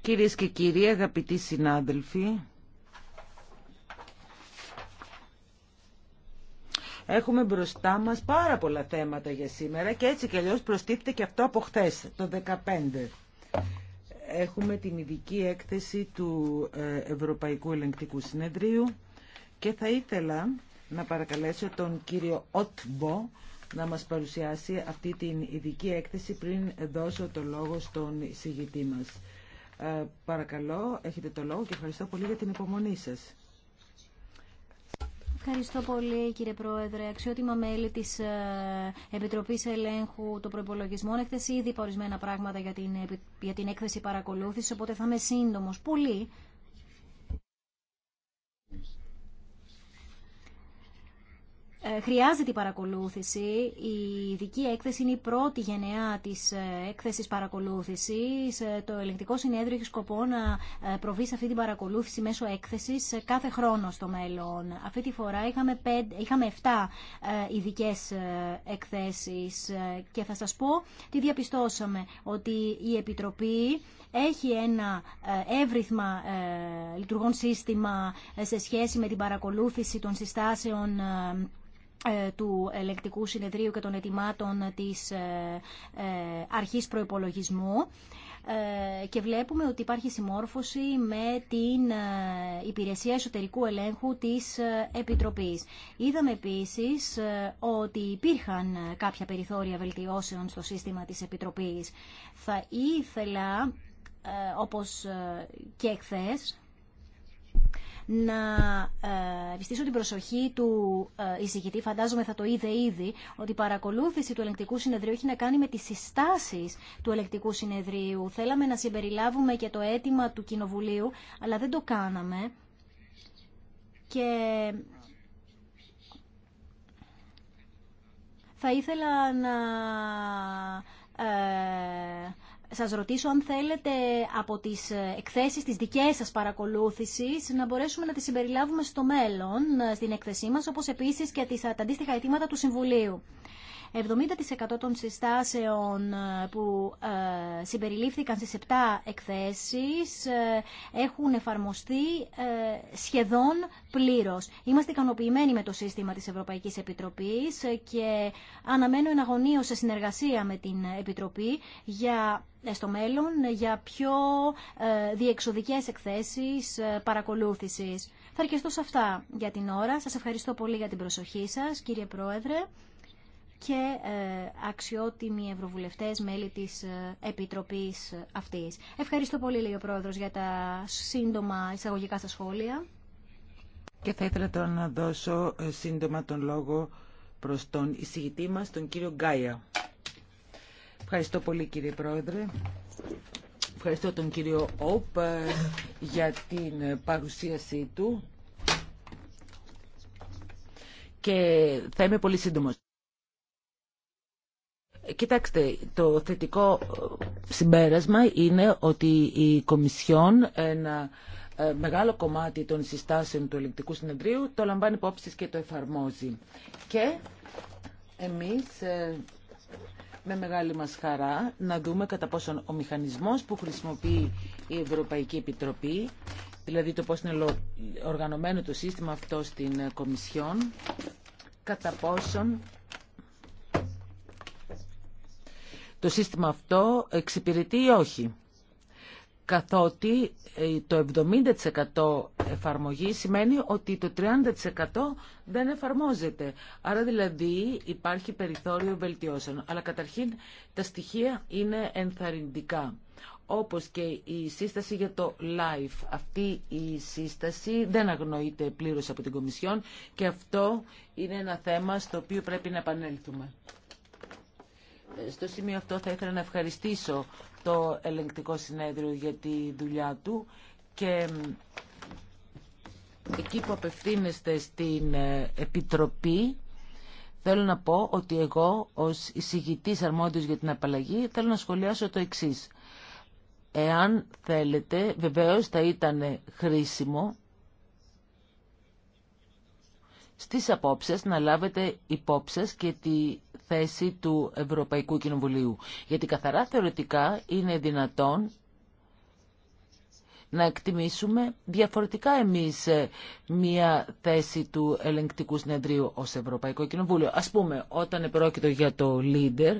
Κυρίες και κύριοι, αγαπητοί συνάδελφοι, Έχουμε μπροστά μας πάρα πολλά θέματα για σήμερα και έτσι κι αλλιώς και αυτό από χθε, το 2015. Έχουμε την ειδική έκθεση του ε, Ευρωπαϊκού Ελεγκτικού Συνεδρίου και θα ήθελα να παρακαλέσω τον κύριο Ότμπο, να μας παρουσιάσει αυτή την ειδική έκθεση πριν δώσω το λόγο στον συγητή μας. Ε, παρακαλώ, έχετε το λόγο και ευχαριστώ πολύ για την υπομονή σας. Ευχαριστώ πολύ κύριε Πρόεδρε. Αξιότιμα μέλη της ε, Επιτροπής Ελέγχου των Προϋπολογισμών. Έχετε ήδη ορισμένα πράγματα για την, για την έκθεση παρακολούθησης, οπότε θα είμαι σύντομος. Πολύ Ε, χρειάζεται η παρακολούθηση. Η ειδική έκθεση είναι η πρώτη γενεά της ε, έκθεσης παρακολούθηση. Ε, το ελεγκτικό συνέδριο έχει σκοπό να προβεί σε αυτή την παρακολούθηση μέσω έκθεσης κάθε χρόνο στο μέλλον. Αυτή τη φορά είχαμε, 5, είχαμε 7 ειδικέ εκθέσεις και θα σας πω τι διαπιστώσαμε. Ότι η Επιτροπή έχει ένα εύρυθμα λειτουργών σύστημα σε σχέση με την παρακολούθηση των συστάσεων ε, του ελεκτικού συνεδρίου και των ετοιμάτων της ε, ε, αρχής προϋπολογισμού και βλέπουμε ότι υπάρχει συμμόρφωση με την υπηρεσία εσωτερικού ελέγχου της Επιτροπής. Είδαμε επίσης ότι υπήρχαν κάποια περιθώρια βελτιώσεων στο σύστημα της Επιτροπής. Θα ήθελα, όπως και εχθές, να ε, επιστήσω την προσοχή του ε, εισηγητή, φαντάζομαι θα το είδε ήδη, ότι η παρακολούθηση του ελεγκτικού συνεδρίου έχει να κάνει με τις συστάσεις του ελεγκτικού συνεδρίου. Θέλαμε να συμπεριλάβουμε και το αίτημα του Κοινοβουλίου, αλλά δεν το κάναμε. Και θα ήθελα να... Ε, σας ρωτήσω αν θέλετε από τις εκθέσεις της δικές σας παρακολούθησης να μπορέσουμε να τις συμπεριλάβουμε στο μέλλον ε, στην εκθεσή μας, όπως επίσης και τις, τα αντίστοιχα αιτήματα του Συμβουλίου. 70% των συστάσεων ε, που ε, συμπεριλήφθηκαν στις 7 εκθέσεις ε, έχουν εφαρμοστεί σχεδόν πλήρως. Είμαστε ικανοποιημένοι με το σύστημα της Ευρωπαϊκής Επιτροπής και αναμένω γωνίο σε συνεργασία με την Επιτροπή για στο μέλλον για πιο διεξοδικές εκθέσεις παρακολούθησης. Θα αρκεστώ σε αυτά για την ώρα. Σας ευχαριστώ πολύ για την προσοχή σας, κύριε Πρόεδρε και ε, αξιότιμοι ευρωβουλευτές, μέλη της ε, Επιτροπής αυτής. Ευχαριστώ πολύ, λέει ο Πρόεδρος, για τα σύντομα εισαγωγικά σας σχόλια. Και θα ήθελα τώρα να δώσω ε, σύντομα τον λόγο προς τον εισηγητή μας, τον κύριο Γκάια. Ευχαριστώ πολύ, κύριε Πρόεδρε. Ευχαριστώ τον κύριο Όπ για την παρουσίασή του και θα είμαι πολύ σύντομος. Κοιτάξτε, το θετικό ε, συμπέρασμα είναι ότι η Κομισιόν ένα ε, μεγάλο κομμάτι των συστάσεων του ηλεκτρικού συνεδρίου το λαμβάνει υπόψη και το εφαρμόζει. Και εμείς ε, με μεγάλη μας χαρά να δούμε κατά πόσον ο μηχανισμός που χρησιμοποιεί η Ευρωπαϊκή Επιτροπή, δηλαδή το πώς είναι οργανωμένο το σύστημα αυτό στην Κομισιόν, κατά πόσον το σύστημα αυτό εξυπηρετεί ή όχι. Καθότι ε, το 70% εφαρμογή σημαίνει ότι το 30% δεν εφαρμόζεται. Άρα δηλαδή υπάρχει περιθώριο βελτιώσεων. Αλλά καταρχήν τα στοιχεία είναι ενθαρρυντικά όπως και η σύσταση για το LIFE. Αυτή η σύσταση δεν αγνοείται πλήρως από την Κομισιόν και αυτό είναι ένα θέμα στο οποίο πρέπει να επανέλθουμε στο σημείο αυτό θα ήθελα να ευχαριστήσω το ελεγκτικό συνέδριο για τη δουλειά του και εκεί που απευθύνεστε στην ε, Επιτροπή θέλω να πω ότι εγώ ως εισηγητής αρμόδιος για την απαλλαγή θέλω να σχολιάσω το εξής. Εάν θέλετε, βεβαίως θα ήταν χρήσιμο στις απόψεις να λάβετε υπόψεις και τη θέση του Ευρωπαϊκού Κοινοβουλίου. Γιατί καθαρά θεωρητικά είναι δυνατόν να εκτιμήσουμε διαφορετικά εμείς ε, μία θέση του ελεγκτικού συνεδρίου ως Ευρωπαϊκό Κοινοβούλιο. Ας πούμε, όταν επρόκειτο για το leader,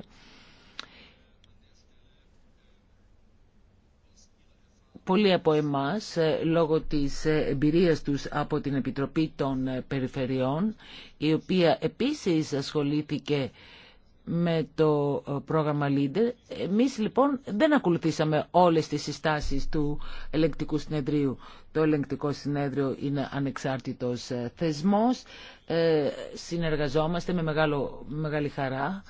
πολλοί από εμάς, ε, λόγω της ε, εμπειρίας τους από την Επιτροπή των Περιφερειών, η οποία επίσης ασχολήθηκε με το ε, πρόγραμμα Leader. Εμείς λοιπόν δεν ακολουθήσαμε όλες τις συστάσεις του ελεγκτικού συνεδρίου. Το ελεγκτικό συνέδριο είναι ανεξάρτητος ε, θεσμός. Ε, συνεργαζόμαστε με μεγάλο, μεγάλη χαρά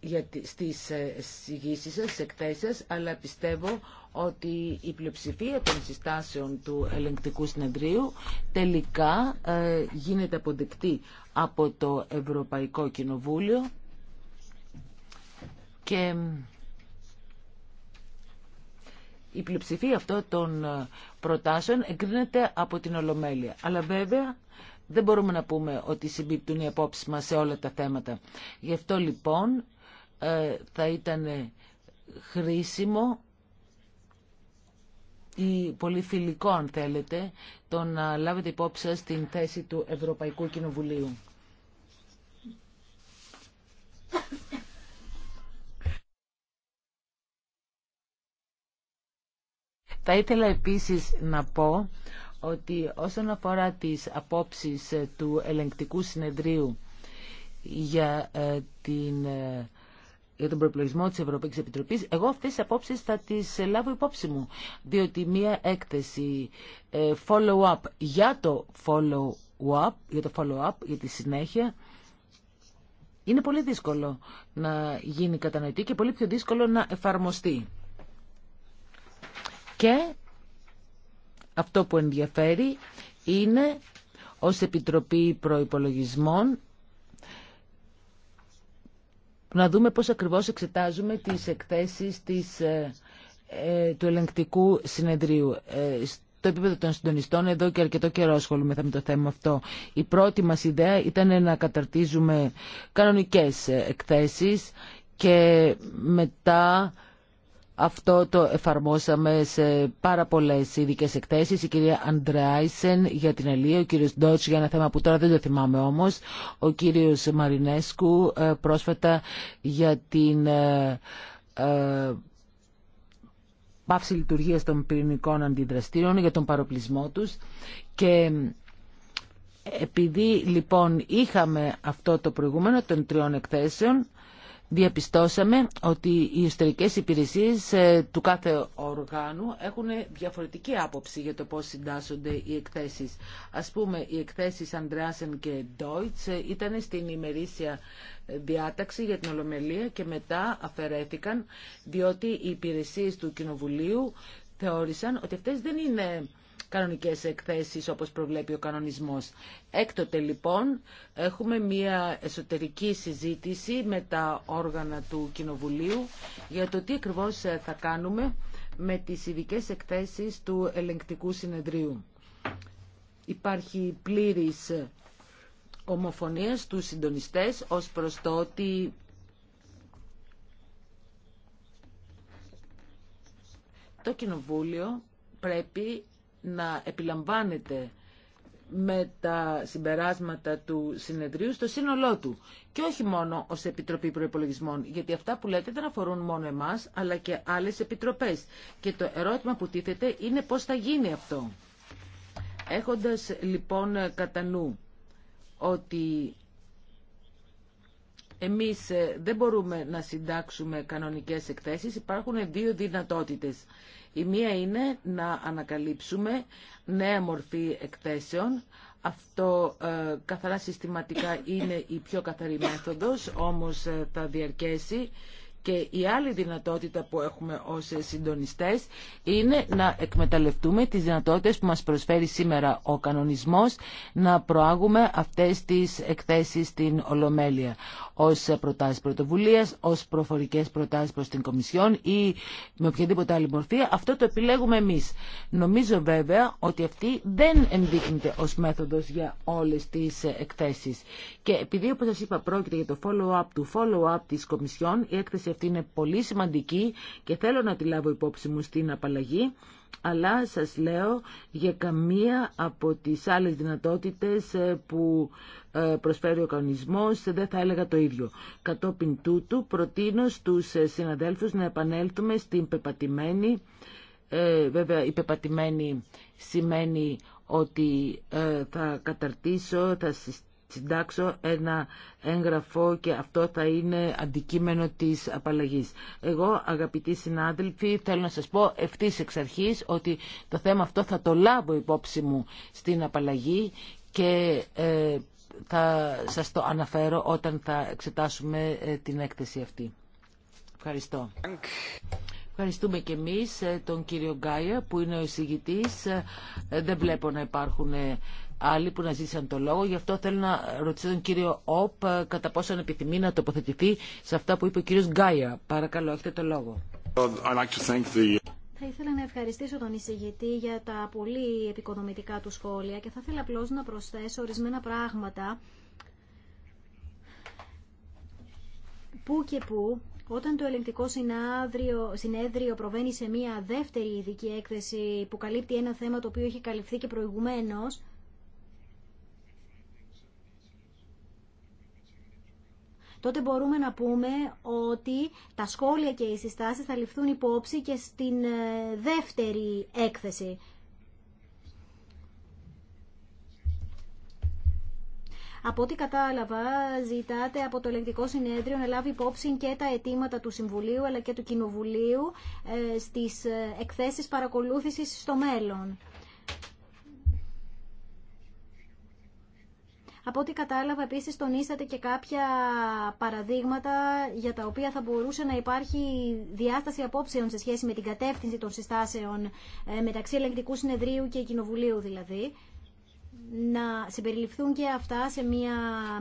για, στις εισηγήσεις σας, εκθέσεις αλλά πιστεύω ότι η πλειοψηφία των συστάσεων του ελεγκτικού συνεδρίου τελικά ε, γίνεται αποδεκτή από το Ευρωπαϊκό Κοινοβούλιο και η πλειοψηφία αυτών των ε, προτάσεων εγκρίνεται από την Ολομέλεια. Αλλά βέβαια δεν μπορούμε να πούμε ότι συμπίπτουν οι απόψεις μας σε όλα τα θέματα. Γι' αυτό λοιπόν ε, θα ήταν χρήσιμο ή πολύ φιλικό αν θέλετε το να λάβετε υπόψη σας την θέση του Ευρωπαϊκού Κοινοβουλίου. Θα ήθελα επίσης να πω ότι όσον αφορά τις απόψεις του ελεγκτικού συνεδρίου για ε, την ε, για τον προϋπολογισμό της Ευρωπαϊκής Επιτροπής, εγώ αυτές τις απόψεις θα τις λάβω υπόψη μου, διότι μία έκθεση ε, follow-up για το follow-up, για το follow-up, για τη συνέχεια, είναι πολύ δύσκολο να γίνει κατανοητή και πολύ πιο δύσκολο να εφαρμοστεί. Και αυτό που ενδιαφέρει είναι ως Επιτροπή Προϋπολογισμών να δούμε πώς ακριβώς εξετάζουμε τις εκθέσεις ε, ε, του ελεγκτικού συνεδρίου. Ε, στο επίπεδο των συντονιστών εδώ και αρκετό καιρό θα με το θέμα αυτό. Η πρώτη μας ιδέα ήταν να καταρτίζουμε κανονικές εκθέσεις και μετά αυτό το εφαρμόσαμε σε πάρα πολλέ ειδικέ εκθέσει. Η κυρία Αντρέαισεν για την Ελία, ο κύριο Ντότ για ένα θέμα που τώρα δεν το θυμάμαι όμω, ο κύριο Μαρινέσκου ε, πρόσφατα για την ε, ε, πάυση λειτουργία των πυρηνικών αντιδραστήρων, για τον παροπλισμό τους και ε, επειδή λοιπόν είχαμε αυτό το προηγούμενο των τριών εκθέσεων, διαπιστώσαμε ότι οι ιστορικές υπηρεσίες ε, του κάθε οργάνου έχουν διαφορετική άποψη για το πώς συντάσσονται οι εκθέσεις. Ας πούμε, οι εκθέσεις Αντρέασεν και Ντόιτς ε, ήταν στην ημερήσια ε, διάταξη για την Ολομελία και μετά αφαιρέθηκαν διότι οι υπηρεσίες του Κοινοβουλίου θεώρησαν ότι αυτές δεν είναι κανονικές εκθέσεις όπως προβλέπει ο κανονισμός. Έκτοτε λοιπόν έχουμε μια εσωτερική συζήτηση με τα όργανα του Κοινοβουλίου για το τι ακριβώς θα κάνουμε με τις ειδικέ εκθέσεις του ελεγκτικού συνεδρίου. Υπάρχει πλήρης ομοφωνία στους συντονιστές ως προς το ότι το Κοινοβούλιο πρέπει να επιλαμβάνεται με τα συμπεράσματα του συνεδρίου στο σύνολό του. Και όχι μόνο ως Επιτροπή Προϋπολογισμών, γιατί αυτά που λέτε δεν αφορούν μόνο εμάς, αλλά και άλλες επιτροπές. Και το ερώτημα που τίθεται είναι πώς θα γίνει αυτό. Έχοντας λοιπόν κατά νου ότι εμείς ε, δεν μπορούμε να συντάξουμε κανονικές εκθέσεις. Υπάρχουν δύο δυνατότητες. Η μία είναι να ανακαλύψουμε νέα μορφή εκθέσεων. Αυτό ε, καθαρά συστηματικά είναι η πιο καθαρή μέθοδος, όμως ε, θα διαρκέσει και η άλλη δυνατότητα που έχουμε ως συντονιστές είναι να εκμεταλλευτούμε τις δυνατότητες που μας προσφέρει σήμερα ο κανονισμός να προάγουμε αυτές τις εκθέσεις στην Ολομέλεια ως προτάσεις πρωτοβουλίας, ως προφορικές προτάσεις προς την Κομισιόν ή με οποιαδήποτε άλλη μορφή. Αυτό το επιλέγουμε εμείς. Νομίζω βέβαια ότι αυτή δεν ενδείχνεται ως μέθοδος για όλες τις εκθέσεις. Και επειδή όπως σας είπα πρόκειται για το follow-up του follow-up της Κομισιόν, η έκθεση ότι είναι πολύ σημαντική και θέλω να τη λάβω υπόψη μου στην απαλλαγή, αλλά σας λέω για καμία από τις άλλες δυνατότητες ε, που ε, προσφέρει ο κανονισμός ε, δεν θα έλεγα το ίδιο. Κατόπιν τούτου προτείνω στους συναδέλφους να επανέλθουμε στην πεπατημένη βέβαια η πεπατημένη σημαίνει ότι θα καταρτήσω, θα συστήσω συντάξω ένα έγγραφο και αυτό θα είναι αντικείμενο της απαλλαγής. Εγώ, αγαπητοί συνάδελφοι, θέλω να σας πω ευθύς εξ αρχής ότι το θέμα αυτό θα το λάβω υπόψη μου στην απαλλαγή και ε, θα σας το αναφέρω όταν θα εξετάσουμε ε, την έκθεση αυτή. Ευχαριστώ. Ευχαριστούμε και εμείς ε, τον κύριο Γκάια που είναι ο εισηγητής. Ε, δεν βλέπω να υπάρχουν ε, άλλοι που να ζήσαν το λόγο. Γι' αυτό θέλω να ρωτήσω τον κύριο Οπ κατά πόσο επιθυμεί να τοποθετηθεί σε αυτά που είπε ο κύριος Γκάια. Παρακαλώ, έχετε το λόγο. Θα ήθελα να ευχαριστήσω τον εισηγητή για τα πολύ επικοδομητικά του σχόλια και θα ήθελα απλώ να προσθέσω ορισμένα πράγματα που και που όταν το ελεγκτικό συνέδριο προβαίνει σε μια δεύτερη ειδική έκθεση που καλύπτει ένα θέμα το οποίο έχει καλυφθεί και προηγουμένως, τότε μπορούμε να πούμε ότι τα σχόλια και οι συστάσεις θα ληφθούν υπόψη και στην ε, δεύτερη έκθεση. Από ό,τι κατάλαβα, ζητάτε από το ελεγκτικό συνέδριο να λάβει υπόψη και τα αιτήματα του Συμβουλίου αλλά και του Κοινοβουλίου ε, στις ε, εκθέσεις παρακολούθησης στο μέλλον. Από ό,τι κατάλαβα, επίσης τονίσατε και κάποια παραδείγματα για τα οποία θα μπορούσε να υπάρχει διάσταση απόψεων σε σχέση με την κατεύθυνση των συστάσεων ε, μεταξύ ελεγκτικού συνεδρίου και κοινοβουλίου δηλαδή να συμπεριληφθούν και αυτά σε μια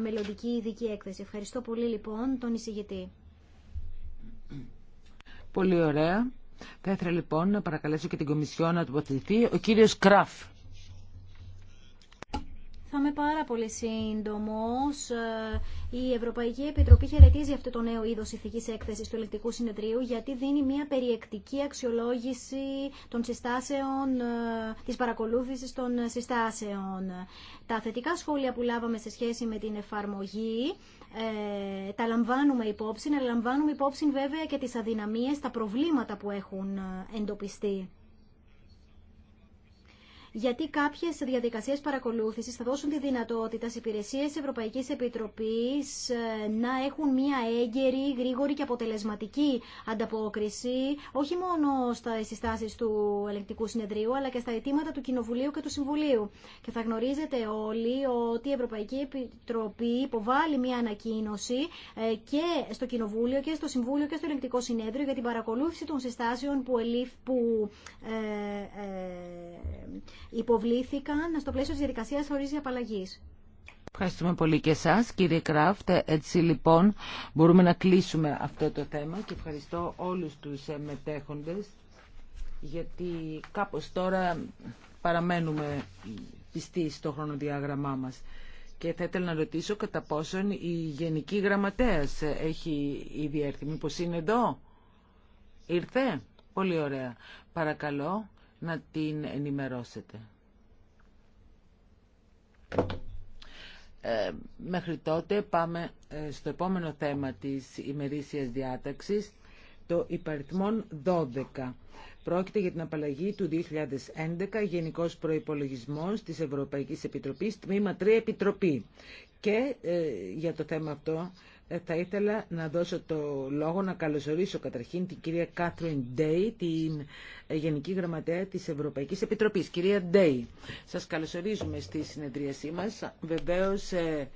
μελλοντική ειδική έκθεση. Ευχαριστώ πολύ λοιπόν τον εισηγητή. Πολύ ωραία. Θα ήθελα λοιπόν να παρακαλέσω και την Κομισιόν να τοποθετηθεί ο κύριος Κραφ θα πάρα πολύ σύντομο, ε, Η Ευρωπαϊκή Επιτροπή χαιρετίζει αυτό το νέο είδο ηθική έκθεση του ελεκτικού συνεδρίου γιατί δίνει μια περιεκτική αξιολόγηση των συστάσεων, ε, της παρακολούθησης των συστάσεων. Τα θετικά σχόλια που λάβαμε σε σχέση με την εφαρμογή ε, τα λαμβάνουμε υπόψη, αλλά λαμβάνουμε υπόψη βέβαια και τι αδυναμίε, τα προβλήματα που έχουν εντοπιστεί γιατί κάποιε διαδικασίε παρακολούθηση θα δώσουν τη δυνατότητα σε υπηρεσίες Ευρωπαϊκή Επιτροπή ε, να έχουν μια έγκαιρη, γρήγορη και αποτελεσματική ανταπόκριση, όχι μόνο στα συστάσει του ελεγκτικού συνεδρίου, αλλά και στα αιτήματα του Κοινοβουλίου και του Συμβουλίου. Και θα γνωρίζετε όλοι ότι η Ευρωπαϊκή Επιτροπή υποβάλλει μια ανακοίνωση ε, και στο Κοινοβούλιο και στο Συμβούλιο και στο Ελεγκτικό Συνέδριο για την παρακολούθηση των συστάσεων που, ελήφ, που ε, υποβλήθηκαν στο πλαίσιο της διαδικασίας ορίζει απαλλαγής. Ευχαριστούμε πολύ και εσά, κύριε Κράφτ. Έτσι λοιπόν μπορούμε να κλείσουμε αυτό το θέμα και ευχαριστώ όλους τους μετέχοντες γιατί κάπως τώρα παραμένουμε πιστοί στο χρονοδιάγραμμά μας. Και θα ήθελα να ρωτήσω κατά πόσον η Γενική Γραμματέας έχει ήδη έρθει. Μήπως είναι εδώ. Ήρθε. Πολύ ωραία. Παρακαλώ να την ενημερώσετε. Ε, μέχρι τότε πάμε ε, στο επόμενο θέμα της ημερήσιας διάταξης, το υπαριθμόν 12. Πρόκειται για την απαλλαγή του 2011, Γενικός Προϋπολογισμός της Ευρωπαϊκής Επιτροπής, τμήμα 3 Επιτροπή. Και ε, για το θέμα αυτό θα ήθελα να δώσω το λόγο να καλωσορίσω καταρχήν την κυρία Κάθριν Ντέι, την Γενική Γραμματέα της Ευρωπαϊκής Επιτροπής. Κυρία Ντέι, σας καλωσορίζουμε στη συνεδρίασή μας. Βεβαίως ε,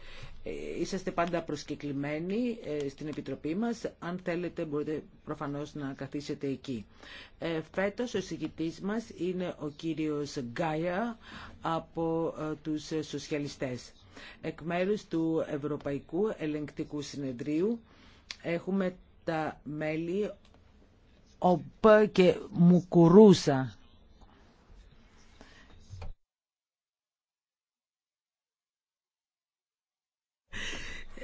είσαστε πάντα προσκεκλημένοι ε, στην Επιτροπή μας. Αν θέλετε μπορείτε προφανώς να καθίσετε εκεί. Ε, φέτος ο συγκητής μας είναι ο κύριος Γκάια από τους Σοσιαλιστές. Εκ μέρους του Ευρωπαϊκού Ελεγκτικού Συνεδρίου έχουμε τα μέλη ΟΠ και Μουκουρούσα.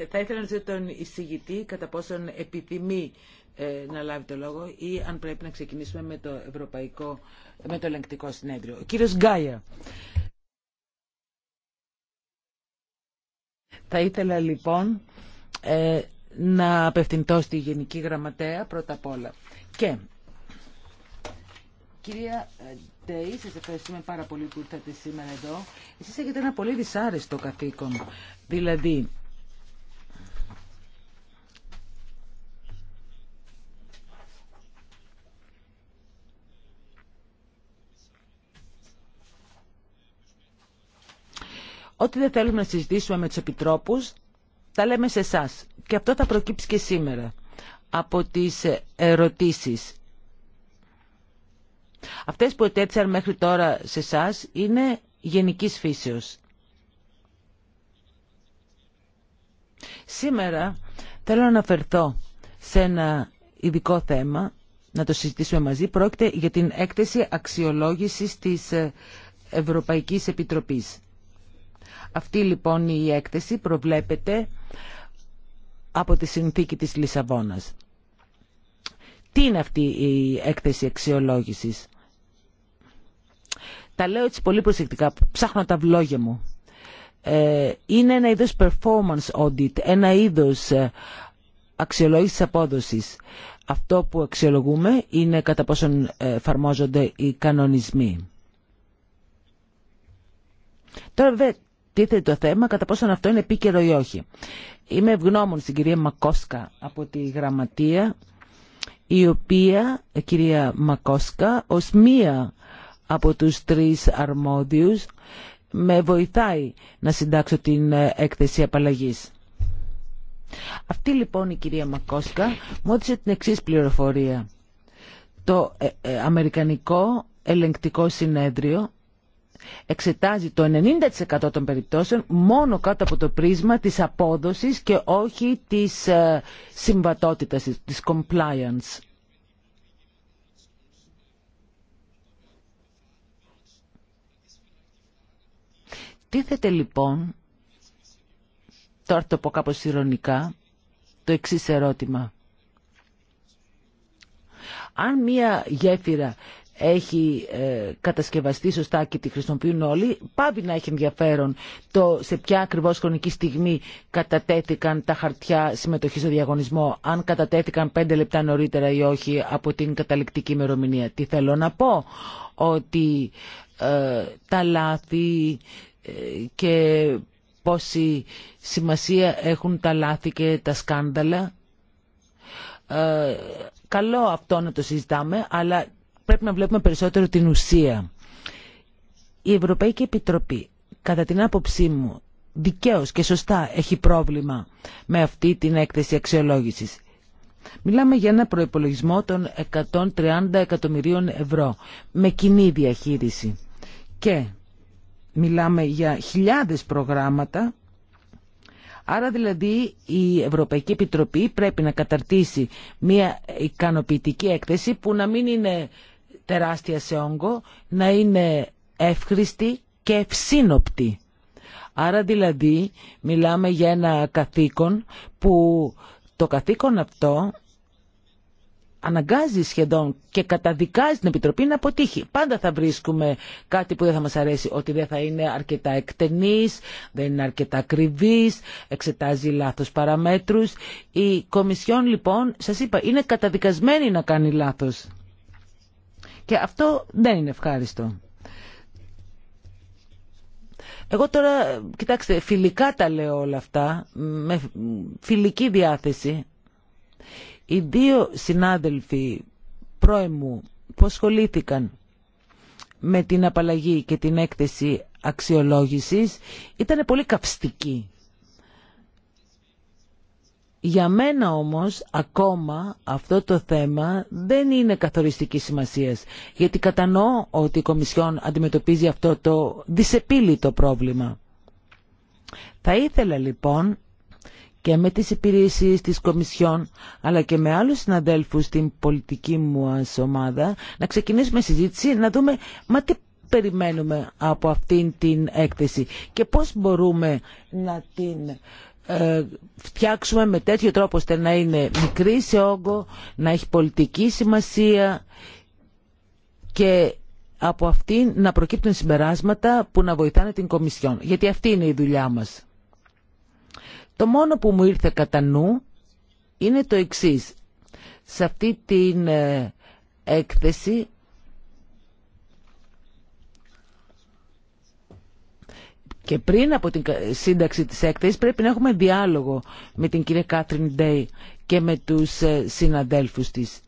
Θα ήθελα να ζω τον εισηγητή κατά πόσον επιθυμεί ε, να λάβει το λόγο ή αν πρέπει να ξεκινήσουμε με το Ευρωπαϊκό, το Ελεγκτικό Συνέδριο. κύριος Γκάια. Θα ήθελα λοιπόν ε, να απευθυντώ στη Γενική Γραμματέα πρώτα απ' όλα. Και κυρία ε, Ντέι, σας ευχαριστούμε πάρα πολύ που ήρθατε σήμερα εδώ. Εσείς έχετε ένα πολύ δυσάρεστο καθήκον. Δηλαδή, Ό,τι δεν θέλουμε να συζητήσουμε με τους επιτρόπους, τα λέμε σε εσά. Και αυτό θα προκύψει και σήμερα από τις ερωτήσεις. Αυτές που ετέθησαν μέχρι τώρα σε εσά είναι γενικής φύσεως. Σήμερα θέλω να αναφερθώ σε ένα ειδικό θέμα, να το συζητήσουμε μαζί. Πρόκειται για την έκθεση αξιολόγησης της Ευρωπαϊκής Επιτροπής. Αυτή λοιπόν η έκθεση προβλέπεται από τη συνθήκη της Λισαβόνας. Τι είναι αυτή η έκθεση αξιολόγησης. Τα λέω έτσι πολύ προσεκτικά, ψάχνω τα βλόγια μου. Ε, είναι ένα είδος performance audit, ένα είδος ε, αξιολόγησης απόδοσης. Αυτό που αξιολογούμε είναι κατά πόσον ε, εφαρμόζονται οι κανονισμοί. Τώρα βέβαια τίθεται το θέμα κατά πόσον αυτό είναι επίκαιρο ή όχι. Είμαι ευγνώμων στην κυρία Μακόσκα από τη Γραμματεία, η οποία, ε, κυρία Μακόσκα, ως μία από τους τρεις αρμόδιους, με βοηθάει να συντάξω την ε, έκθεση απαλλαγής. Αυτή λοιπόν η κυρία Μακόσκα μου την εξή πληροφορία. Το ε, Αμερικανικό Ελεγκτικό Συνέδριο εξετάζει το 90% των περιπτώσεων μόνο κάτω από το πρίσμα της απόδοσης και όχι της ε, συμβατότητας, της compliance. Τίθεται λοιπόν, τώρα το πω κάπως ηρωνικά, το εξής ερώτημα. Αν μία γέφυρα έχει ε, κατασκευαστεί σωστά και τη χρησιμοποιούν όλοι, πάβει να έχει ενδιαφέρον το σε ποια ακριβώ χρονική στιγμή κατατέθηκαν τα χαρτιά συμμετοχή στο διαγωνισμό, αν κατατέθηκαν πέντε λεπτά νωρίτερα ή όχι από την καταληκτική ημερομηνία. Τι θέλω να πω, ότι ε, τα λάθη ε, και πόση σημασία έχουν τα λάθη και τα σκάνδαλα. Ε, καλό αυτό να το συζητάμε, αλλά πρέπει να βλέπουμε περισσότερο την ουσία. Η Ευρωπαϊκή Επιτροπή, κατά την άποψή μου, δικαίως και σωστά έχει πρόβλημα με αυτή την έκθεση αξιολόγησης. Μιλάμε για ένα προϋπολογισμό των 130 εκατομμυρίων ευρώ με κοινή διαχείριση. Και μιλάμε για χιλιάδες προγράμματα Άρα δηλαδή η Ευρωπαϊκή Επιτροπή πρέπει να καταρτήσει μια ικανοποιητική έκθεση που να μην είναι τεράστια σε όγκο να είναι εύχριστη και ευσύνοπτη. Άρα δηλαδή μιλάμε για ένα καθήκον που το καθήκον αυτό αναγκάζει σχεδόν και καταδικάζει την Επιτροπή να αποτύχει. Πάντα θα βρίσκουμε κάτι που δεν θα μας αρέσει, ότι δεν θα είναι αρκετά εκτενής, δεν είναι αρκετά ακριβής, εξετάζει λάθος παραμέτρους. Η Κομισιόν λοιπόν, σας είπα, είναι καταδικασμένη να κάνει λάθος. Και αυτό δεν είναι ευχάριστο. Εγώ τώρα, κοιτάξτε, φιλικά τα λέω όλα αυτά, με φιλική διάθεση. Οι δύο συνάδελφοι πρώοι μου που ασχολήθηκαν με την απαλλαγή και την έκθεση αξιολόγησης ήταν πολύ καυστικοί. Για μένα όμως ακόμα αυτό το θέμα δεν είναι καθοριστική σημασίας γιατί κατανοώ ότι η Κομισιόν αντιμετωπίζει αυτό το δυσεπίλητο πρόβλημα. Θα ήθελα λοιπόν και με τις υπηρεσίες της Κομισιόν αλλά και με άλλους συναδέλφους στην πολιτική μου ομάδα να ξεκινήσουμε συζήτηση να δούμε μα τι περιμένουμε από αυτήν την έκθεση και πώς μπορούμε να την ε, φτιάξουμε με τέτοιο τρόπο ώστε να είναι μικρή σε όγκο, να έχει πολιτική σημασία και από αυτήν να προκύπτουν συμπεράσματα που να βοηθάνε την Κομισιόν. Γιατί αυτή είναι η δουλειά μας. Το μόνο που μου ήρθε κατά νου είναι το εξής. Σε αυτή την ε, έκθεση Και πριν από την σύνταξη της έκθεσης πρέπει να έχουμε διάλογο με την κυρία Κάτριν Ντέι και με τους ε, συναδέλφους της.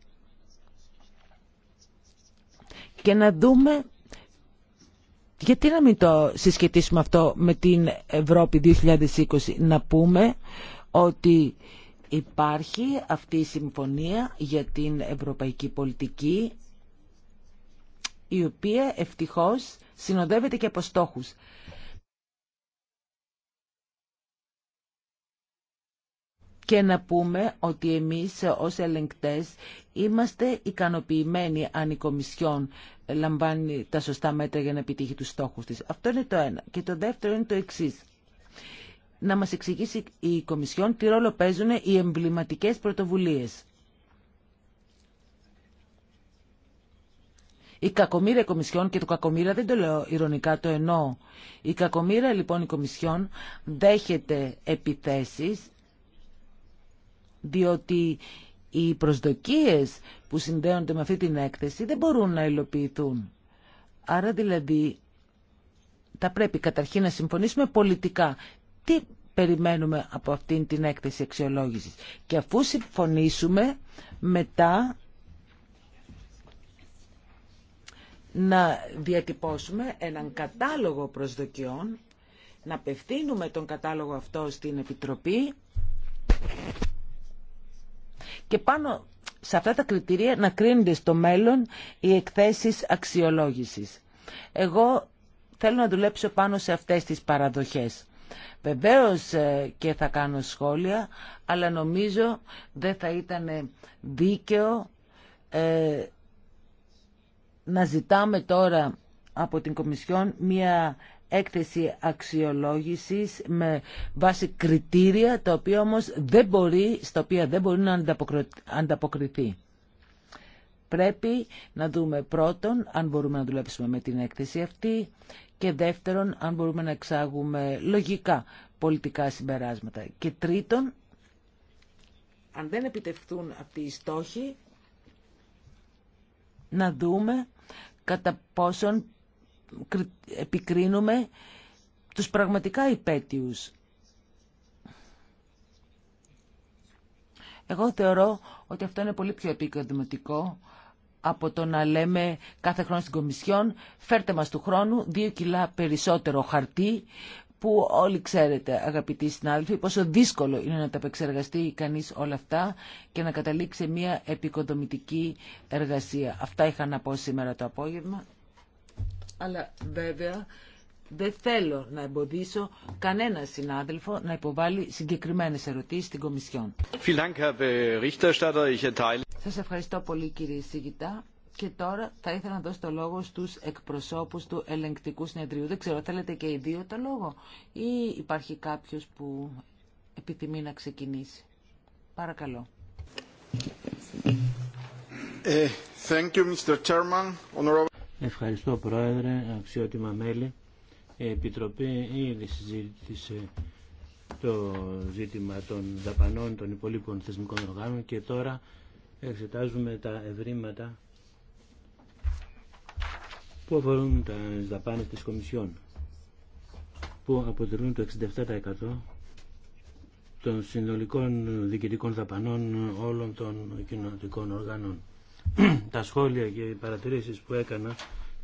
Και να δούμε γιατί να μην το συσχετίσουμε αυτό με την Ευρώπη 2020. Να πούμε ότι υπάρχει αυτή η συμφωνία για την ευρωπαϊκή πολιτική η οποία ευτυχώς συνοδεύεται και από στόχους. και να πούμε ότι εμείς ως ελεγκτές είμαστε ικανοποιημένοι αν η Κομισιόν λαμβάνει τα σωστά μέτρα για να επιτύχει τους στόχους της. Αυτό είναι το ένα. Και το δεύτερο είναι το εξής. Να μας εξηγήσει η Κομισιόν τι ρόλο παίζουν οι εμβληματικές πρωτοβουλίες. Η κακομήρα Κομισιόν, και το κακομήρα δεν το λέω ηρωνικά, το εννοώ. Η κακομήρα λοιπόν η Κομισιόν δέχεται επιθέσεις διότι οι προσδοκίες που συνδέονται με αυτή την έκθεση δεν μπορούν να υλοποιηθούν. Άρα δηλαδή θα πρέπει καταρχήν να συμφωνήσουμε πολιτικά τι περιμένουμε από αυτήν την έκθεση αξιολόγησης. Και αφού συμφωνήσουμε μετά να διατυπώσουμε έναν κατάλογο προσδοκιών, να απευθύνουμε τον κατάλογο αυτό στην Επιτροπή και πάνω σε αυτά τα κριτήρια να κρίνονται στο μέλλον οι εκθέσεις αξιολόγησης. Εγώ θέλω να δουλέψω πάνω σε αυτές τις παραδοχές. Βεβαίως ε, και θα κάνω σχόλια, αλλά νομίζω δεν θα ήταν δίκαιο ε, να ζητάμε τώρα από την Κομισιόν μία έκθεση αξιολόγησης με βάση κριτήρια τα οποία όμως δεν μπορεί, στα οποία δεν μπορεί να ανταποκριθεί. Πρέπει να δούμε πρώτον αν μπορούμε να δουλέψουμε με την έκθεση αυτή και δεύτερον αν μπορούμε να εξάγουμε λογικά πολιτικά συμπεράσματα. Και τρίτον, αν δεν επιτευχθούν αυτοί οι στόχοι, να δούμε κατά πόσον επικρίνουμε τους πραγματικά υπέτειους. Εγώ θεωρώ ότι αυτό είναι πολύ πιο επικοδημοτικό από το να λέμε κάθε χρόνο στην Κομισιόν φέρτε μας του χρόνου δύο κιλά περισσότερο χαρτί που όλοι ξέρετε αγαπητοί συνάδελφοι πόσο δύσκολο είναι να τα επεξεργαστεί κανείς όλα αυτά και να καταλήξει μια επικοδομητική εργασία. Αυτά είχα να πω σήμερα το απόγευμα αλλά βέβαια δεν θέλω να εμποδίσω κανένα συνάδελφο να υποβάλει συγκεκριμένες ερωτήσεις στην Κομισιόν. Σας ευχαριστώ πολύ κύριε Σίγητα. Και τώρα θα ήθελα να δώσω το λόγο στους εκπροσώπους του ελεγκτικού συνεδρίου. Δεν ξέρω, θέλετε και οι δύο το λόγο ή υπάρχει κάποιος που επιθυμεί να ξεκινήσει. Παρακαλώ. Ε, Ευχαριστώ Πρόεδρε, αξιότιμα μέλη. Η Επιτροπή ήδη συζήτησε το ζήτημα των δαπανών των υπολείπων θεσμικών οργάνων και τώρα εξετάζουμε τα ευρήματα που αφορούν τα δαπάνες της Κομισιόν που αποτελούν το 67% των συνολικών διοικητικών δαπανών όλων των κοινωνικών οργάνων τα σχόλια και οι παρατηρήσεις που έκανα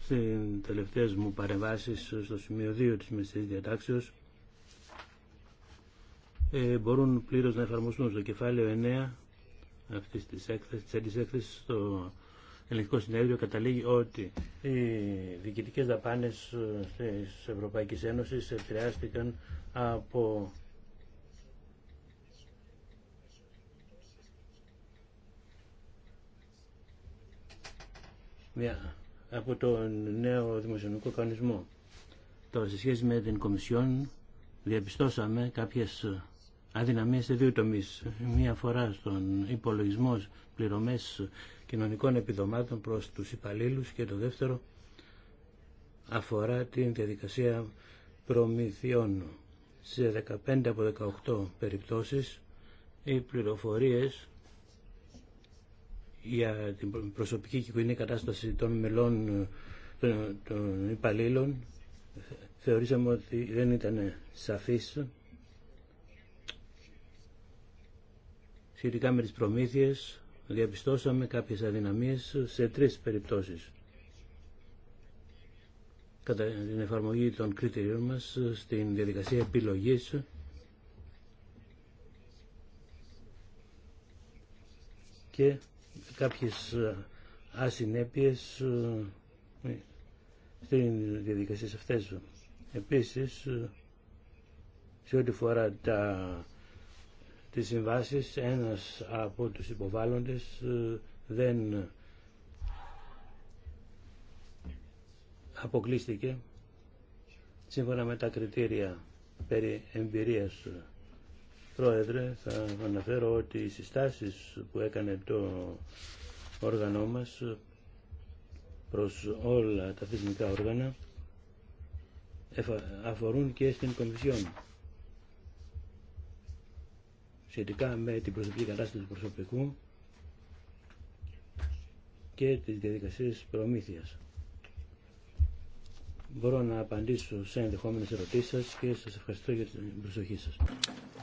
στι τελευταίες μου παρεμβάσεις στο σημείο 2 της Μεσής Διατάξεως ε, μπορούν πλήρως να εφαρμοστούν στο κεφάλαιο 9 αυτής της έκθεσης, έκθεσης στο Ελληνικό Συνέδριο καταλήγει ότι οι διοικητικές δαπάνες ε, της Ευρωπαϊκής Ένωσης επηρεάστηκαν από από τον νέο δημοσιονομικό κανονισμό. Τώρα, σε σχέση με την Κομισιόν, διαπιστώσαμε κάποιες αδυναμίες σε δύο τομεί. Μία αφορά στον υπολογισμό πληρωμέ κοινωνικών επιδομάτων προς τους υπαλλήλους και το δεύτερο αφορά την διαδικασία προμηθειών. Σε 15 από 18 περιπτώσεις οι πληροφορίες για την προσωπική και κοινή κατάσταση των μελών των υπαλλήλων θεωρήσαμε ότι δεν ήταν σαφής σχετικά με τις προμήθειες διαπιστώσαμε κάποιες αδυναμίες σε τρεις περιπτώσεις κατά την εφαρμογή των κριτηρίων μας στην διαδικασία επιλογής και κάποιες ε, ασυνέπειες ε, ε, στην διαδικασία αυτές. Επίσης, σε ό,τι φορά τα, τις συμβάσεις, ένας από τους υποβάλλοντες δεν αποκλείστηκε σύμφωνα με τα κριτήρια περί εμπειρίας Πρόεδρε, θα αναφέρω ότι οι συστάσεις που έκανε το όργανό μας προς όλα τα θεσμικά όργανα αφορούν και στην Κομισιόν σχετικά με την προσωπική κατάσταση του προσωπικού και τις διαδικασίες προμήθειας. Μπορώ να απαντήσω σε ενδεχόμενες ερωτήσεις σας και σας ευχαριστώ για την προσοχή σας.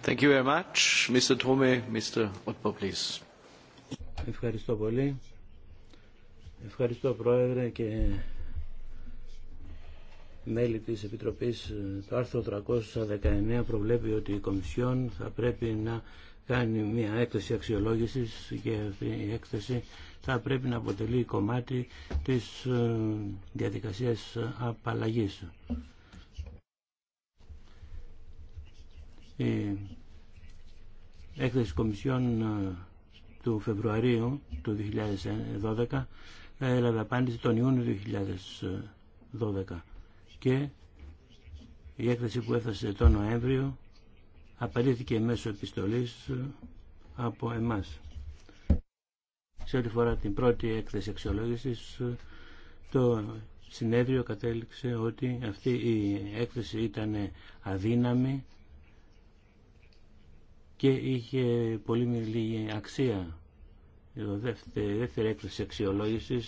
Ευχαριστώ πολύ. Ευχαριστώ Πρόεδρε και μέλη της Επιτροπής. Το άρθρο 319 προβλέπει ότι η Κομισιόν θα πρέπει να κάνει μια έκθεση αξιολόγησης και αυτή η έκθεση θα πρέπει να αποτελεί κομμάτι της ε, διαδικασίας απαλλαγής. Η έκθεση Κομισιόν ε, του Φεβρουαρίου του 2012 ε, έλαβε απάντηση τον Ιούνιο του 2012 και η έκθεση που έφτασε τον Νοέμβριο απαντήθηκε μέσω επιστολής ε, από εμάς. Σε ό,τι φορά την πρώτη έκθεση αξιολόγησης, το συνέδριο κατέληξε ότι αυτή η έκθεση ήταν αδύναμη και είχε πολύ λίγη αξία. Η δεύτερη, έκθεση αξιολόγηση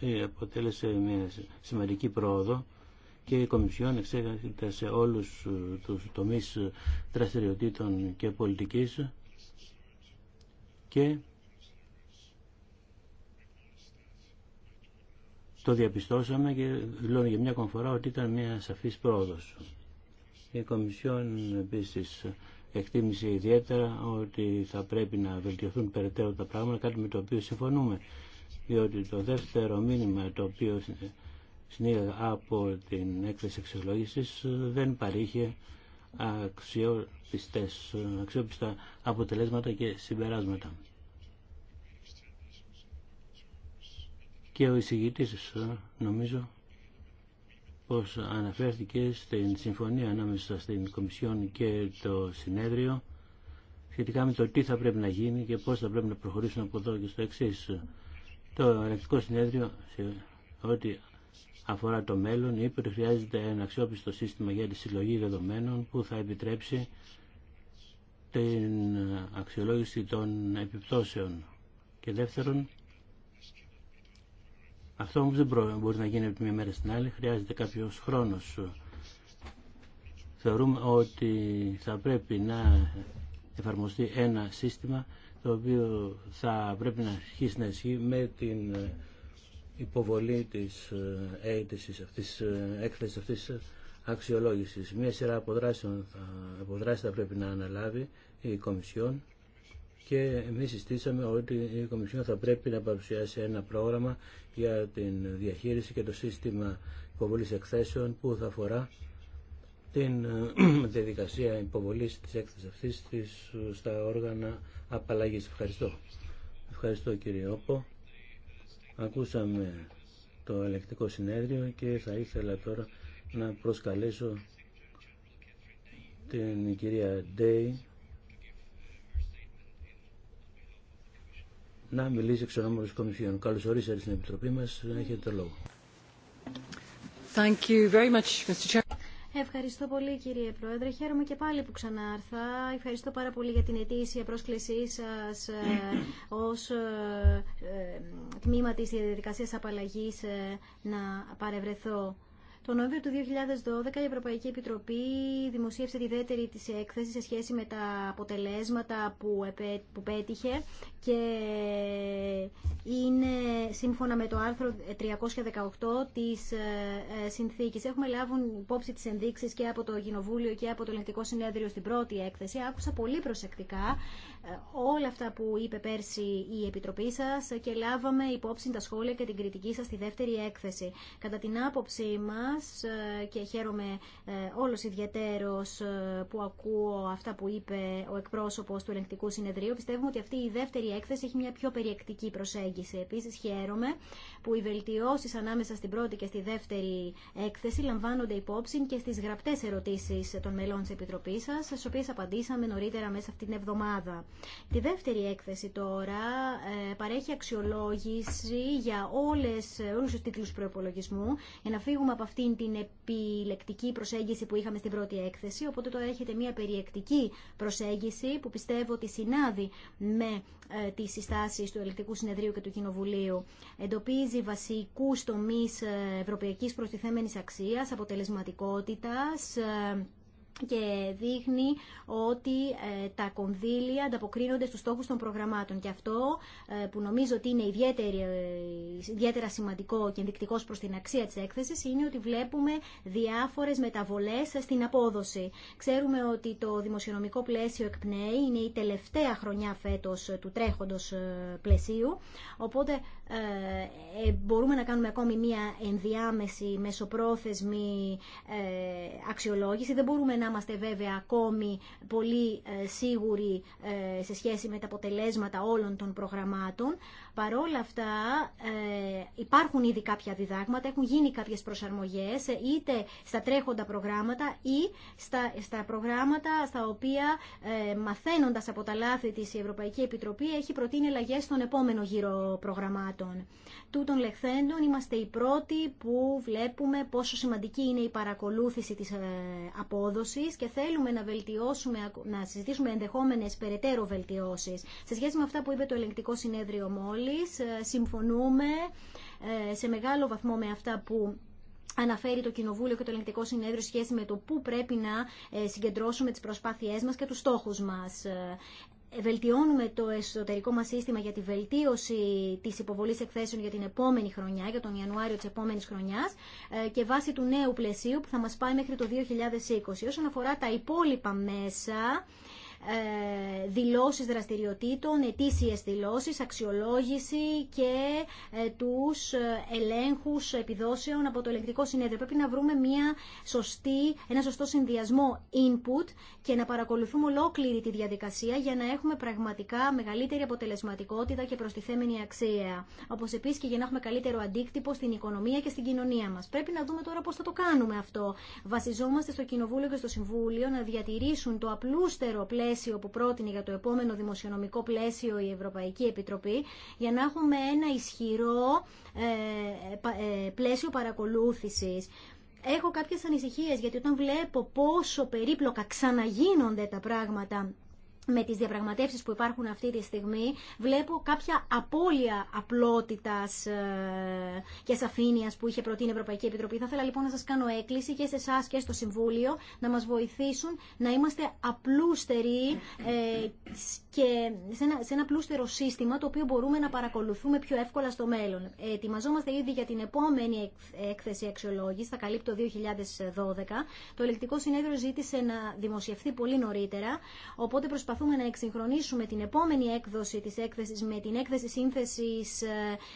ε, αποτέλεσε μια σημαντική πρόοδο και η Κομισιόν τα σε όλους ε, τους τομείς δραστηριοτήτων και πολιτική. και το διαπιστώσαμε και δηλώνει για μια κομφορά ότι ήταν μια σαφής πρόοδος. Η Κομισιόν επίσης εκτίμησε ιδιαίτερα ότι θα πρέπει να βελτιωθούν περαιτέρω τα πράγματα, κάτι με το οποίο συμφωνούμε. Διότι το δεύτερο μήνυμα το οποίο συνήγαγα από την έκθεση εξελόγησης δεν παρήχε αξιόπιστες, αξιόπιστα αποτελέσματα και συμπεράσματα. Και ο εισηγητής νομίζω πώς αναφέρθηκε στην συμφωνία ανάμεσα στην Κομισιόν και το Συνέδριο σχετικά με το τι θα πρέπει να γίνει και πώς θα πρέπει να προχωρήσουν από εδώ και στο εξή. Το Ελεκτικό Συνέδριο, σε ό,τι αφορά το μέλλον, είπε ότι χρειάζεται ένα αξιόπιστο σύστημα για τη συλλογή δεδομένων που θα επιτρέψει την αξιολόγηση των επιπτώσεων. Και δεύτερον, αυτό όμως δεν μπορεί να γίνει από τη μία μέρα στην άλλη, χρειάζεται κάποιος χρόνος. Θεωρούμε ότι θα πρέπει να εφαρμοστεί ένα σύστημα το οποίο θα πρέπει να αρχίσει να ισχύει με την υποβολή της ε, αίτησης αυτής, ε, έκθεσης αυτής αξιολόγησης. Μία σειρά αποδράσεων, αποδράσεις θα πρέπει να αναλάβει η Κομισιόν και εμείς συστήσαμε ότι η Κομισιόν θα πρέπει να παρουσιάσει ένα πρόγραμμα για την διαχείριση και το σύστημα υποβολής εκθέσεων που θα αφορά την ε, διαδικασία υποβολής της έκθεσης αυτής της, στα όργανα απαλλαγής. Ευχαριστώ. Ευχαριστώ κύριε Όπο. Ακούσαμε το ελεκτικό συνέδριο και θα ήθελα τώρα να προσκαλέσω την κυρία Ντέι να μιλήσει εξ ονόματος Κομισιόν. Καλώς ορίσατε στην Επιτροπή μας, να έχετε το λόγο. Ευχαριστώ πολύ κύριε Πρόεδρε. Χαίρομαι και πάλι που ξανάρθα. Ευχαριστώ πάρα πολύ για την ετήσια πρόσκλησή σας ε, ως ε, ε, τμήμα της διαδικασίας απαλλαγής να παρευρεθώ. Το Νοέμβριο του 2012 η Ευρωπαϊκή Επιτροπή δημοσίευσε τη δεύτερη της έκθεση σε σχέση με τα αποτελέσματα που πέτυχε και είναι σύμφωνα με το άρθρο 318 της ε, ε, συνθήκης. Έχουμε λάβουν υπόψη τις ενδείξεις και από το Γινοβούλιο και από το Ελεκτικό Συνέδριο στην πρώτη έκθεση. Άκουσα πολύ προσεκτικά ε, όλα αυτά που είπε πέρσι η Επιτροπή σας και λάβαμε υπόψη τα σχόλια και την κριτική σας στη δεύτερη έκθεση. Κατά την άποψή ε, και χαίρομαι ε, όλος ιδιαίτερος ε, που ακούω αυτά που είπε ο εκπρόσωπος του ελεγκτικού συνεδρίου. Πιστεύουμε ότι αυτή η δεύτερη έκθεση έχει μια πιο περιεκτική προσέγγιση. Επίσης χαίρομαι που οι βελτιώσεις ανάμεσα στην πρώτη και στη δεύτερη έκθεση λαμβάνονται υπόψη και στις γραπτές ερωτήσεις των μελών της Επιτροπής σας, στις οποίες απαντήσαμε νωρίτερα μέσα αυτή την εβδομάδα. Τη δεύτερη έκθεση τώρα παρέχει αξιολόγηση για όλες, όλους τους τίτλους προπολογισμού για να φύγουμε από αυτή την επιλεκτική προσέγγιση που είχαμε στην πρώτη έκθεση, οπότε τώρα έχετε μια περιεκτική προσέγγιση που πιστεύω ότι συνάδει με ε, τις συστάσεις του Ελεκτικού Συνεδρίου και του Κοινοβουλίου. Εντοπίζει βασικούς τομείς ε, ευρωπαϊκής προστιθέμενης αξίας, αποτελεσματικότητας, ε, και δείχνει ότι ε, τα κονδύλια ανταποκρίνονται στους στόχους των προγραμμάτων. Και αυτό ε, που νομίζω ότι είναι ε, ιδιαίτερα σημαντικό και ενδεικτικός προς την αξία της έκθεσης είναι ότι βλέπουμε διάφορες μεταβολές στην απόδοση. Ξέρουμε ότι το δημοσιονομικό πλαίσιο εκπνέει, είναι η τελευταία χρονιά φέτος του τρέχοντος πλαισίου, οπότε μπορούμε να κάνουμε ακόμη μία ενδιάμεση μεσοπρόθεσμη αξιολόγηση. Δεν μπορούμε να είμαστε βέβαια ακόμη πολύ ε, σίγουροι ε, σε σχέση με τα αποτελέσματα όλων των προγραμμάτων, Παρόλα αυτά ε, υπάρχουν ήδη κάποια διδάγματα, έχουν γίνει κάποιες προσαρμογές ε, είτε στα τρέχοντα προγράμματα ή στα, στα προγράμματα στα οποία ε, μαθαίνοντας από τα λάθη της η Ευρωπαϊκή Επιτροπή έχει προτείνει αλλαγές στον επόμενο γύρο προγραμμάτων. Τούτων λεχθέντων είμαστε οι πρώτοι που βλέπουμε πόσο σημαντική είναι η παρακολούθηση της απόδοσης και θέλουμε να, βελτιώσουμε, να συζητήσουμε ενδεχόμενες περαιτέρω βελτιώσεις. Σε σχέση με αυτά που είπε το ελεγκτικό συνέδριο μόλι ε, συμφωνούμε ε, σε μεγάλο βαθμό με αυτά που αναφέρει το Κοινοβούλιο και το Ελεγκτικό Συνέδριο σχέση με το πού πρέπει να ε, συγκεντρώσουμε τις προσπάθειές μας και τους στόχους μας. Βελτιώνουμε το εσωτερικό μας σύστημα για τη βελτίωση της υποβολής εκθέσεων για την επόμενη χρονιά, για τον Ιανουάριο της επόμενης χρονιάς και βάσει του νέου πλαισίου που θα μας πάει μέχρι το 2020. Όσον αφορά τα υπόλοιπα μέσα, ε, δηλώσεις δραστηριοτήτων, ετήσιες δηλώσεις, αξιολόγηση και ε, τους ε, ελέγχους επιδόσεων από το ελεγκτικό συνέδριο. Πρέπει να βρούμε μια σωστή, ένα σωστό συνδυασμό input και να παρακολουθούμε ολόκληρη τη διαδικασία για να έχουμε πραγματικά μεγαλύτερη αποτελεσματικότητα και προστιθέμενη αξία. Όπως επίσης και για να έχουμε καλύτερο αντίκτυπο στην οικονομία και στην κοινωνία μας. Πρέπει να δούμε τώρα πώς θα το κάνουμε αυτό. Βασιζόμαστε στο Κοινοβούλιο και στο Συμβούλιο να διατηρήσουν το απλούστερο πλαίσιο πλαίσιο που πρότεινε για το επόμενο δημοσιονομικό πλαίσιο η Ευρωπαϊκή Επιτροπή για να έχουμε ένα ισχυρό ε, ε, πλαίσιο παρακολούθησης. Έχω κάποιες ανησυχίες γιατί όταν βλέπω πόσο περίπλοκα ξαναγίνονται τα πράγματα με τις διαπραγματεύσεις που υπάρχουν αυτή τη στιγμή βλέπω κάποια απώλεια απλότητας ε, και σαφήνειας που είχε προτείνει η Ευρωπαϊκή Επιτροπή. Θα ήθελα λοιπόν να σας κάνω έκκληση και σε εσά και στο Συμβούλιο να μας βοηθήσουν να είμαστε απλούστεροι ε, και σε ένα, σε ένα πλούστερο σύστημα το οποίο μπορούμε να παρακολουθούμε πιο εύκολα στο μέλλον. Ετοιμαζόμαστε ήδη για την επόμενη έκθεση αξιολόγηση, θα καλύπτω 2012. Το ελεκτικό συνέδριο ζήτησε να δημοσιευθεί πολύ νωρίτερα, οπότε προσπαθούμε προσπαθούμε να εξυγχρονίσουμε την επόμενη έκδοση της έκθεσης με την έκθεση σύνθεσης ε,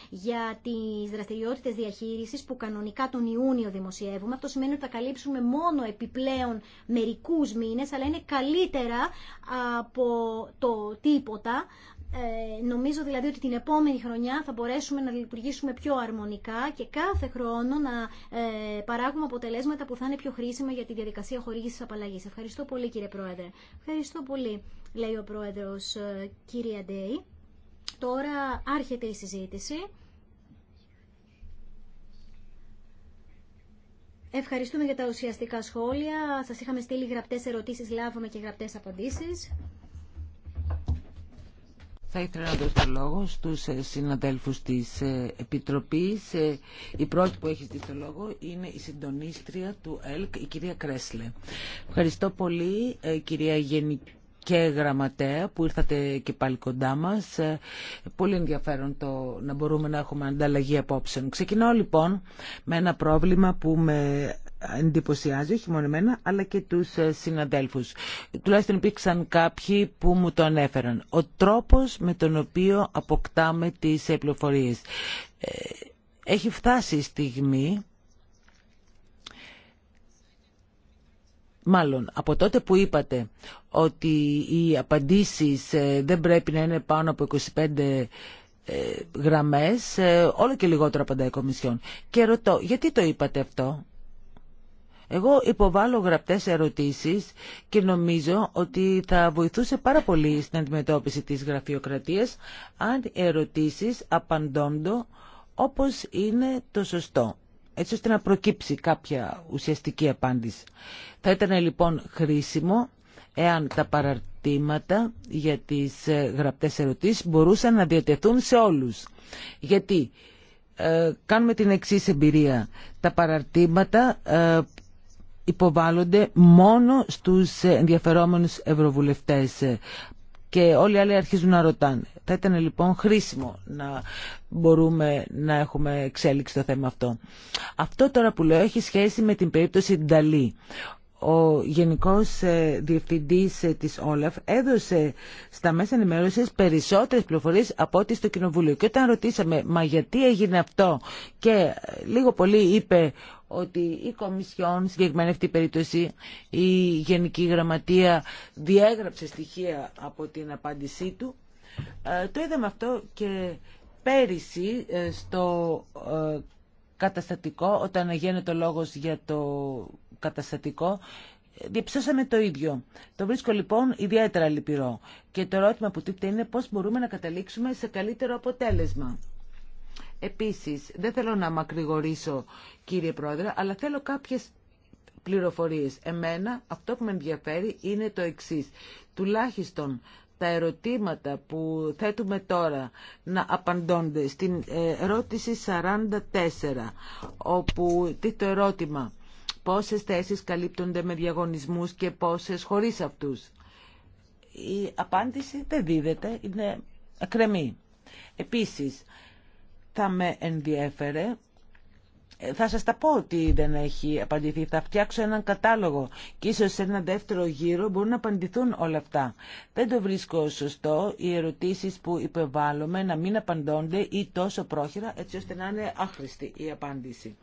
για τις δραστηριότητες διαχείρισης που κανονικά τον Ιούνιο δημοσιεύουμε. Αυτό σημαίνει ότι θα καλύψουμε μόνο επιπλέον μερικούς μήνες, αλλά είναι καλύτερα από το τίποτα. Ε, νομίζω δηλαδή ότι την επόμενη χρονιά θα μπορέσουμε να λειτουργήσουμε πιο αρμονικά και κάθε χρόνο να ε, παράγουμε αποτελέσματα που θα είναι πιο χρήσιμα για τη διαδικασία χορήγησης απαλλαγής. Ευχαριστώ πολύ κύριε Πρόεδρε. Ευχαριστώ πολύ λέει ο πρόεδρος ε, κύρια Ντέι. Τώρα άρχεται η συζήτηση. Ευχαριστούμε για τα ουσιαστικά σχόλια. Σας είχαμε στείλει γραπτές ερωτήσεις, λάβουμε και γραπτές απαντήσεις. Θα ήθελα να δώσω το λόγο στους ε, συναδέλφους της ε, Επιτροπής. Η πρώτη που έχει δει το λόγο είναι η συντονίστρια του ΕΛΚ, η κυρία Κρέσλε. Ευχαριστώ πολύ, κυρία Γενική και γραμματέα που ήρθατε και πάλι κοντά μας. Ε, πολύ ενδιαφέρον το να μπορούμε να έχουμε ανταλλαγή απόψεων. Ξεκινώ λοιπόν με ένα πρόβλημα που με εντυπωσιάζει όχι μόνο εμένα αλλά και τους ε, συναδέλφους. Τουλάχιστον υπήρξαν κάποιοι που μου το ανέφεραν. Ο τρόπος με τον οποίο αποκτάμε τις πληροφορίε ε, Έχει φτάσει η στιγμή Μάλλον, από τότε που είπατε ότι οι απαντήσεις ε, δεν πρέπει να είναι πάνω από 25 ε, γραμμές, ε, όλο και λιγότερο απαντάει η Κομισιόν. Και ρωτώ, γιατί το είπατε αυτό. Εγώ υποβάλλω γραπτές ερωτήσεις και νομίζω ότι θα βοηθούσε πάρα πολύ στην αντιμετώπιση της γραφειοκρατίας αν οι ερωτήσεις απαντώνται όπως είναι το σωστό έτσι ώστε να προκύψει κάποια ουσιαστική απάντηση. Θα ήταν λοιπόν χρήσιμο εάν τα παραρτήματα για τις ε, γραπτές ερωτήσεις μπορούσαν να διατεθούν σε όλους. Γιατί ε, κάνουμε την εξή εμπειρία. Τα παραρτήματα ε, υποβάλλονται μόνο στους ενδιαφερόμενους ευρωβουλευτές και όλοι οι άλλοι αρχίζουν να ρωτάνε. Θα ήταν λοιπόν χρήσιμο να μπορούμε να έχουμε εξέλιξη στο θέμα αυτό. Αυτό τώρα που λέω έχει σχέση με την περίπτωση Νταλή. Ο Γενικός ε, Διευθυντής ε, της Όλαφ έδωσε στα μέσα ενημέρωσης περισσότερες πληροφορίες από ό,τι στο Κοινοβούλιο. Και όταν ρωτήσαμε, μα γιατί έγινε αυτό και ε, λίγο πολύ είπε ότι η Κομισιόν, συγκεκριμένη αυτή η περίπτωση, η Γενική Γραμματεία διέγραψε στοιχεία από την απάντησή του. Ε, το είδαμε αυτό και πέρυσι ε, στο ε, καταστατικό, όταν γίνεται το λόγος για το καταστατικό, διαψώσαμε το ίδιο. Το βρίσκω λοιπόν ιδιαίτερα λυπηρό. Και το ερώτημα που τίπτε είναι πώς μπορούμε να καταλήξουμε σε καλύτερο αποτέλεσμα. Επίσης, δεν θέλω να μακρηγορήσω κύριε Πρόεδρε, αλλά θέλω κάποιες πληροφορίες. Εμένα αυτό που με ενδιαφέρει είναι το εξής. Τουλάχιστον τα ερωτήματα που θέτουμε τώρα να απαντώνται στην ε, ερώτηση 44, όπου τι το ερώτημα, πόσες θέσεις καλύπτονται με διαγωνισμούς και πόσες χωρίς αυτούς. Η απάντηση δεν δίδεται, είναι ακρεμή. Επίσης, θα με ενδιέφερε ε, θα σας τα πω ότι δεν έχει απαντηθεί. Θα φτιάξω έναν κατάλογο και ίσως σε ένα δεύτερο γύρο μπορούν να απαντηθούν όλα αυτά. Δεν το βρίσκω σωστό οι ερωτήσεις που υπεβάλλουμε να μην απαντώνται ή τόσο πρόχειρα έτσι ώστε να είναι άχρηστη η απάντηση.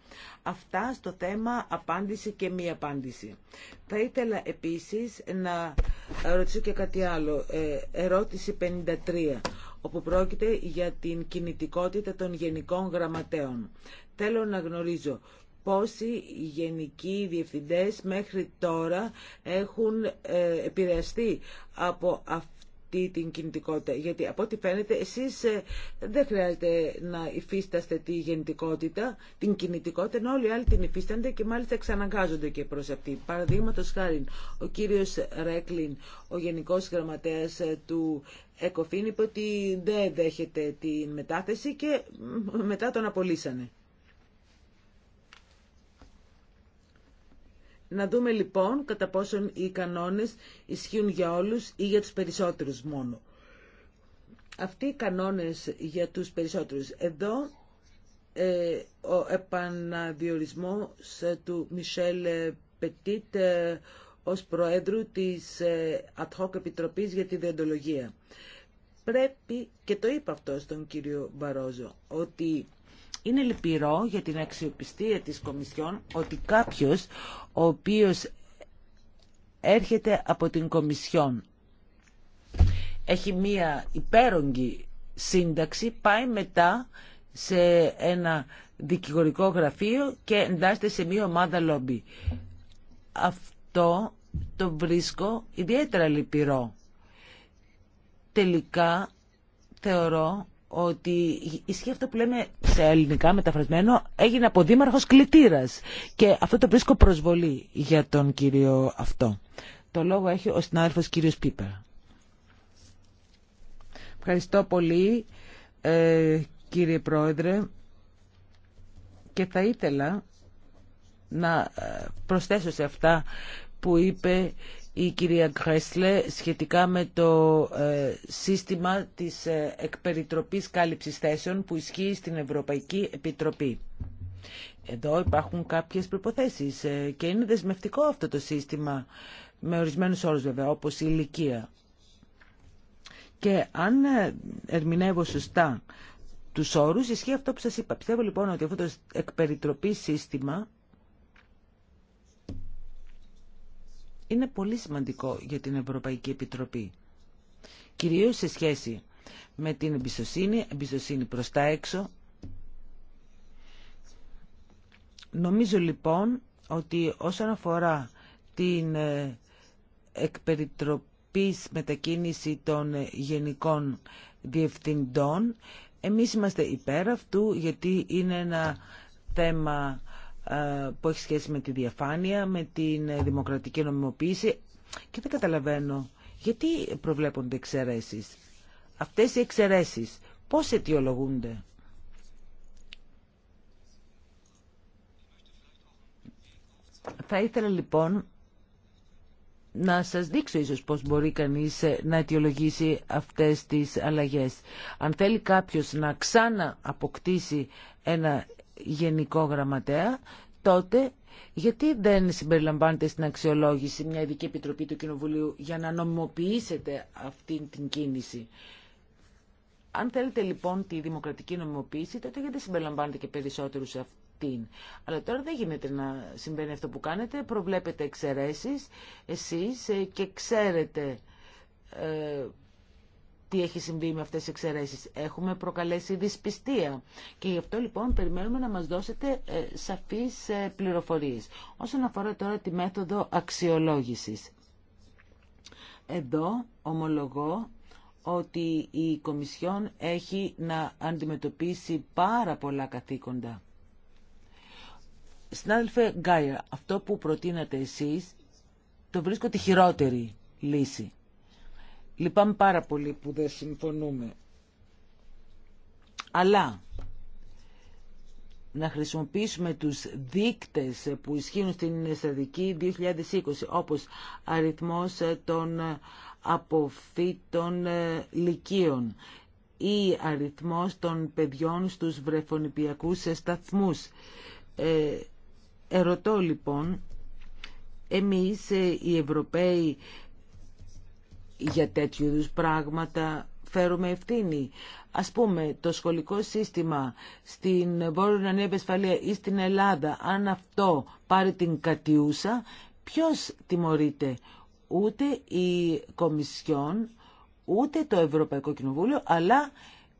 Αυτά στο θέμα απάντηση και μη απάντηση. Θα ήθελα επίσης να ρωτήσω και κάτι άλλο. Ε, ερώτηση 53 όπου πρόκειται για την κινητικότητα των γενικών γραμματέων. Θέλω να γνωρίζω πόσοι γενικοί διευθυντές μέχρι τώρα έχουν ε, επηρεαστεί από αυτή την κινητικότητα. Γιατί από ό,τι φαίνεται εσείς ε, δεν χρειάζεται να υφίσταστε τη γεννητικότητα, την κινητικότητα, ενώ όλοι οι άλλοι την υφίστανται και μάλιστα εξαναγκάζονται και προς αυτή. Παραδείγματο χάρη, ο κύριος Ρέκλιν, ο Γενικός Γραμματέας ε, του ΕΚΟΦΗΝ, είπε ότι δεν δέχεται την μετάθεση και μετά τον απολύσανε. Να δούμε λοιπόν κατά πόσον οι κανόνες ισχύουν για όλους ή για τους περισσότερους μόνο. Αυτοί οι κανόνες για τους περισσότερους. Εδώ ε, ο επαναδιορισμός ε, του Μισελ Πετίτ ως Προέδρου της ε, Ad Hoc Επιτροπής για τη Διοντολογία. Πρέπει, και το είπα αυτό στον κύριο Μπαρόζο, ότι είναι λυπηρό για την αξιοπιστία της Κομισιόν ότι κάποιος ο οποίος έρχεται από την Κομισιόν έχει μία υπέρογγη σύνταξη, πάει μετά σε ένα δικηγορικό γραφείο και εντάσσεται σε μία ομάδα λόμπι. Αυτό το βρίσκω ιδιαίτερα λυπηρό. Τελικά θεωρώ ότι ισχύει αυτό που λέμε σε ελληνικά μεταφρασμένο έγινε από δήμαρχος κλητήρας και αυτό το βρίσκω προσβολή για τον κύριο αυτό. Το λόγο έχει ο συνάδελφος κύριος Πίπερ. Ευχαριστώ πολύ ε, κύριε Πρόεδρε και θα ήθελα να ε, προσθέσω σε αυτά που είπε η κυρία Γκρέσλε σχετικά με το ε, σύστημα της ε, εκπεριτροπής κάλυψης θέσεων που ισχύει στην Ευρωπαϊκή Επιτροπή. Εδώ υπάρχουν κάποιες προποθέσεις ε, και είναι δεσμευτικό αυτό το σύστημα με ορισμένους όρους βέβαια όπως η ηλικία. Και αν ερμηνεύω σωστά τους όρους ισχύει αυτό που σας είπα. Πιστεύω λοιπόν ότι αυτό το εκπεριτροπή σύστημα είναι πολύ σημαντικό για την Ευρωπαϊκή Επιτροπή. Κυρίως σε σχέση με την εμπιστοσύνη, εμπιστοσύνη προς τα έξω. Νομίζω λοιπόν ότι όσον αφορά την ε, εκπεριτροπής μετακίνηση των ε, γενικών διευθυντών, εμείς είμαστε υπέρ αυτού γιατί είναι ένα θέμα ε, που έχει σχέση με τη διαφάνεια, με την δημοκρατική νομιμοποίηση και δεν καταλαβαίνω γιατί προβλέπονται εξαιρέσει. Αυτές οι εξαιρέσει πώς αιτιολογούνται. Θα ήθελα λοιπόν να σας δείξω ίσως πώς μπορεί κανείς ε, να αιτιολογήσει αυτές τις αλλαγές. Αν θέλει κάποιος να ξανά αποκτήσει ένα γενικό γραμματέα, τότε γιατί δεν συμπεριλαμβάνετε στην αξιολόγηση μια ειδική επιτροπή του Κοινοβουλίου για να νομιμοποιήσετε αυτή την κίνηση. Αν θέλετε λοιπόν τη δημοκρατική νομιμοποίηση, τότε γιατί συμπεριλαμβάνετε και περισσότερους σε αυτήν. Αλλά τώρα δεν γίνεται να συμβαίνει αυτό που κάνετε. Προβλέπετε εξαιρέσει εσεί ε, και ξέρετε ε, τι έχει συμβεί με αυτές τις εξαιρέσεις. Έχουμε προκαλέσει δυσπιστία και γι' αυτό λοιπόν περιμένουμε να μας δώσετε ε, σαφείς ε, πληροφορίες. Όσον αφορά τώρα τη μέθοδο αξιολόγησης. Εδώ ομολογώ ότι η Κομισιόν έχει να αντιμετωπίσει πάρα πολλά καθήκοντα. Συνάδελφε Γκάιρα, αυτό που προτείνατε εσείς το βρίσκω τη χειρότερη λύση. Λυπάμαι πάρα πολύ που δεν συμφωνούμε. Αλλά να χρησιμοποιήσουμε τους δίκτες που ισχύουν στην στρατηγική 2020, όπως αριθμός των αποφύτων ε, λυκείων ή αριθμός των παιδιών στους βρεφονιπιακούς σταθμούς. Ε, ερωτώ λοιπόν, εμείς ε, οι Ευρωπαίοι για τέτοιου είδου πράγματα φέρουμε ευθύνη. Ας πούμε, το σχολικό σύστημα στην Βόρεια Νέα Βεσφαλία ή στην Ελλάδα, αν αυτό πάρει η Κομισιόν, ποιο τιμωρειται ουτε η κομισιον ουτε το Ευρωπαϊκό Κοινοβούλιο, αλλά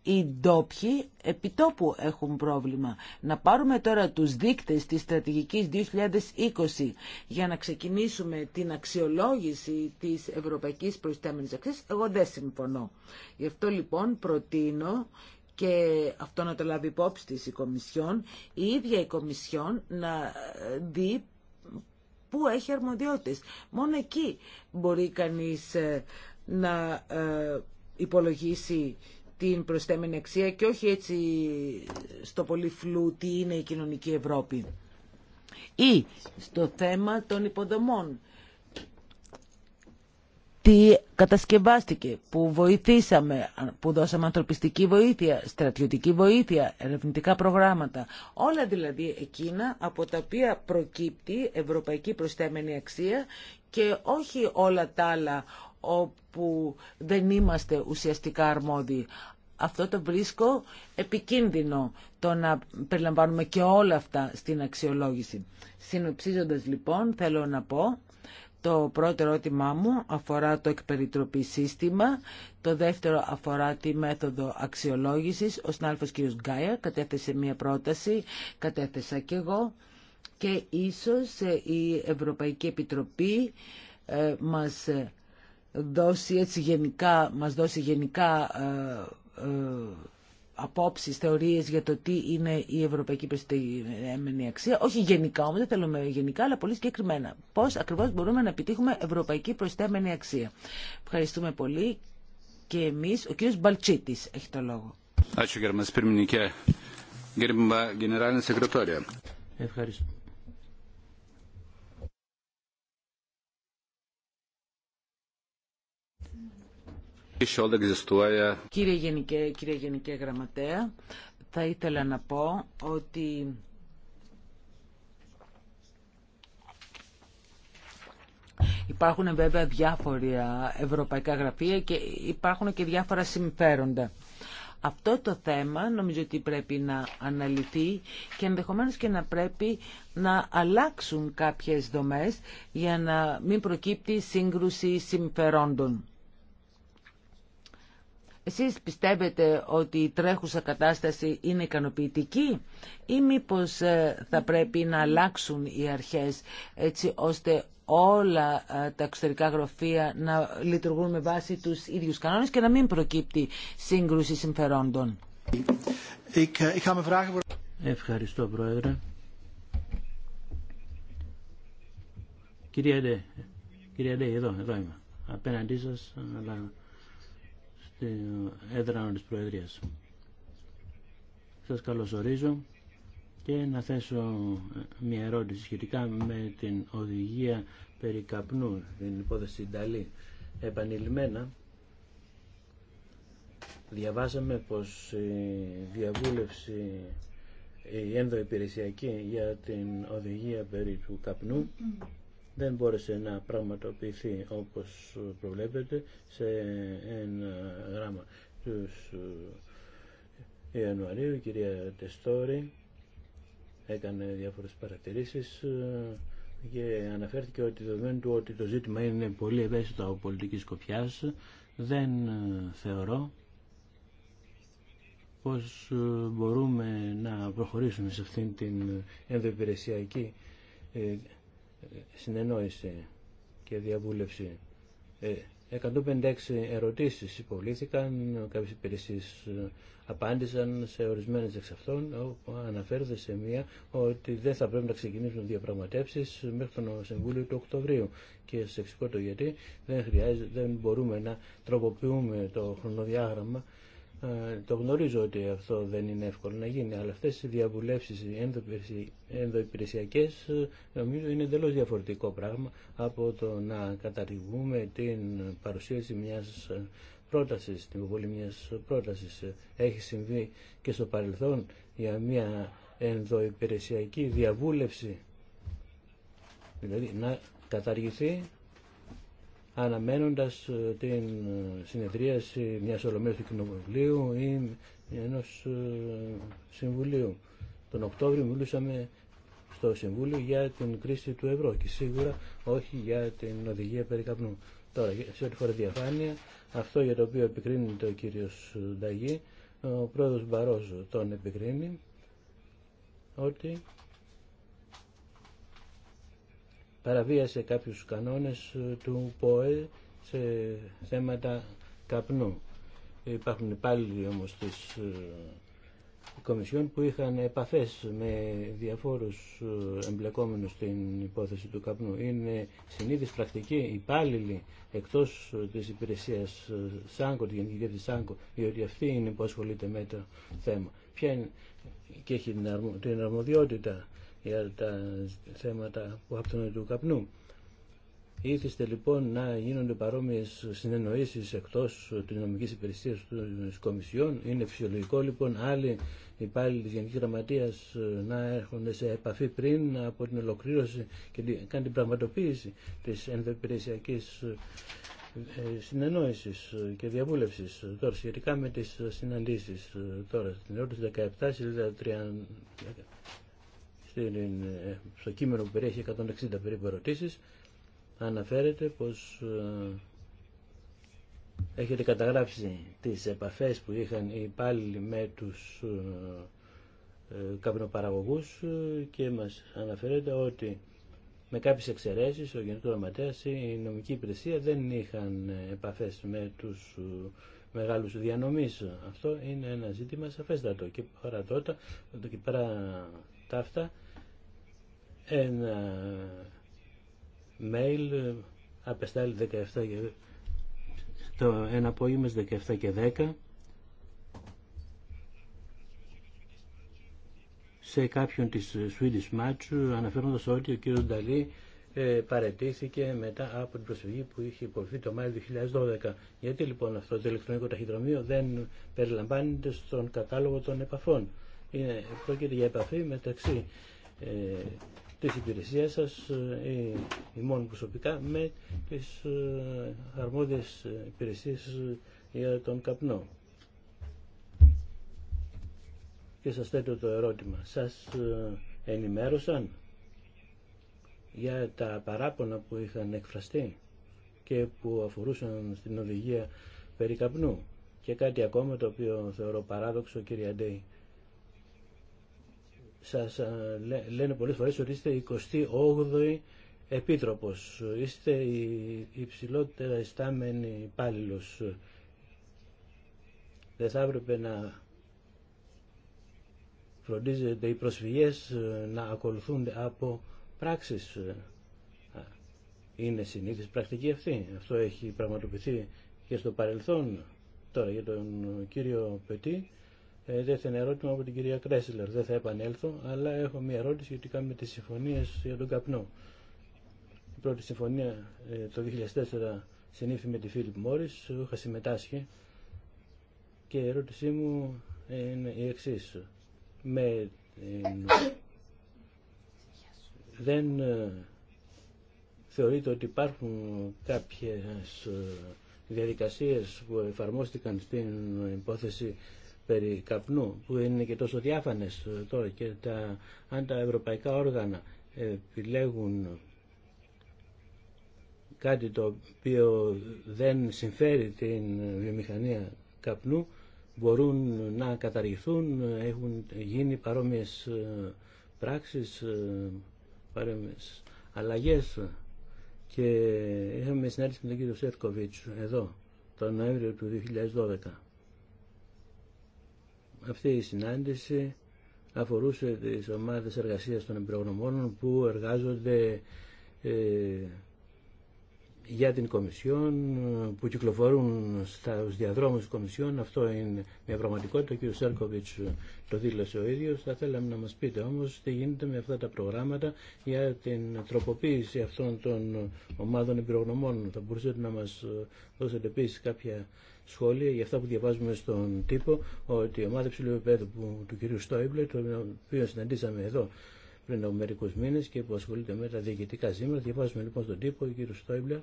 οι ντόπιοι επιτόπου έχουν πρόβλημα. Να πάρουμε τώρα τους δείκτες της στρατηγικής 2020 για να ξεκινήσουμε την αξιολόγηση της ευρωπαϊκής προϊστάμενης αξίας, εγώ δεν συμφωνώ. Γι' αυτό λοιπόν προτείνω και αυτό να το λάβει υπόψη της η Κομισιόν, η ίδια η Κομισιόν να δει που έχει αρμοδιότητες. Μόνο εκεί μπορεί κανείς ε, να ε, υπολογίσει την προσθέμενη αξία και όχι έτσι στο πολύ φλού τι είναι η κοινωνική Ευρώπη. Ή στο θέμα των υποδομών. Τι κατασκευάστηκε, που βοηθήσαμε, που δώσαμε ανθρωπιστική βοήθεια, στρατιωτική βοήθεια, ερευνητικά προγράμματα. Όλα δηλαδή εκείνα από τα οποία προκύπτει ευρωπαϊκή προστεμένη αξία και όχι όλα τα άλλα όπου δεν είμαστε ουσιαστικά αρμόδιοι. Αυτό το βρίσκω επικίνδυνο το να περιλαμβάνουμε και όλα αυτά στην αξιολόγηση. Συνοψίζοντας λοιπόν θέλω να πω το πρώτο ερώτημά μου αφορά το εκπεριτροπή σύστημα, το δεύτερο αφορά τη μέθοδο αξιολόγησης. Ο συνάλφος κ. Γκάια κατέθεσε μία πρόταση, κατέθεσα κι εγώ και ίσως η Ευρωπαϊκή Επιτροπή ε, μας δώσει έτσι γενικά, μας δώσει γενικά ε, ε, απόψεις, θεωρίες για το τι είναι η ευρωπαϊκή προστιμένη αξία. Όχι γενικά όμως, δεν θέλουμε γενικά, αλλά πολύ συγκεκριμένα. Πώς ακριβώς μπορούμε να επιτύχουμε ευρωπαϊκή προστιμένη αξία. Ευχαριστούμε πολύ και εμείς. Ο κύριος Μπαλτσίτης έχει το λόγο. Ευχαριστώ. Κύριε Γενικέ, κύριε Γενικέ Γραμματέα, θα ήθελα να πω ότι υπάρχουν βέβαια διάφορα ευρωπαϊκά γραφεία και υπάρχουν και διάφορα συμφέροντα. Αυτό το θέμα νομίζω ότι πρέπει να αναλυθεί και ενδεχομένως και να πρέπει να αλλάξουν κάποιες δομές για να μην προκύπτει σύγκρουση συμφερόντων. Εσείς πιστεύετε ότι η τρέχουσα κατάσταση είναι ικανοποιητική ή μήπως ε, θα πρέπει να αλλάξουν οι αρχές έτσι ώστε όλα ε, τα εξωτερικά γραφεία να λειτουργούν με βάση τους ίδιους κανόνες και να μην προκύπτει σύγκρουση συμφερόντων. Ε, Ευχαριστώ Πρόεδρε. Κυρία Ντέ, κυρία Ντέ, εδώ, εδώ είμαι. Απέναντί σας, αλλά έδρα της Προεδρίας. Σας καλωσορίζω και να θέσω μια ερώτηση σχετικά με την οδηγία περί καπνού, την υπόθεση Νταλή. Επανειλημμένα διαβάσαμε πως η διαβούλευση η υπηρεσιακή για την οδηγία περί του καπνού δεν μπόρεσε να πραγματοποιηθεί όπως προβλέπεται σε ένα γράμμα του ε, Ιανουαρίου. Η κυρία Τεστόρη έκανε διάφορες παρατηρήσεις ε, και αναφέρθηκε ότι δεδομένου ότι το ζήτημα είναι πολύ ευαίσθητο από πολιτική σκοπιάς. δεν ε, θεωρώ πως μπορούμε να προχωρήσουμε σε αυτήν την ενδοϊπηρεσιακή συνεννόηση και διαβούλευση. 156 ε, ερωτήσεις υπολήθηκαν, κάποιες υπηρεσίε ε, απάντησαν σε ορισμένες εξ αυτών, όπου αναφέρεται σε μία ότι δεν θα πρέπει να ξεκινήσουν διαπραγματεύσεις μέχρι τον Συμβούλιο του Οκτωβρίου. Και σε εξηγώ το γιατί δεν, χρειάζεται, δεν μπορούμε να τροποποιούμε το χρονοδιάγραμμα ε, το γνωρίζω ότι αυτό δεν είναι εύκολο να γίνει, αλλά αυτές οι διαβουλεύσεις ενδοϊπηρεσιακές νομίζω είναι εντελώς διαφορετικό πράγμα από το να καταργούμε την παρουσίαση μιας πρότασης, την υποβολή μιας πρότασης. Έχει συμβεί και στο παρελθόν για μια ενδοϊπηρεσιακή διαβούλευση, δηλαδή να καταργηθεί αναμένοντας ε, την ε, συνεδρίαση μιας ολομέλειας του Κοινοβουλίου ή ενός ε, Συμβουλίου. Τον Οκτώβριο μιλούσαμε στο Συμβούλιο για την κρίση του ευρώ και σίγουρα όχι για την οδηγία περί καπνού. Τώρα, σε ό,τι φορά διαφάνεια, αυτό για το οποίο επικρίνεται ο κύριος Νταγή, ο πρόεδρος Μπαρόζο τον επικρίνει ότι παραβίασε κάποιους κανόνες ε, του ΠΟΕ σε θέματα καπνού. Υπάρχουν πάλι όμως της ε, Κομισιόν που είχαν επαφές με διαφόρους ε, εμπλεκόμενους στην υπόθεση του καπνού. Είναι συνήθις πρακτική υπάλληλοι εκτός της υπηρεσίας ΣΑΝΚΟ, της Γενικής Διεύθυνσης ΣΑΝΚΟ, διότι αυτή είναι που ασχολείται με το θέμα. Ποια είναι και έχει την αρμοδιότητα για τα θέματα που άπτουν του καπνού. Ήθιστε λοιπόν να γίνονται παρόμοιε συνεννοήσει εκτό τη νομική υπηρεσία των Κομισιών. Είναι φυσιολογικό λοιπόν άλλοι υπάλληλοι τη Γενική Γραμματεία ε, να έρχονται σε επαφή πριν από την ολοκλήρωση και την πραγματοποίηση τη ενδοπηρεσιακή ε, συνεννόηση και διαβούλευση, τώρα σχετικά με τι συναντήσει ε, τώρα στην ερώτηση 17 ε, στο κείμενο που περιέχει 160 περίπου ερωτήσεις αναφέρεται πως ε, έχετε καταγράψει τις επαφές που είχαν οι υπάλληλοι με τους ε, καπνοπαραγωγούς και μας αναφέρεται ότι με κάποιες εξαιρέσεις ο Γενικός Γραμματέας η νομική υπηρεσία δεν είχαν επαφές με τους μεγάλους διανομής. Αυτό είναι ένα ζήτημα σαφέστατο και παρά τότε και παρά τα αυτά ένα mail ε, απεστάλλει 17 και το ένα απόγευμα 17 και 10 σε κάποιον της Swedish Match αναφέροντας ότι ο κύριος Νταλή ε, παρετήθηκε μετά από την προσφυγή που είχε υποβληθεί το Μάιο 2012. Γιατί λοιπόν αυτό το ηλεκτρονικό ταχυδρομείο δεν περιλαμβάνεται στον κατάλογο των επαφών. Είναι, πρόκειται για επαφή μεταξύ ε, της υπηρεσίας σας ή ε, μόνο προσωπικά με τις ε, αρμόδιες υπηρεσίες ε, για τον καπνό. Και σας θέτω το ερώτημα. Σας ενημέρωσαν για τα παράπονα που είχαν εκφραστεί και που αφορούσαν στην οδηγία περί καπνού. Και κάτι ακόμα το οποίο θεωρώ παράδοξο κύριε Αντέη σας ε, λένε πολλές φορές ότι είστε 28η επίτροπος, είστε η υψηλότερα ιστάμενη ισταμενη υπαλληλος Δεν θα έπρεπε να φροντίζετε οι προσφυγές ε, να ακολουθούνται από πράξεις. Είναι συνήθις πρακτική αυτή. Αυτό έχει πραγματοποιηθεί και στο παρελθόν. Τώρα για τον κύριο Πετή ε, θα ερώτημα από την κυρία Κρέσλερ. Δεν θα επανέλθω, αλλά έχω μια ερώτηση σχετικά με τις συμφωνίες για τον καπνό. Η πρώτη συμφωνία ε, το 2004 συνήθι με τη Φίλιπ Μόρις, είχα συμμετάσχει και η ερώτησή μου είναι η εξή. Με δεν ε, θεωρείται ότι υπάρχουν κάποιες διαδικασίες που εφαρμόστηκαν στην υπόθεση περί καπνού που είναι και τόσο διάφανες ε, τώρα και τα, αν τα ευρωπαϊκά όργανα επιλέγουν κάτι το οποίο δεν συμφέρει την βιομηχανία καπνού μπορούν να καταργηθούν, έχουν γίνει παρόμοιες ε, πράξεις, ε, παρόμοιες αλλαγές και είχαμε συνάντηση με τον κύριο Σέρκοβιτς εδώ τον Νοέμβριο του 2012. Αυτή η συνάντηση αφορούσε τις ομάδες εργασίας των εμπειρογνωμόνων που εργάζονται ε, για την Κομισιόν που κυκλοφορούν στους διαδρόμους της Κομισιόν. Αυτό είναι μια πραγματικότητα. Ο κ. Σέρκοβιτς το δήλωσε ο ίδιος. Θα θέλαμε να μας πείτε όμως τι γίνεται με αυτά τα προγράμματα για την τροποποίηση αυτών των ομάδων εμπειρογνωμών. Θα μπορούσατε να μας δώσετε επίση κάποια σχόλια για αυτά που διαβάζουμε στον τύπο ότι η ομάδα ψηλού επίπεδου του κ. Στόιμπλε, το οποίο συναντήσαμε εδώ πριν από μερικού μήνε και που ασχολείται με τα διοικητικά σήμερα. Διαβάζουμε λοιπόν στον τύπο, ο κύριο Στόιμπλερ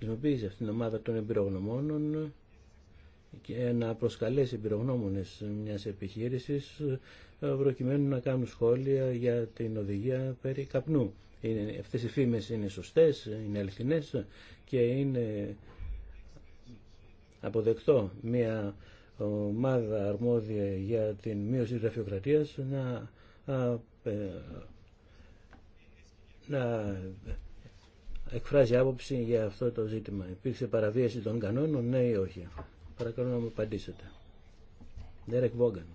χρησιμοποίησε αυτήν την ομάδα των εμπειρογνωμόνων και να προσκαλέσει εμπειρογνώμονες μιας επιχείρησης ε, προκειμένου να κάνουν σχόλια για την οδηγία περί καπνού. Είναι, αυτές οι φήμες είναι σωστές, είναι αληθινές και είναι αποδεκτό μια ομάδα αρμόδια για την μείωση της γραφειοκρατίας να, ε, να εκφράζει άποψη για αυτό το ζήτημα. Υπήρξε παραβίαση των κανόνων, ναι ή όχι. Παρακαλώ να μου απαντήσετε. Derek Vaughan.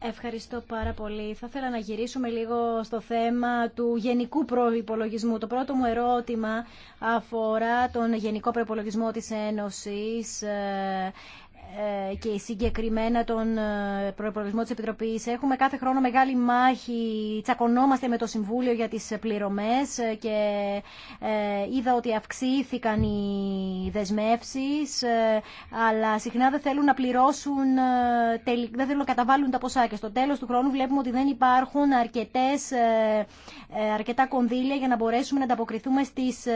Ευχαριστώ πάρα πολύ. Θα ήθελα να γυρίσουμε λίγο στο θέμα του γενικού προϋπολογισμού. Το πρώτο μου ερώτημα αφορά τον γενικό προϋπολογισμό της Ένωσης. Ε, ε, και συγκεκριμένα τον ε, προπολογισμό της Επιτροπής. Έχουμε κάθε χρόνο μεγάλη μάχη, τσακωνόμαστε με το Συμβούλιο για τις πληρωμές ε, και είδα ότι αυξήθηκαν οι δεσμεύσεις, αλλά συχνά δεν θέλουν να πληρώσουν, δεν θέλουν να καταβάλουν τα ποσά και στο τέλος του χρόνου βλέπουμε ότι δεν υπάρχουν αρκετές, αρκετά κονδύλια για να μπορέσουμε να ανταποκριθούμε στις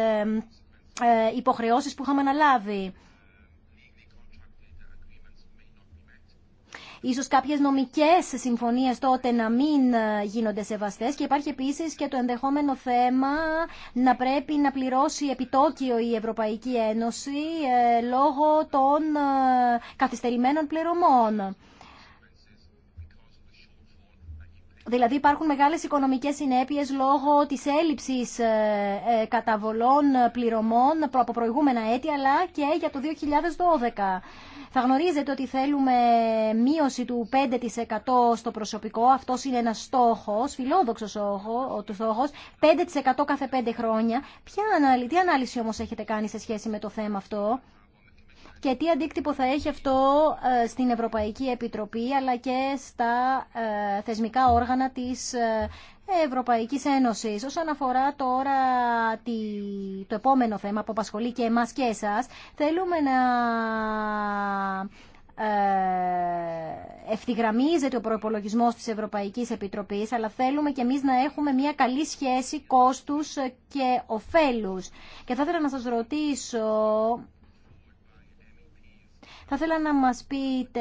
υποχρεώσεις που είχαμε αναλάβει. Ίσως κάποιες νομικές συμφωνίες τότε να μην ε, γίνονται σεβαστές και υπάρχει επίσης και το ενδεχόμενο θέμα να πρέπει να πληρώσει επιτόκιο η Ευρωπαϊκή Ένωση ε, λόγω των ε, καθυστερημένων πληρωμών. Δηλαδή υπάρχουν μεγάλες οικονομικές συνέπειες λόγω της έλλειψης καταβολών πληρωμών από προηγούμενα έτη αλλά και για το 2012. Θα γνωρίζετε ότι θέλουμε μείωση του 5% στο προσωπικό. Αυτό είναι ένα στόχο, φιλόδοξο στόχο, 5% κάθε 5 χρόνια. Ποια ανάλυση, τι ανάλυση όμω έχετε κάνει σε σχέση με το θέμα αυτό και τι αντίκτυπο θα έχει αυτό ε, στην Ευρωπαϊκή Επιτροπή αλλά και στα ε, θεσμικά όργανα της ε, Ευρωπαϊκής Ένωσης. Όσον αφορά τώρα τη, το επόμενο θέμα που απασχολεί και εμάς και εσάς, θέλουμε να ευθυγραμμίζεται ο προπολογισμό της Ευρωπαϊκής Επιτροπής, αλλά θέλουμε και εμείς να έχουμε μια καλή σχέση κόστους και ωφέλους. Και θα ήθελα να σας ρωτήσω θα ήθελα να μας πείτε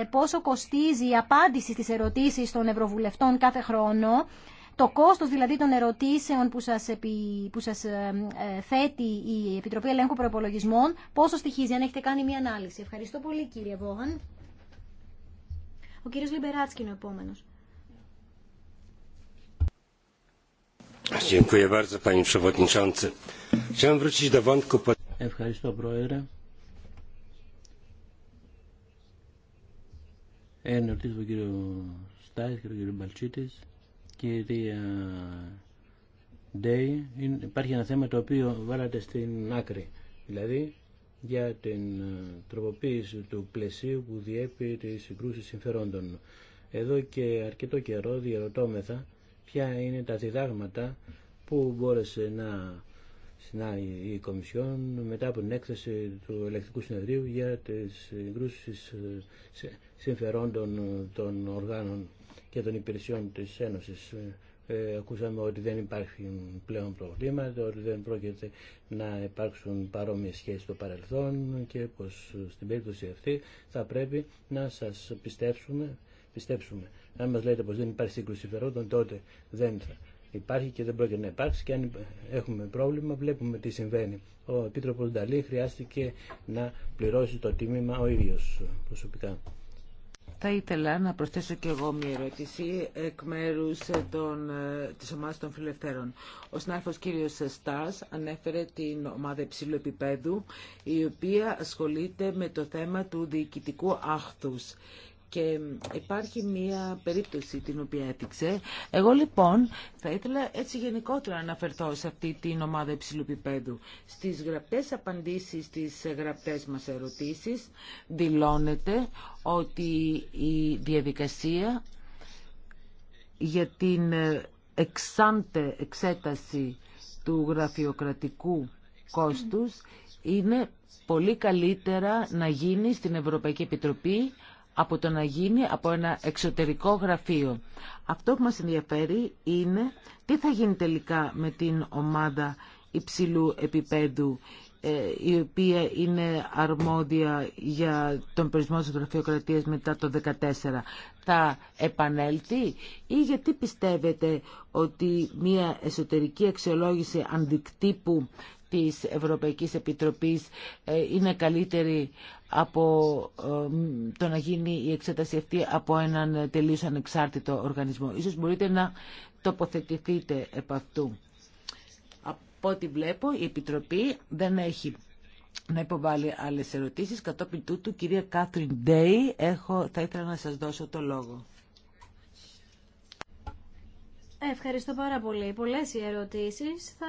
ε, πόσο κοστίζει η απάντηση στις ερωτήσεις των Ευρωβουλευτών κάθε χρόνο το κόστος δηλαδή των ερωτήσεων που σας, επι... που σας ε, ε, θέτει η Επιτροπή Ελέγχου Προπολογισμών, πόσο στοιχίζει, αν έχετε κάνει μία ανάλυση. Ευχαριστώ πολύ κύριε Βόγαν. Ο κύριος Λιμπεράτσκι είναι ο επόμενος. Ευχαριστώ πρόεδρε. ερωτήσω τον κύριο Στάις και τον κύριο Μπαλτσίτης. Κυρία ε, Ντέι, υπάρχει ένα θέμα το οποίο βάλατε στην άκρη, δηλαδή για την ε, τροποποίηση του πλαισίου που διέπει τι συγκρούσεις συμφερόντων. Εδώ και αρκετό καιρό διαρωτώμεθα ποια είναι τα διδάγματα που μπόρεσε να συνάγει η Κομισιόν μετά από την έκθεση του Ελεκτικού Συνεδρίου για τις συγκρούσεις ε, συμφερόντων ε, των οργάνων και των υπηρεσιών της Ένωσης. Ε, ε ακούσαμε ότι δεν υπάρχουν πλέον προβλήματα, ότι δεν πρόκειται να υπάρξουν παρόμοιες σχέσεις στο παρελθόν και πως ε, στην περίπτωση αυτή θα πρέπει να σας πιστέψουμε, πιστέψουμε. Αν μας λέτε πως δεν υπάρχει σύγκρουση συμφερόντων τότε δεν θα υπάρχει και δεν πρόκειται να υπάρξει και αν έχουμε πρόβλημα βλέπουμε τι συμβαίνει. Ο Επίτροπος Νταλή χρειάστηκε να πληρώσει το τίμημα ο ίδιος προσωπικά. Θα ήθελα να προσθέσω και εγώ μια ερώτηση εκ μέρου ε, ε, τη ομάδα των φιλελευθέρων. Ο συνάδελφο κύριο Στά ανέφερε την ομάδα υψηλού επίπεδου, η οποία ασχολείται με το θέμα του διοικητικού άχθου. Και υπάρχει μία περίπτωση την οποία έπτυξε. Εγώ λοιπόν θα ήθελα έτσι γενικότερα να αναφερθώ σε αυτή την ομάδα υψηλού Στις γραπτές απαντήσεις, στις γραπτές μας ερωτήσεις δηλώνεται ότι η διαδικασία για την εξάντε εξέταση του γραφειοκρατικού κόστους είναι πολύ καλύτερα να γίνει στην Ευρωπαϊκή Επιτροπή από το να γίνει από ένα εξωτερικό γραφείο. Αυτό που μας ενδιαφέρει είναι τι θα γίνει τελικά με την ομάδα υψηλού επίπεδου ε, η οποία είναι αρμόδια για τον περισμό της γραφειοκρατίας μετά το 2014 θα επανέλθει ή γιατί πιστεύετε ότι μια εσωτερική αξιολόγηση αντικτύπου της Ευρωπαϊκής Επιτροπής ε, είναι καλύτερη από το να γίνει η εξέταση αυτή από έναν τελείως ανεξάρτητο οργανισμό. Ίσως μπορείτε να τοποθετηθείτε επ' αυτού. Από ό,τι βλέπω, η Επιτροπή δεν έχει να υποβάλει άλλες ερωτήσεις. Κατόπιν τούτου, κυρία Κάθριν Ντέι, θα ήθελα να σας δώσω το λόγο. Ευχαριστώ πάρα πολύ. Πολλές οι ερωτήσεις. Θα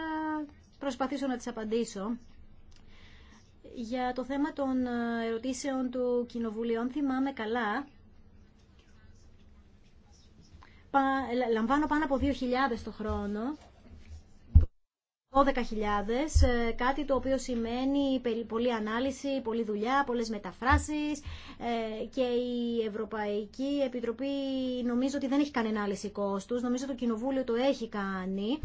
προσπαθήσω να τις απαντήσω. Για το θέμα των ε, ερωτήσεων του Κοινοβουλίου, θυμάμαι καλά, λαμβάνω πάνω από 2.000 το χρόνο 12.000, ε, κάτι το οποίο σημαίνει πολλή ανάλυση, πολλή δουλειά, πολλές μεταφράσεις ε, και η Ευρωπαϊκή Επιτροπή νομίζω ότι δεν έχει κανένα ανάλυση κόστους, νομίζω το Κοινοβούλιο το έχει κάνει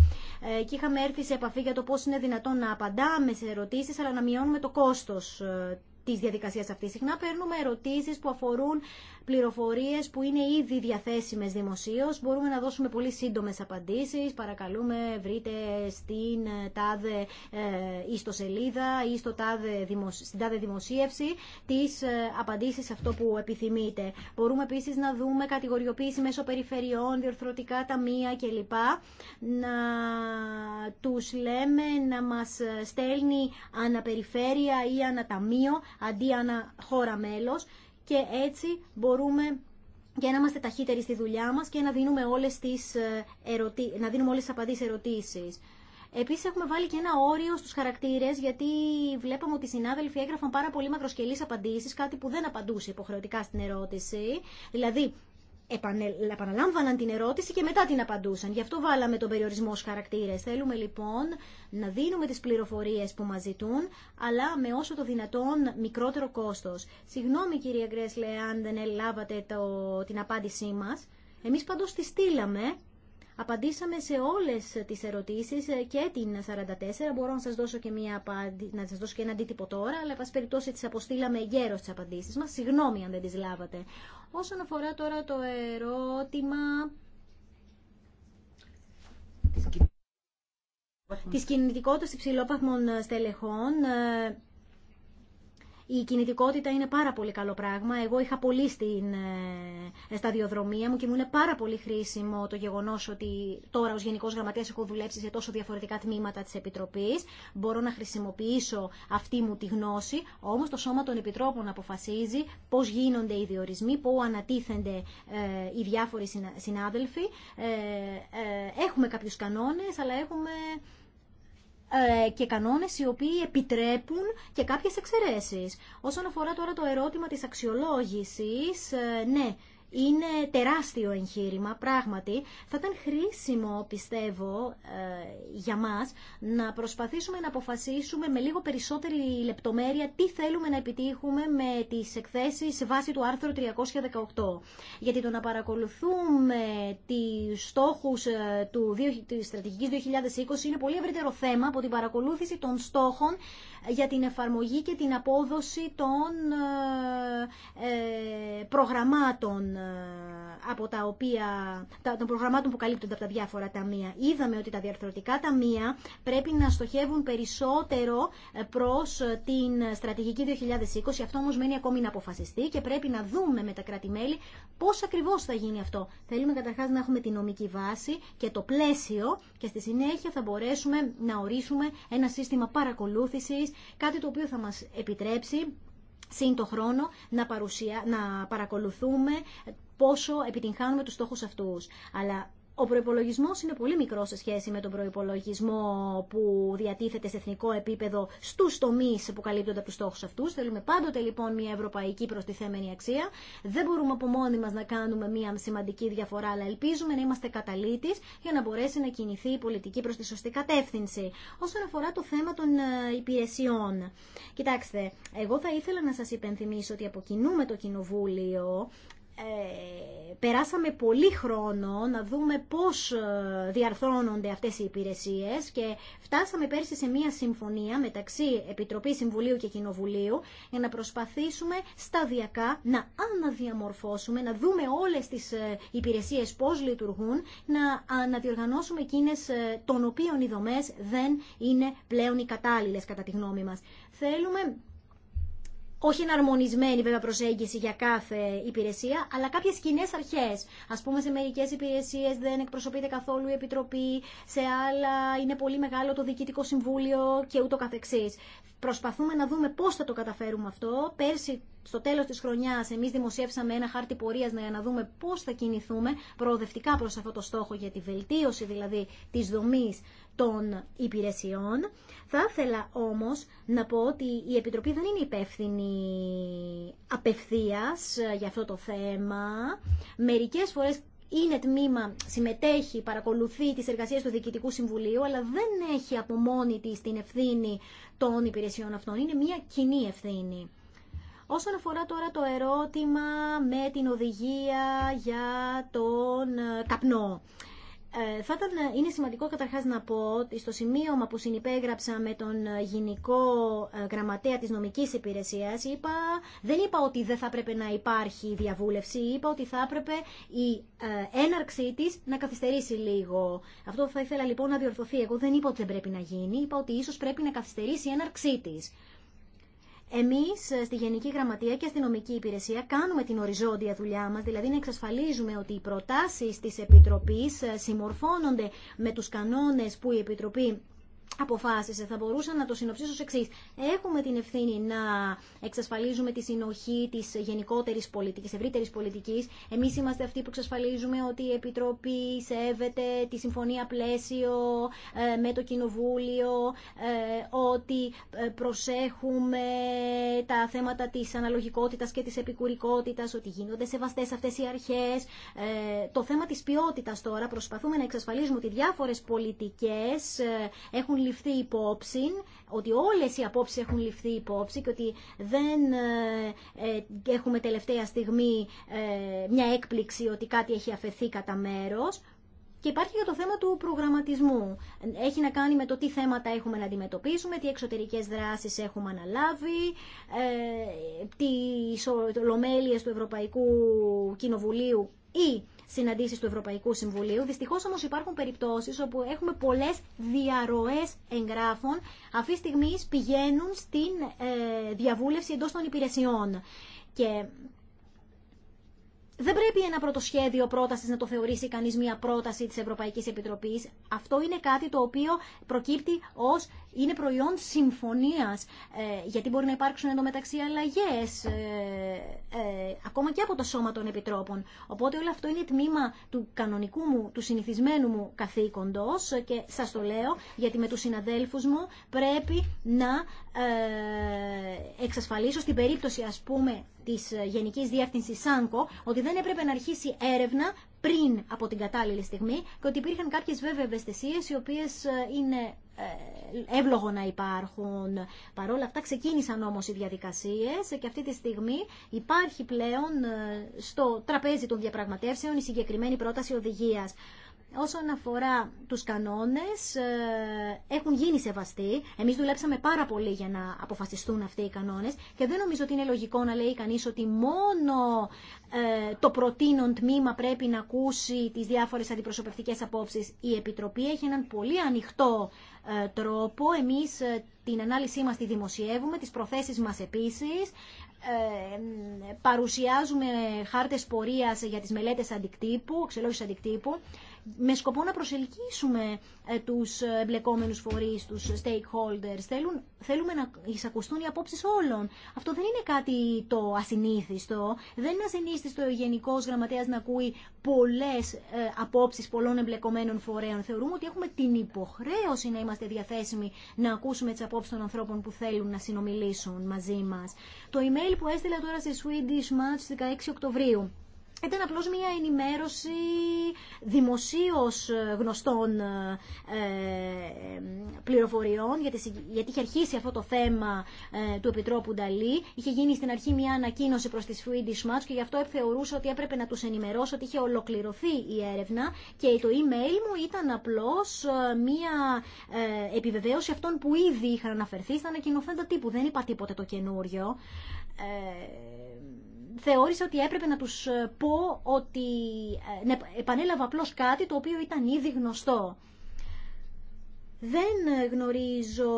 ε, και είχαμε έρθει σε επαφή για το πώς είναι δυνατόν να απαντάμε σε ερωτήσεις αλλά να μειώνουμε το κόστος τη διαδικασία αυτή. Συχνά παίρνουμε ερωτήσει που αφορούν πληροφορίες που είναι ήδη διαθέσιμες δημοσίως. Μπορούμε να δώσουμε πολύ σύντομες απαντήσεις. Παρακαλούμε βρείτε στην τάδε ε, ιστοσελίδα ή στο τάδε, στην τάδε δημοσίευση τις ε, απαντήσεις σε αυτό που επιθυμείτε. Μπορούμε επίσης να δούμε κατηγοριοποίηση μέσω περιφερειών, διορθωτικά ταμεία κλπ. Να τους λέμε να μας στέλνει αναπεριφέρεια ή αναταμείο αντί ανα χώρα μέλος και έτσι μπορούμε και να είμαστε ταχύτεροι στη δουλειά μας και να δίνουμε όλες τις, ε, ερωτή να δίνουμε όλες τις απαντήσεις ερωτήσεις. Επίσης έχουμε βάλει και ένα όριο στους χαρακτήρες γιατί βλέπαμε ότι οι συνάδελφοι έγραφαν πάρα πολύ μακροσκελείς απαντήσεις, κάτι που δεν απαντούσε υποχρεωτικά στην ερώτηση. Δηλαδή επαναλάμβαναν την ερώτηση και μετά την απαντούσαν. Γι' αυτό βάλαμε τον περιορισμό ως χαρακτήρες. Θέλουμε λοιπόν να δίνουμε τις πληροφορίες που μας ζητούν, αλλά με όσο το δυνατόν μικρότερο κόστος. Συγγνώμη κυρία Γκρέσλε αν δεν λάβατε το, την απάντησή μας. Εμείς πάντως τη στείλαμε Απαντήσαμε σε όλες τις ερωτήσεις και την 44. Μπορώ να σας δώσω και, μια να σας δώσω και ένα αντίτυπο τώρα, αλλά πας περιπτώσει τις αποστήλαμε γέρος τις απαντήσεις μας. Συγγνώμη αν δεν τις λάβατε. Όσον αφορά τώρα το ερώτημα Τη κινητικότητα υψηλόπαθμων στελεχών, ε, η κινητικότητα είναι πάρα πολύ καλό πράγμα. Εγώ είχα πολύ στην ε, σταδιοδρομία μου και μου είναι πάρα πολύ χρήσιμο το γεγονό ότι τώρα ω Γενικό Γραμματέα έχω δουλέψει σε τόσο διαφορετικά τμήματα τη Επιτροπή. Μπορώ να χρησιμοποιήσω αυτή μου τη γνώση. Όμω το Σώμα των Επιτρόπων αποφασίζει πώ γίνονται οι διορισμοί, πού ανατίθενται ε, οι διάφοροι συνάδελφοι. Ε, έχουμε κάποιου κανόνε, αλλά έχουμε ε, και κανόνες οι οποίοι επιτρέπουν και κάποιες εξαιρέσεις. Όσον αφορά τώρα το ερώτημα της αξιολόγησης, ε, ναι, είναι τεράστιο εγχείρημα, πράγματι. Θα ήταν χρήσιμο, πιστεύω, ε, για μας να προσπαθήσουμε να αποφασίσουμε με λίγο περισσότερη λεπτομέρεια τι θέλουμε να επιτύχουμε με τις εκθέσεις σε βάση του άρθρου 318. Γιατί το να παρακολουθούμε τις στόχους ε, του, της στρατηγικής 2020 είναι πολύ ευρύτερο θέμα από την παρακολούθηση των στόχων για την εφαρμογή και την απόδοση των ε, ε, προγραμμάτων ε, από τα οποία, των προγραμμάτων που καλύπτονται από τα διάφορα ταμεία. Είδαμε ότι τα διαρθρωτικά ταμεία πρέπει να στοχεύουν περισσότερο προς την στρατηγική 2020. Αυτό όμως μένει ακόμη να αποφασιστεί και πρέπει να δούμε με τα κράτη-μέλη πώς ακριβώς θα γίνει αυτό. Θέλουμε καταρχάς να έχουμε τη νομική βάση και το πλαίσιο και στη συνέχεια θα μπορέσουμε να ορίσουμε ένα σύστημα παρακολούθησης κάτι το οποίο θα μας επιτρέψει σύν το χρόνο να, παρουσια... να παρακολουθούμε πόσο επιτυγχάνουμε τους στόχους αυτούς. Αλλά ο προπολογισμό είναι πολύ μικρό σε σχέση με τον προπολογισμό που διατίθεται σε εθνικό επίπεδο στου τομεί που καλύπτονται από του στόχου αυτού. Θέλουμε πάντοτε λοιπόν μια ευρωπαϊκή προστιθέμενη αξία. Δεν μπορούμε από μόνοι μα να κάνουμε μια σημαντική διαφορά, αλλά ελπίζουμε να είμαστε καταλήτη για να μπορέσει να κινηθεί η πολιτική προ τη σωστή κατεύθυνση. Όσον αφορά το θέμα των ε, υπηρεσιών. Κοιτάξτε, εγώ θα ήθελα να σα υπενθυμίσω ότι αποκινούμε το Κοινοβούλιο ε, περάσαμε πολύ χρόνο να δούμε πώς ε, διαρθρώνονται αυτές οι υπηρεσίες και φτάσαμε πέρσι σε μία συμφωνία μεταξύ Επιτροπής Συμβουλίου και Κοινοβουλίου για να προσπαθήσουμε σταδιακά να αναδιαμορφώσουμε, να δούμε όλες τις ε, υπηρεσίες πώς λειτουργούν, να αναδιοργανώσουμε εκείνες των οποίων οι δομές δεν είναι πλέον οι κατάλληλες κατά τη γνώμη μας. Θέλουμε όχι εναρμονισμένη βέβαια προσέγγιση για κάθε υπηρεσία, αλλά κάποιε κοινέ αρχέ. Α πούμε, σε μερικέ υπηρεσίε δεν εκπροσωπείται καθόλου η Επιτροπή, σε άλλα είναι πολύ μεγάλο το Διοικητικό Συμβούλιο και ούτω καθεξή. Προσπαθούμε να δούμε πώ θα το καταφέρουμε αυτό. Πέρσι στο τέλο τη χρονιά, εμεί δημοσιεύσαμε ένα χάρτη πορεία για να δούμε πώ θα κινηθούμε προοδευτικά προ αυτό το στόχο για τη βελτίωση δηλαδή τη δομή των υπηρεσιών. Θα ήθελα όμω να πω ότι η Επιτροπή δεν είναι υπεύθυνη απευθεία για αυτό το θέμα. Μερικέ φορέ είναι τμήμα, συμμετέχει, παρακολουθεί τις εργασίες του Διοικητικού Συμβουλίου, αλλά δεν έχει από μόνη της την ευθύνη των υπηρεσιών αυτών. Είναι μια κοινή ευθύνη. Όσον αφορά τώρα το ερώτημα με την οδηγία για τον ε, καπνό. Ε, θα ήταν, ε, είναι σημαντικό καταρχάς να πω ότι στο σημείωμα που συνυπέγραψα με τον γενικό γραμματέα της νομικής υπηρεσίας είπα, δεν είπα ότι δεν θα έπρεπε να υπάρχει διαβούλευση, είπα ότι θα έπρεπε η έναρξή της να καθυστερήσει λίγο. Αυτό θα ήθελα λοιπόν να διορθωθεί. Εγώ δεν είπα ότι δεν πρέπει να γίνει, είπα ότι ίσως πρέπει να καθυστερήσει η έναρξή της. Εμεί, ε, στη Γενική Γραμματεία και στη Νομική Υπηρεσία κάνουμε την οριζόντια δουλειά μας, δηλαδή να εξασφαλίζουμε ότι οι προτάσεις τη επιτροπή ε, συμμορφώνονται με τους κανόνες που η Επιτροπή αποφάσισε. Θα μπορούσα να το συνοψίσω ως εξής. Έχουμε την ευθύνη να εξασφαλίζουμε τη συνοχή της γενικότερης πολιτικής, ευρύτερης πολιτικής. Εμείς είμαστε αυτοί που εξασφαλίζουμε ότι η Επιτροπή σέβεται τη συμφωνία πλαίσιο ε, με το Κοινοβούλιο, ε, ότι ε, προσέχουμε τα θέματα της αναλογικότητας και της επικουρικότητας, ότι γίνονται σεβαστές αυτές οι αρχές. Το θέμα της ποιότητας τώρα, προσπαθούμε να εξασφαλίζουμε ότι διάφορες πολιτικές έχουν ληφθεί υπόψη, ότι όλες οι απόψεις έχουν ληφθεί υπόψη και ότι δεν ε, ε, έχουμε τελευταία στιγμή ε, μια έκπληξη ότι κάτι έχει αφαιθεί κατά μέρος. Και υπάρχει και το θέμα του προγραμματισμού. Έχει να κάνει με το τι θέματα έχουμε να αντιμετωπίσουμε, τι εξωτερικές δράσεις έχουμε αναλάβει, τι ισολομέλειες του Ευρωπαϊκού Κοινοβουλίου ή Συναντήσει του Ευρωπαϊκού Συμβουλίου. Δυστυχώ όμω υπάρχουν περιπτώσει όπου έχουμε πολλέ διαρροέ εγγράφων. Αυτή τη στιγμή πηγαίνουν στην ε, διαβούλευση εντό των υπηρεσιών. Και δεν πρέπει ένα πρωτοσχέδιο πρόταση να το θεωρήσει κανεί μια πρόταση τη Ευρωπαϊκή Επιτροπή. Αυτό είναι κάτι το οποίο προκύπτει ω είναι προϊόν συμφωνίας, ε, γιατί μπορεί να υπάρξουν εντωμεταξύ αλλαγές, ε, ε, ακόμα και από το σώμα των επιτρόπων. Οπότε όλο αυτό είναι τμήμα του κανονικού μου, του συνηθισμένου μου καθήκοντος και σας το λέω, γιατί με τους συναδέλφους μου πρέπει να εξασφαλίσω στην περίπτωση, ας πούμε, της Γενικής Διεύθυνσης ΣΑΝΚΟ, ότι δεν έπρεπε να αρχίσει έρευνα πριν από την κατάλληλη στιγμή και ότι υπήρχαν κάποιες βέβαια ευαισθησίες οι οποίες ε, είναι ε, εύλογο να υπάρχουν. Παρ' όλα αυτά ξεκίνησαν όμως οι διαδικασίες και αυτή τη στιγμή υπάρχει πλέον ε, στο τραπέζι των διαπραγματεύσεων η συγκεκριμένη πρόταση οδηγίας όσον αφορά τους κανόνες ε, έχουν γίνει σεβαστοί. Εμείς δουλέψαμε πάρα πολύ για να αποφασιστούν αυτοί οι κανόνες και δεν νομίζω ότι είναι λογικό να λέει κανείς ότι μόνο ε, το προτείνον τμήμα πρέπει να ακούσει τις διάφορες αντιπροσωπευτικές απόψεις. Η Επιτροπή έχει έναν πολύ ανοιχτό ε, τρόπο. Εμείς την ανάλυση μας τη δημοσιεύουμε, τις προθέσεις μας επίσης. παρουσιάζουμε χάρτες πορείας για τις μελέτες αντικτύπου, εξελόγησης αντικτύπου με σκοπό να προσελκύσουμε ε, τους ε, εμπλεκόμενους φορείς, τους stakeholders. Θέλουν, θέλουμε να εισακουστούν οι απόψεις όλων. Αυτό δεν είναι κάτι το ασυνήθιστο. Δεν είναι ασυνήθιστο ο Γενικός Γραμματέας να ακούει πολλές ε, απόψεις πολλών εμπλεκομένων φορέων. Θεωρούμε ότι έχουμε την υποχρέωση να είμαστε διαθέσιμοι να ακούσουμε τις απόψεις των ανθρώπων που θέλουν να συνομιλήσουν μαζί μας. Το email που έστειλα τώρα σε Swedish Match 16 Οκτωβρίου ήταν απλώς μια ενημέρωση δημοσίως γνωστών ε, ε, πληροφοριών, γιατί είχε αρχίσει αυτό το θέμα ε, του Επιτρόπου Νταλή. Είχε γίνει στην αρχή μια ανακοίνωση προς τις Swedish Match και γι' αυτό θεωρούσα ότι έπρεπε να τους ενημερώσω ότι είχε ολοκληρωθεί η έρευνα και το email μου ήταν απλώς μια επιβεβαίωση αυτών που ήδη είχαν αναφερθεί στα ανακοινωθέντα τύπου. Δεν είπα τίποτε το καινούριο θεώρησα ότι έπρεπε να τους ε, πω ότι ε, ναι, επανέλαβα απλώς κάτι το οποίο ήταν ήδη γνωστό. Δεν ε, γνωρίζω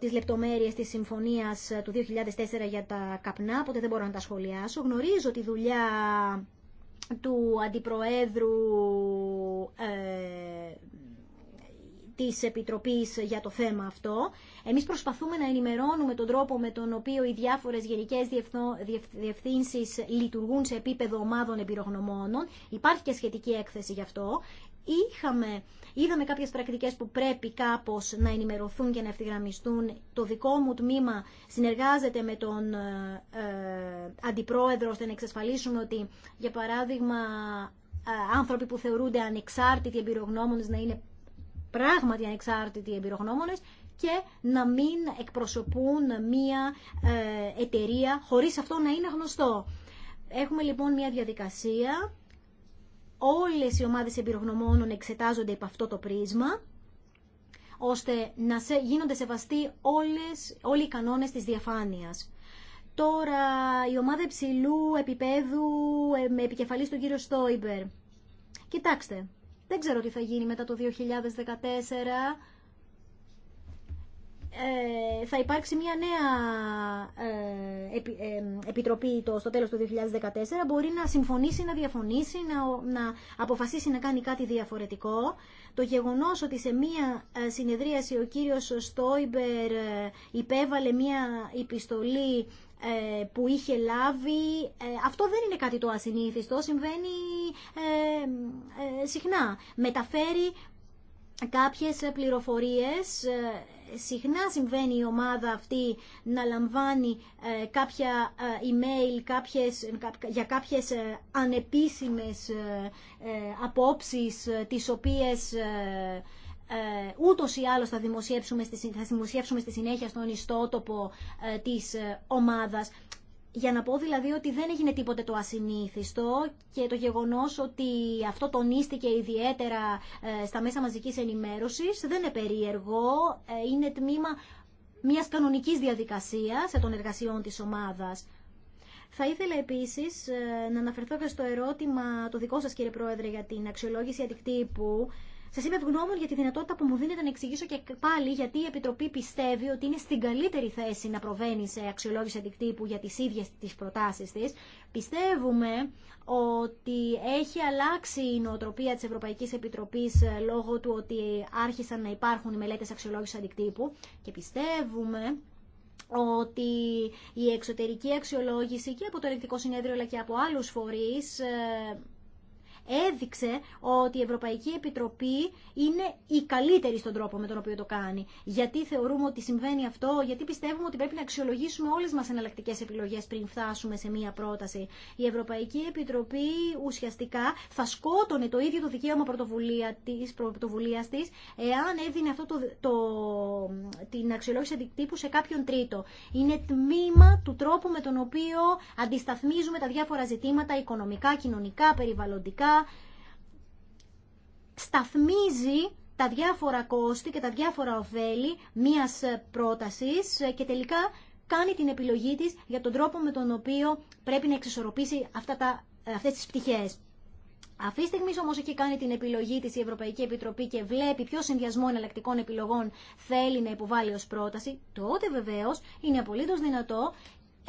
τις λεπτομέρειες της συμφωνίας του 2004 για τα καπνά, οπότε δεν μπορώ να τα σχολιάσω. Γνωρίζω τη δουλειά του Αντιπροέδρου της Επιτροπής για το θέμα αυτό. Εμείς προσπαθούμε να ενημερώνουμε τον τρόπο με τον οποίο οι διάφορες γενικές διευθύνσεις λειτουργούν σε επίπεδο ομάδων εμπειρογνωμόνων. Υπάρχει και σχετική έκθεση γι' αυτό. Είχαμε, είδαμε κάποιες πρακτικές που πρέπει κάπως να ενημερωθούν και να ευθυγραμμιστούν. Το δικό μου τμήμα συνεργάζεται με τον ε, αντιπρόεδρο ώστε να εξασφαλίσουμε ότι, για παράδειγμα, ε, άνθρωποι που θεωρούνται ανεξάρτητοι εμπειρογνώμονες να είναι πράγματι ανεξάρτητοι εμπειρογνώμονες και να μην εκπροσωπούν μία ε, εταιρεία χωρίς αυτό να είναι γνωστό. Έχουμε λοιπόν μία διαδικασία. Όλες οι ομάδες εμπειρογνωμόνων εξετάζονται από αυτό το πρίσμα ώστε να σε, γίνονται σεβαστοί όλες, όλοι οι κανόνες της διαφάνειας. Τώρα η ομάδα υψηλού επίπεδου ε, με επικεφαλής του κύριο Στόιμπερ. Κοιτάξτε, δεν ξέρω τι θα γίνει μετά το 2014. Ε, θα υπάρξει μια νέα ε, ε επιτροπή το, στο τέλος του 2014. Μπορεί να συμφωνήσει, να διαφωνήσει, να, να αποφασίσει να κάνει κάτι διαφορετικό. Το γεγονός ότι σε μια ε, συνεδρίαση ο κύριος Στόιμπερ ε, υπέβαλε μια επιστολή ε, που είχε λάβει. Ε, αυτό δεν είναι κάτι το ασυνήθιστο, συμβαίνει ε, συχνά. Μεταφέρει κάποιες πληροφορίες. Συχνά συμβαίνει η ομάδα αυτή να λαμβάνει κάποια email κάποιες, για κάποιες ανεπίσημες απόψεις τις οποίες ε, ούτως ή άλλως θα δημοσιεύσουμε, στη συνέχεια στον ιστότοπο ε, της ε, ομάδας. Για να πω δηλαδή ότι δεν έγινε τίποτε το ασυνήθιστο και το γεγονός ότι αυτό τονίστηκε ιδιαίτερα στα μέσα μαζικής ενημέρωσης δεν είναι περίεργο, είναι τμήμα μιας κανονικής διαδικασίας των εργασιών της ομάδας. Θα ήθελα επίση να αναφερθώ και στο ερώτημα το δικό σα, κύριε Πρόεδρε, για την αξιολόγηση αντικτύπου. Σα είμαι ευγνώμων για τη δυνατότητα που μου δίνετε να εξηγήσω και πάλι γιατί η Επιτροπή πιστεύει ότι είναι στην καλύτερη θέση να προβαίνει σε αξιολόγηση αντικτύπου για τι ίδιε τι προτάσει τη. Πιστεύουμε ότι έχει αλλάξει η νοοτροπία τη Ευρωπαϊκή Επιτροπή ε, λόγω του ότι άρχισαν να υπάρχουν οι μελέτε αξιολόγηση αντικτύπου και πιστεύουμε ότι η εξωτερική αξιολόγηση και από το ελεκτικό συνέδριο αλλά και από άλλους φορείς ε, έδειξε ότι η Ευρωπαϊκή Επιτροπή είναι η καλύτερη στον τρόπο με τον οποίο το κάνει. Γιατί θεωρούμε ότι συμβαίνει αυτό, γιατί πιστεύουμε ότι πρέπει να αξιολογήσουμε όλε μα εναλλακτικέ επιλογέ πριν φτάσουμε σε μία πρόταση. Η Ευρωπαϊκή Επιτροπή ουσιαστικά θα σκότωνε το ίδιο το δικαίωμα πρωτοβουλία της, πρωτοβουλίας της εάν έδινε αυτό το, το, την αξιολόγηση αντικτύπου σε κάποιον τρίτο. Είναι τμήμα του τρόπου με τον οποίο αντισταθμίζουμε τα διάφορα ζητήματα οικονομικά, κοινωνικά, περιβαλλοντικά, σταθμίζει τα διάφορα κόστη και τα διάφορα ωφέλη μίας πρότασης και τελικά κάνει την επιλογή της για τον τρόπο με τον οποίο πρέπει να εξισορροπήσει αυτά τα, αυτές τις πτυχές. Αυτή τη στιγμή όμως έχει κάνει την επιλογή της η Ευρωπαϊκή Επιτροπή και βλέπει ποιο συνδυασμό εναλλακτικών επιλογών θέλει να υποβάλει ως πρόταση, τότε βεβαίω είναι απολύτω δυνατό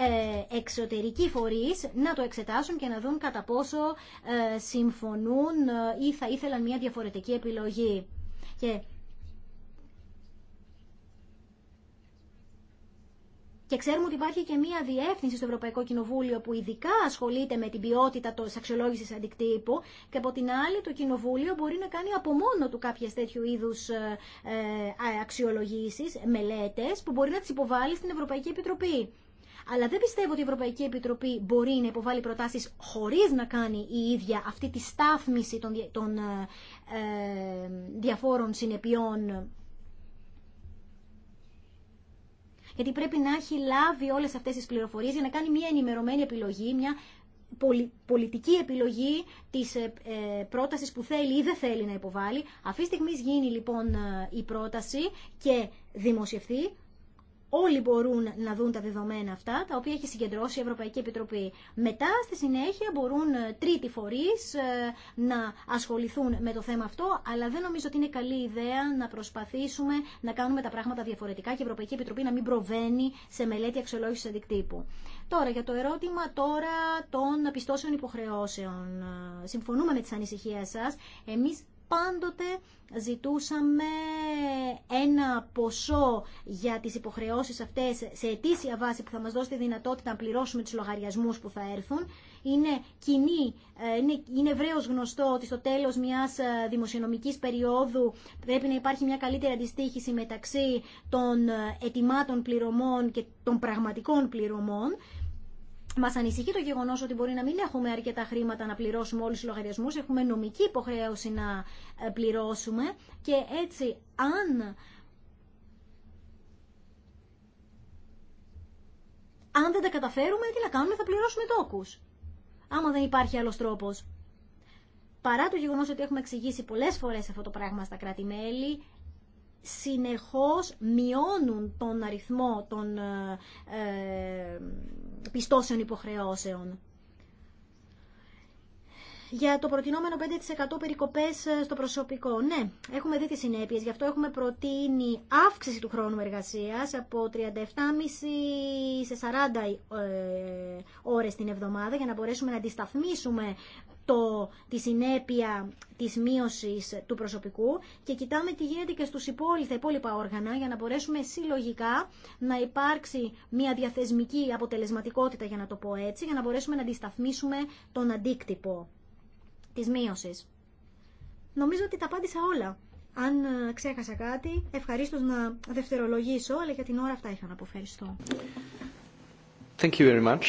ε, εξωτερικοί φορείς να το εξετάσουν και να δουν κατά πόσο ε, συμφωνούν ε, ή θα ήθελαν μια διαφορετική επιλογή. Και Και ξέρουμε ότι υπάρχει και μία διεύθυνση στο Ευρωπαϊκό Κοινοβούλιο που ειδικά ασχολείται με την ποιότητα τη αξιολόγηση αντικτύπου και από την άλλη το Κοινοβούλιο μπορεί να κάνει από μόνο του κάποιες τέτοιου είδου αξιολογήσει, μελέτες που μπορεί να τις υποβάλει στην Ευρωπαϊκή Επιτροπή. Αλλά δεν πιστεύω ότι η Ευρωπαϊκή Επιτροπή μπορεί να υποβάλει προτάσεις χωρίς να κάνει η ίδια αυτή τη στάθμιση των ε, ε, διαφόρων συνεπειών γιατί πρέπει να έχει λάβει όλες αυτές τις πληροφορίες για να κάνει μια ενημερωμένη επιλογή, μια πολιτική επιλογή της ε, πρότασης που θέλει ή δεν θέλει να υποβάλει. Αυτή τη στιγμή γίνει λοιπόν η πρόταση και δημοσιευθεί όλοι μπορούν να δουν τα δεδομένα αυτά, τα οποία έχει συγκεντρώσει η Ευρωπαϊκή Επιτροπή. Μετά, στη συνέχεια, μπορούν ε, τρίτη φορείς ε, να ασχοληθούν με το θέμα αυτό, αλλά δεν νομίζω ότι είναι καλή ιδέα να προσπαθήσουμε να κάνουμε τα πράγματα διαφορετικά και η Ευρωπαϊκή Επιτροπή να μην προβαίνει σε μελέτη αξιολόγηση αντικτύπου. Τώρα, για το ερώτημα τώρα των πιστώσεων υποχρεώσεων. Ε, συμφωνούμε με τις ανησυχίες σας. Εμείς πάντοτε ζητούσαμε ένα ποσό για τις υποχρεώσεις αυτές σε ετήσια βάση που θα μας δώσει τη δυνατότητα να πληρώσουμε τους λογαριασμούς που θα έρθουν. Είναι κοινή, ε, είναι, είναι ευρέως γνωστό ότι στο τέλος μιας ε, δημοσιονομικής περίοδου πρέπει να υπάρχει μια καλύτερη αντιστοίχηση μεταξύ των ε, ετοιμάτων πληρωμών και των πραγματικών πληρωμών. Μα ανησυχεί το γεγονό ότι μπορεί να μην έχουμε αρκετά χρήματα να πληρώσουμε όλου του λογαριασμού. Έχουμε νομική υποχρέωση να ε, πληρώσουμε και έτσι αν. Αν δεν τα καταφέρουμε, τι να κάνουμε, θα πληρώσουμε τόκους. Άμα δεν υπάρχει άλλος τρόπος. Παρά το γεγονό ότι έχουμε εξηγήσει πολλές φορές αυτό το πράγμα στα κράτη-μέλη, συνεχώς μειώνουν τον αριθμό των ε, ε, πιστώσεων υποχρεώσεων για το προτινόμενο 5% περικοπές ε, στο προσωπικό. Ναι, έχουμε δει τι συνέπειε. γι' αυτό έχουμε προτείνει αύξηση του χρόνου εργασία από 37,5 σε 40 ε, ώρες την εβδομάδα για να μπορέσουμε να αντισταθμίσουμε το, τη συνέπεια της μείωση του προσωπικού και κοιτάμε τι γίνεται και στου υπόλοιπα, υπόλοιπα όργανα για να μπορέσουμε συλλογικά να υπάρξει μια διαθεσμική αποτελεσματικότητα για να το πω έτσι, για να μπορέσουμε να αντισταθμίσουμε τον αντίκτυπο τη Νομίζω ότι τα απάντησα όλα. Αν ε, ξέχασα κάτι, ευχαρίστω να δευτερολογήσω, αλλά για την ώρα αυτά είχα να πω. Thank you very much.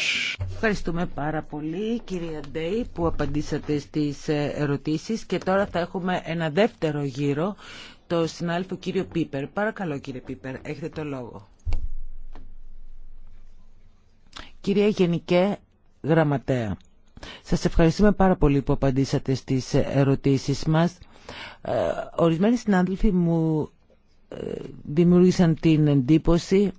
Ευχαριστούμε πάρα πολύ κυρία Ντέι που απαντήσατε στις ε, ερωτήσεις και τώρα θα έχουμε ένα δεύτερο γύρο, το συνάδελφο κύριο Πίπερ. Παρακαλώ κύριε Πίπερ, έχετε το λόγο. Κυρία Γενικέ Γραμματέα. Σας ευχαριστούμε πάρα πολύ που απαντήσατε στις ερωτήσεις μας. Ε, ορισμένοι συνάδελφοι μου ε, δημιούργησαν την εντύπωση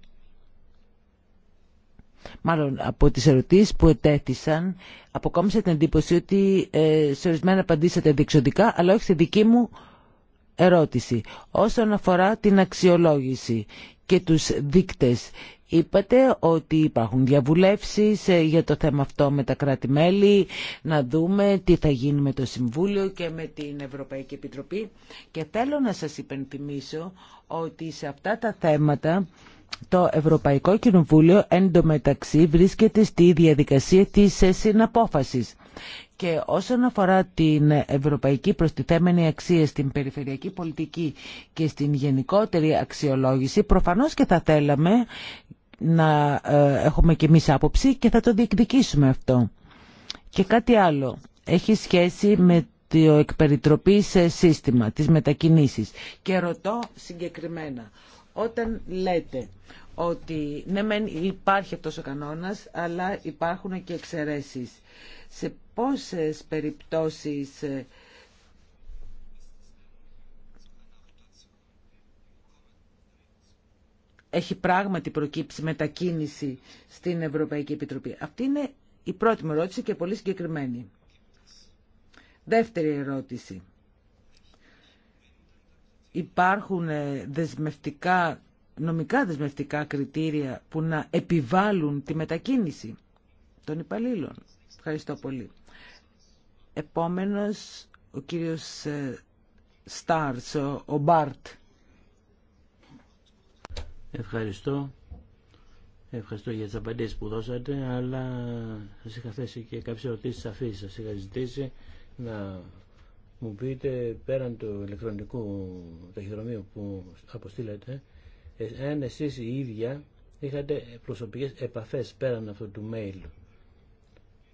μάλλον από τις ερωτήσεις που ετέθησαν αποκόμισε την εντύπωση ότι ε, σε ορισμένα απαντήσατε διεξοδικά αλλά όχι στη δική μου ερώτηση όσον αφορά την αξιολόγηση και τους δείκτες Είπατε ότι υπάρχουν διαβουλεύσεις ε, για το θέμα αυτό με τα κράτη-μέλη, να δούμε τι θα γίνει με το Συμβούλιο και με την Ευρωπαϊκή Επιτροπή. Και θέλω να σας υπενθυμίσω ότι σε αυτά τα θέματα το Ευρωπαϊκό Κοινοβούλιο εντωμεταξύ βρίσκεται στη διαδικασία της ε, συναπόφασης. Και όσον αφορά την ευρωπαϊκή προστιθέμενη αξία στην περιφερειακή πολιτική και στην γενικότερη αξιολόγηση, προφανώς και θα θέλαμε να ε, έχουμε και εμείς άποψη και θα το διεκδικήσουμε αυτό. Και κάτι άλλο. Έχει σχέση με το σε σύστημα, της μετακινήσεις. Και ρωτώ συγκεκριμένα, όταν λέτε ότι ναι μεν υπάρχει αυτός ο κανόνας, αλλά υπάρχουν και εξαιρέσεις. Σε πόσες περιπτώσεις ε, έχει πράγματι προκύψει μετακίνηση στην Ευρωπαϊκή Επιτροπή. Αυτή είναι η πρώτη μου ερώτηση και πολύ συγκεκριμένη. Δεύτερη ερώτηση. Υπάρχουν ε, δεσμευτικά, νομικά δεσμευτικά κριτήρια που να επιβάλλουν τη μετακίνηση των υπαλλήλων. Ευχαριστώ πολύ. Επόμενος, ο κύριος ε, Στάρς, ο Μπάρτ. Ευχαριστώ. Ευχαριστώ για τις απαντήσεις που δώσατε, αλλά σας είχα θέσει και κάποιες ερωτήσεις αφήσεις. Σας είχα ζητήσει να μου πείτε πέραν του ηλεκτρονικού ταχυδρομείου που αποστήλατε, εάν εσείς οι ίδια είχατε προσωπικές επαφές πέραν αυτού του mail.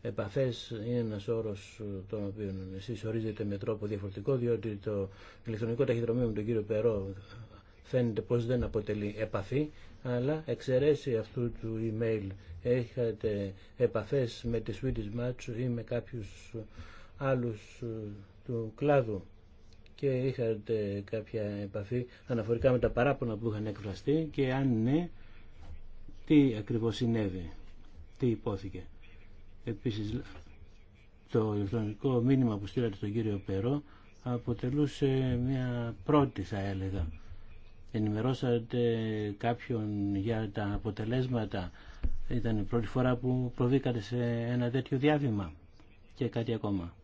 Επαφές είναι ένας όρος τον οποίο εσείς ορίζετε με τρόπο διαφορετικό, διότι το ηλεκτρονικό ταχυδρομείο με τον κύριο Περό φαίνεται πως δεν αποτελεί επαφή, αλλά εξαιρέσει αυτού του email. Έχετε επαφές με τη Swedish Match ή με κάποιους άλλους ε, του κλάδου και είχατε κάποια επαφή αναφορικά με τα παράπονα που είχαν εκφραστεί και αν ναι, τι ακριβώς συνέβη, τι υπόθηκε. Επίσης, το ηλεκτρονικό μήνυμα που στείλατε στον κύριο Περό αποτελούσε μια πρώτη, θα έλεγα, ενημερώσατε κάποιον για τα αποτελέσματα. Ήταν η πρώτη φορά που προβήκατε σε ένα τέτοιο διάβημα και κάτι ακόμα.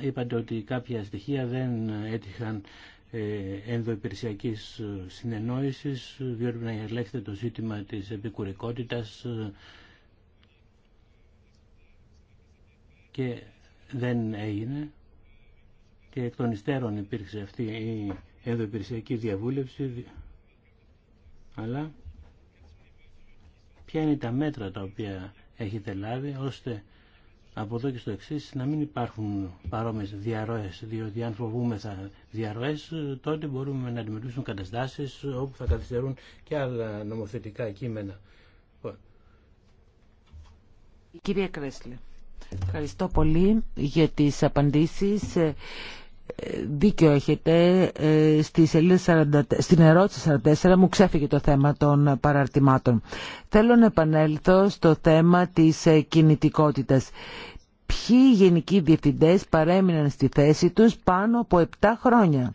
Είπατε ότι κάποια στοιχεία δεν έτυχαν ε, ενδοϊπηρεσιακής συνεννόησης, διότι να ελέγχετε το ζήτημα της επικουρικότητας και δεν έγινε και εκ των υστέρων υπήρξε αυτή η ενδοϊπηρεσιακή διαβούλευση αλλά ποια είναι τα μέτρα τα οποία έχετε λάβει ώστε από εδώ και στο εξή να μην υπάρχουν παρόμοιες διαρροές διότι αν φοβούμεθα διαρροές τότε μπορούμε να αντιμετωπίσουν καταστάσεις όπου θα καθυστερούν και άλλα νομοθετικά κείμενα. Κυρία Κρέσλε, ευχαριστώ πολύ για τις απαντήσεις δίκιο έχετε. Ε, στη σελίδα 40, στην ερώτηση 44 μου ξέφυγε το θέμα των παραρτημάτων. Θέλω να επανέλθω στο θέμα της ε, κινητικότητας. Ποιοι γενικοί διευθυντές παρέμειναν στη θέση τους πάνω από 7 χρόνια.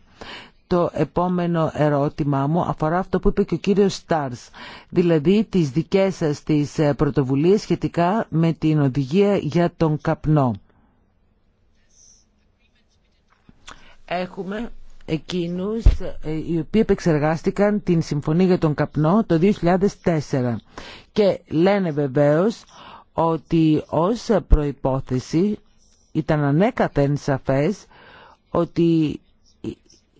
Το επόμενο ερώτημά μου αφορά αυτό που είπε και ο κύριος Στάρς, δηλαδή τις δικές σας τις ε, πρωτοβουλίες σχετικά με την οδηγία για τον καπνό. έχουμε εκείνους ε, οι οποίοι επεξεργάστηκαν την Συμφωνία για τον Καπνό το 2004 και λένε βεβαίως ότι ως προϋπόθεση ήταν ανέκαθεν σαφές ότι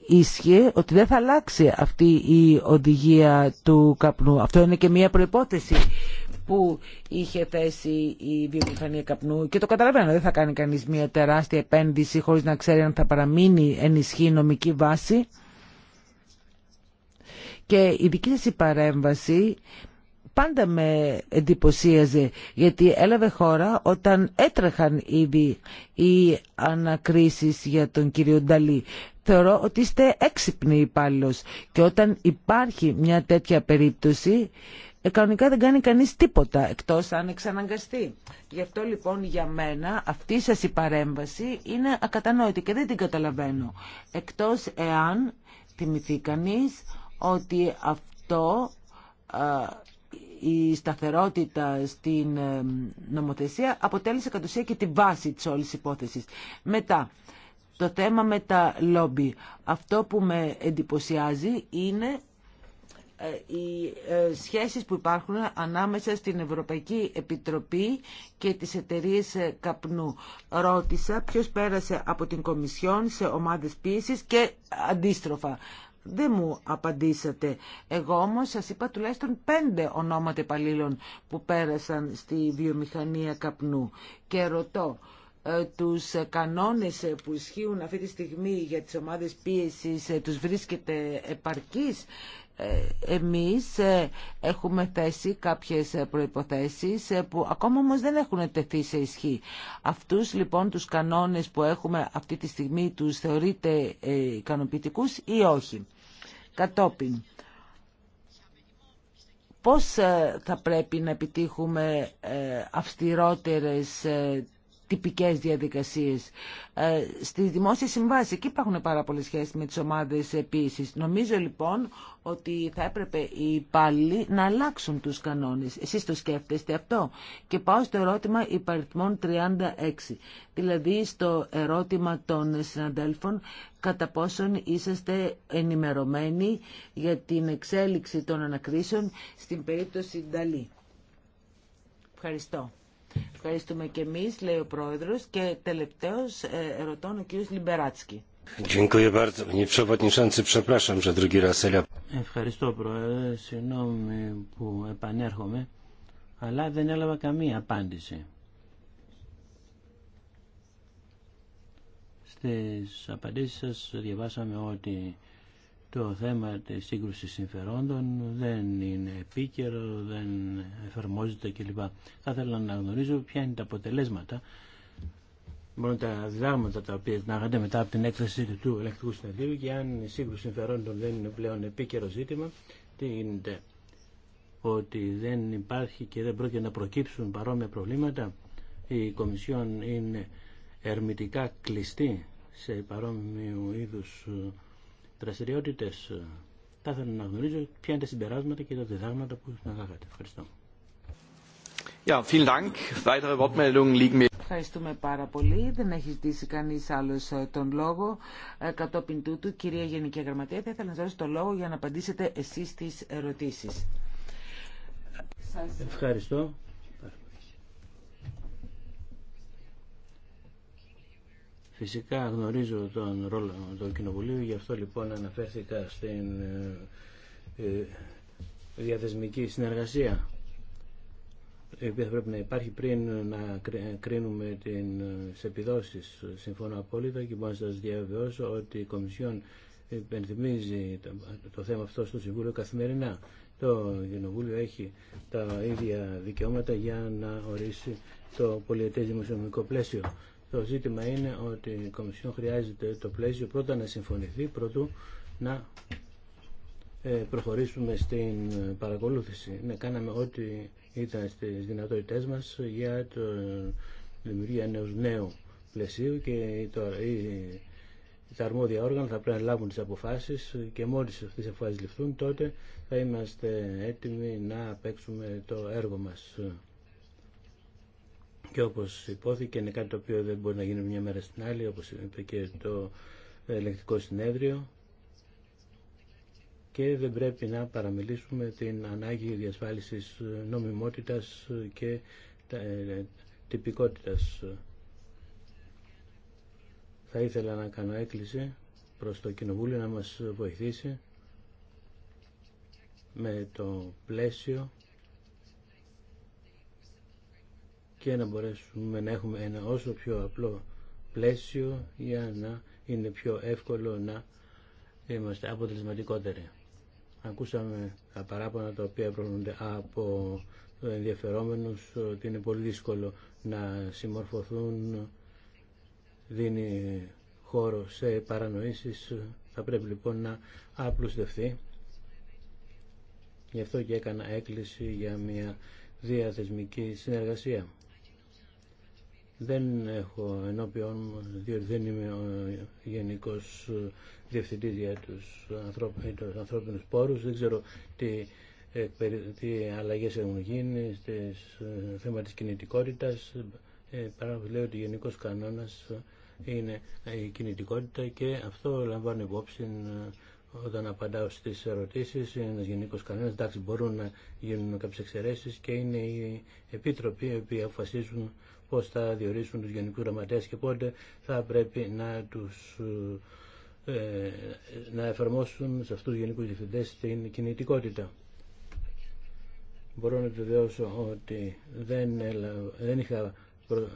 ίσχυε ότι δεν θα αλλάξει αυτή η οδηγία του καπνού. Αυτό είναι και μια προϋπόθεση που είχε θέσει η βιομηχανία καπνού και το καταλαβαίνω, δεν θα κάνει κανείς μια τεράστια επένδυση χωρίς να ξέρει αν θα παραμείνει ενισχύ νομική βάση. Και η δική παρέμβαση πάντα με εντυπωσίαζε γιατί έλαβε χώρα όταν έτρεχαν ήδη οι ανακρίσεις για τον κύριο Νταλή. Θεωρώ ότι είστε έξυπνοι υπάλληλος. και όταν υπάρχει μια τέτοια περίπτωση ε, κανονικά δεν κάνει κανείς τίποτα εκτός αν εξαναγκαστεί. Γι' αυτό λοιπόν για μένα αυτή σας η παρέμβαση είναι ακατανόητη και δεν την καταλαβαίνω. Εκτός εάν θυμηθεί κανεί ότι αυτό η σταθερότητα στην ε, νομοθεσία αποτέλεσε κατ' ουσία και τη βάση της όλης υπόθεσης. Μετά, το θέμα με τα λόμπι. Αυτό που με εντυπωσιάζει είναι ε, οι ε, σχέσεις που υπάρχουν ανάμεσα στην Ευρωπαϊκή Επιτροπή και τις εταιρείες ε, καπνού. Ρώτησα ποιος πέρασε από την Κομισιόν σε ομάδες πίεσης και αντίστροφα. Δεν μου απαντήσατε. Εγώ όμως σας είπα τουλάχιστον πέντε ονόματα υπαλλήλων που πέρασαν στη βιομηχανία καπνού. Και ρωτώ, τους κανόνες που ισχύουν αυτή τη στιγμή για τις ομάδες πίεσης τους βρίσκεται επαρκής εμείς ε, έχουμε θέσει κάποιες προϋποθέσεις ε, που ακόμα όμως δεν έχουν τεθεί σε ισχύ. Αυτούς λοιπόν τους κανόνες που έχουμε αυτή τη στιγμή τους θεωρείτε ε, ικανοποιητικούς ή όχι. Κατόπιν, πώς θα πρέπει να επιτύχουμε αυστηρότερες Τυπικέ διαδικασίες. Ε, στις δημόσιες συμβάσεις, εκεί υπάρχουν πάρα πολλέ σχέσει με τις ομάδες επίσης. Νομίζω λοιπόν ότι θα έπρεπε οι υπάλληλοι να αλλάξουν τους κανόνες. Εσείς το σκέφτεστε αυτό. Και πάω στο ερώτημα υπαριθμών 36, δηλαδή στο ερώτημα των συναντέλφων κατά πόσον είσαστε ενημερωμένοι για την εξέλιξη των ανακρίσεων στην περίπτωση Νταλή. Ευχαριστώ. Ευχαριστούμε και εμεί, λέει ο πρόεδρο, Και τελευταίο ε, ερωτών ο κ. Λιμπεράτσκι. Ευχαριστώ Πρόεδρε, συγγνώμη που επανέρχομαι, αλλά δεν έλαβα καμία απάντηση. Στις απαντήσεις σας διαβάσαμε ότι το θέμα της σύγκρουσης συμφερόντων δεν είναι επίκαιρο, δεν εφαρμόζεται κλπ. Θα ήθελα να γνωρίζω ποια είναι τα αποτελέσματα, μόνο τα διδάγματα τα οποία συνάγονται μετά από την έκθεση του ελεκτικού συνεδρίου και αν η σύγκρουση συμφερόντων δεν είναι πλέον επίκαιρο ζήτημα, τι γίνεται, ότι δεν υπάρχει και δεν πρόκειται να προκύψουν παρόμοια προβλήματα, η Κομισιόν είναι ερμητικά κλειστή σε παρόμοιου είδους δραστηριότητες. Θα ήθελα να γνωρίζω ποια είναι τα συμπεράσματα και τα διδάγματα που συναγάγατε. Ευχαριστώ. vielen Dank. Ευχαριστούμε πάρα πολύ. Δεν έχει ζητήσει κανεί άλλο ε, τον λόγο. Ε, κατόπιν τούτου, κυρία Γενική Γραμματεία, θα ήθελα να σα δώσω το λόγο για να απαντήσετε εσεί τι ερωτήσει. Ευχαριστώ. Φυσικά γνωρίζω τον ρόλο του Κοινοβουλίου, γι' αυτό λοιπόν αναφέρθηκα στην ε, ε, διαθεσμική συνεργασία η οποία πρέπει να υπάρχει πριν να κρίνουμε την επιδόσεις. Συμφωνώ απόλυτα και μπορώ να σα διαβεβαιώσω ότι η Κομισιόν υπενθυμίζει το θέμα αυτό στο Συμβούλιο καθημερινά. Το Κοινοβούλιο έχει τα ίδια δικαιώματα για να ορίσει το πολιετές δημοσιονομικό πλαίσιο. Το ζήτημα είναι ότι η Κομισιόν χρειάζεται το πλαίσιο πρώτα να συμφωνηθεί, πρώτου να ε, προχωρήσουμε στην παρακολούθηση. Να κάναμε ό,τι ήταν στις δυνατότητές μας για τη δημιουργία ενός νέου πλαισίου και τώρα τα αρμόδια όργανα θα πρέπει να λάβουν τις αποφάσεις και μόλις αυτές οι αποφάσεις ληφθούν τότε θα είμαστε έτοιμοι να παίξουμε το έργο μας. Και όπως υπόθηκε είναι κάτι το οποίο δεν μπορεί να γίνει μια μέρα στην άλλη, όπως είπε και το Ελεκτικό συνέδριο. Και δεν πρέπει να παραμιλήσουμε την ανάγκη διασφάλισης νομιμότητας και ε, τυπικότητας. Θα ήθελα να κάνω έκκληση προς το Κοινοβούλιο να μας βοηθήσει με το πλαίσιο και να μπορέσουμε να έχουμε ένα όσο πιο απλό πλαίσιο για να είναι πιο εύκολο να είμαστε αποτελεσματικότεροι. Ακούσαμε τα παράπονα τα οποία προβλούνται από ενδιαφερόμενους ότι είναι πολύ δύσκολο να συμμορφωθούν, δίνει χώρο σε παρανοήσεις, θα πρέπει λοιπόν να απλουστευτεί. Γι' αυτό και έκανα έκκληση για μια διαθεσμική συνεργασία. Δεν έχω ενώπιον μου, διότι δεν είμαι ο γενικός διευθυντής για τους, ανθρώπινου ανθρώπινους πόρους. Δεν ξέρω τι, ε, τι αλλαγές έχουν γίνει στο ε, θέμα της κινητικότητας. Ε, παρά λέω ότι ο γενικός κανόνας είναι η κινητικότητα και αυτό λαμβάνει υπόψη όταν απαντάω στις ερωτήσεις, είναι ο γενικός κανόνας, εντάξει μπορούν να γίνουν κάποιες εξαιρέσεις και είναι οι επίτροποι οι οποίοι αποφασίζουν πώς θα διορίσουν τους γενικούς γραμματές και πότε θα πρέπει να τους ε, να εφαρμόσουν σε αυτούς τους γενικούς διευθυντές την κινητικότητα. Μπορώ να επιβεβαιώσω ότι δεν, δεν είχα προ...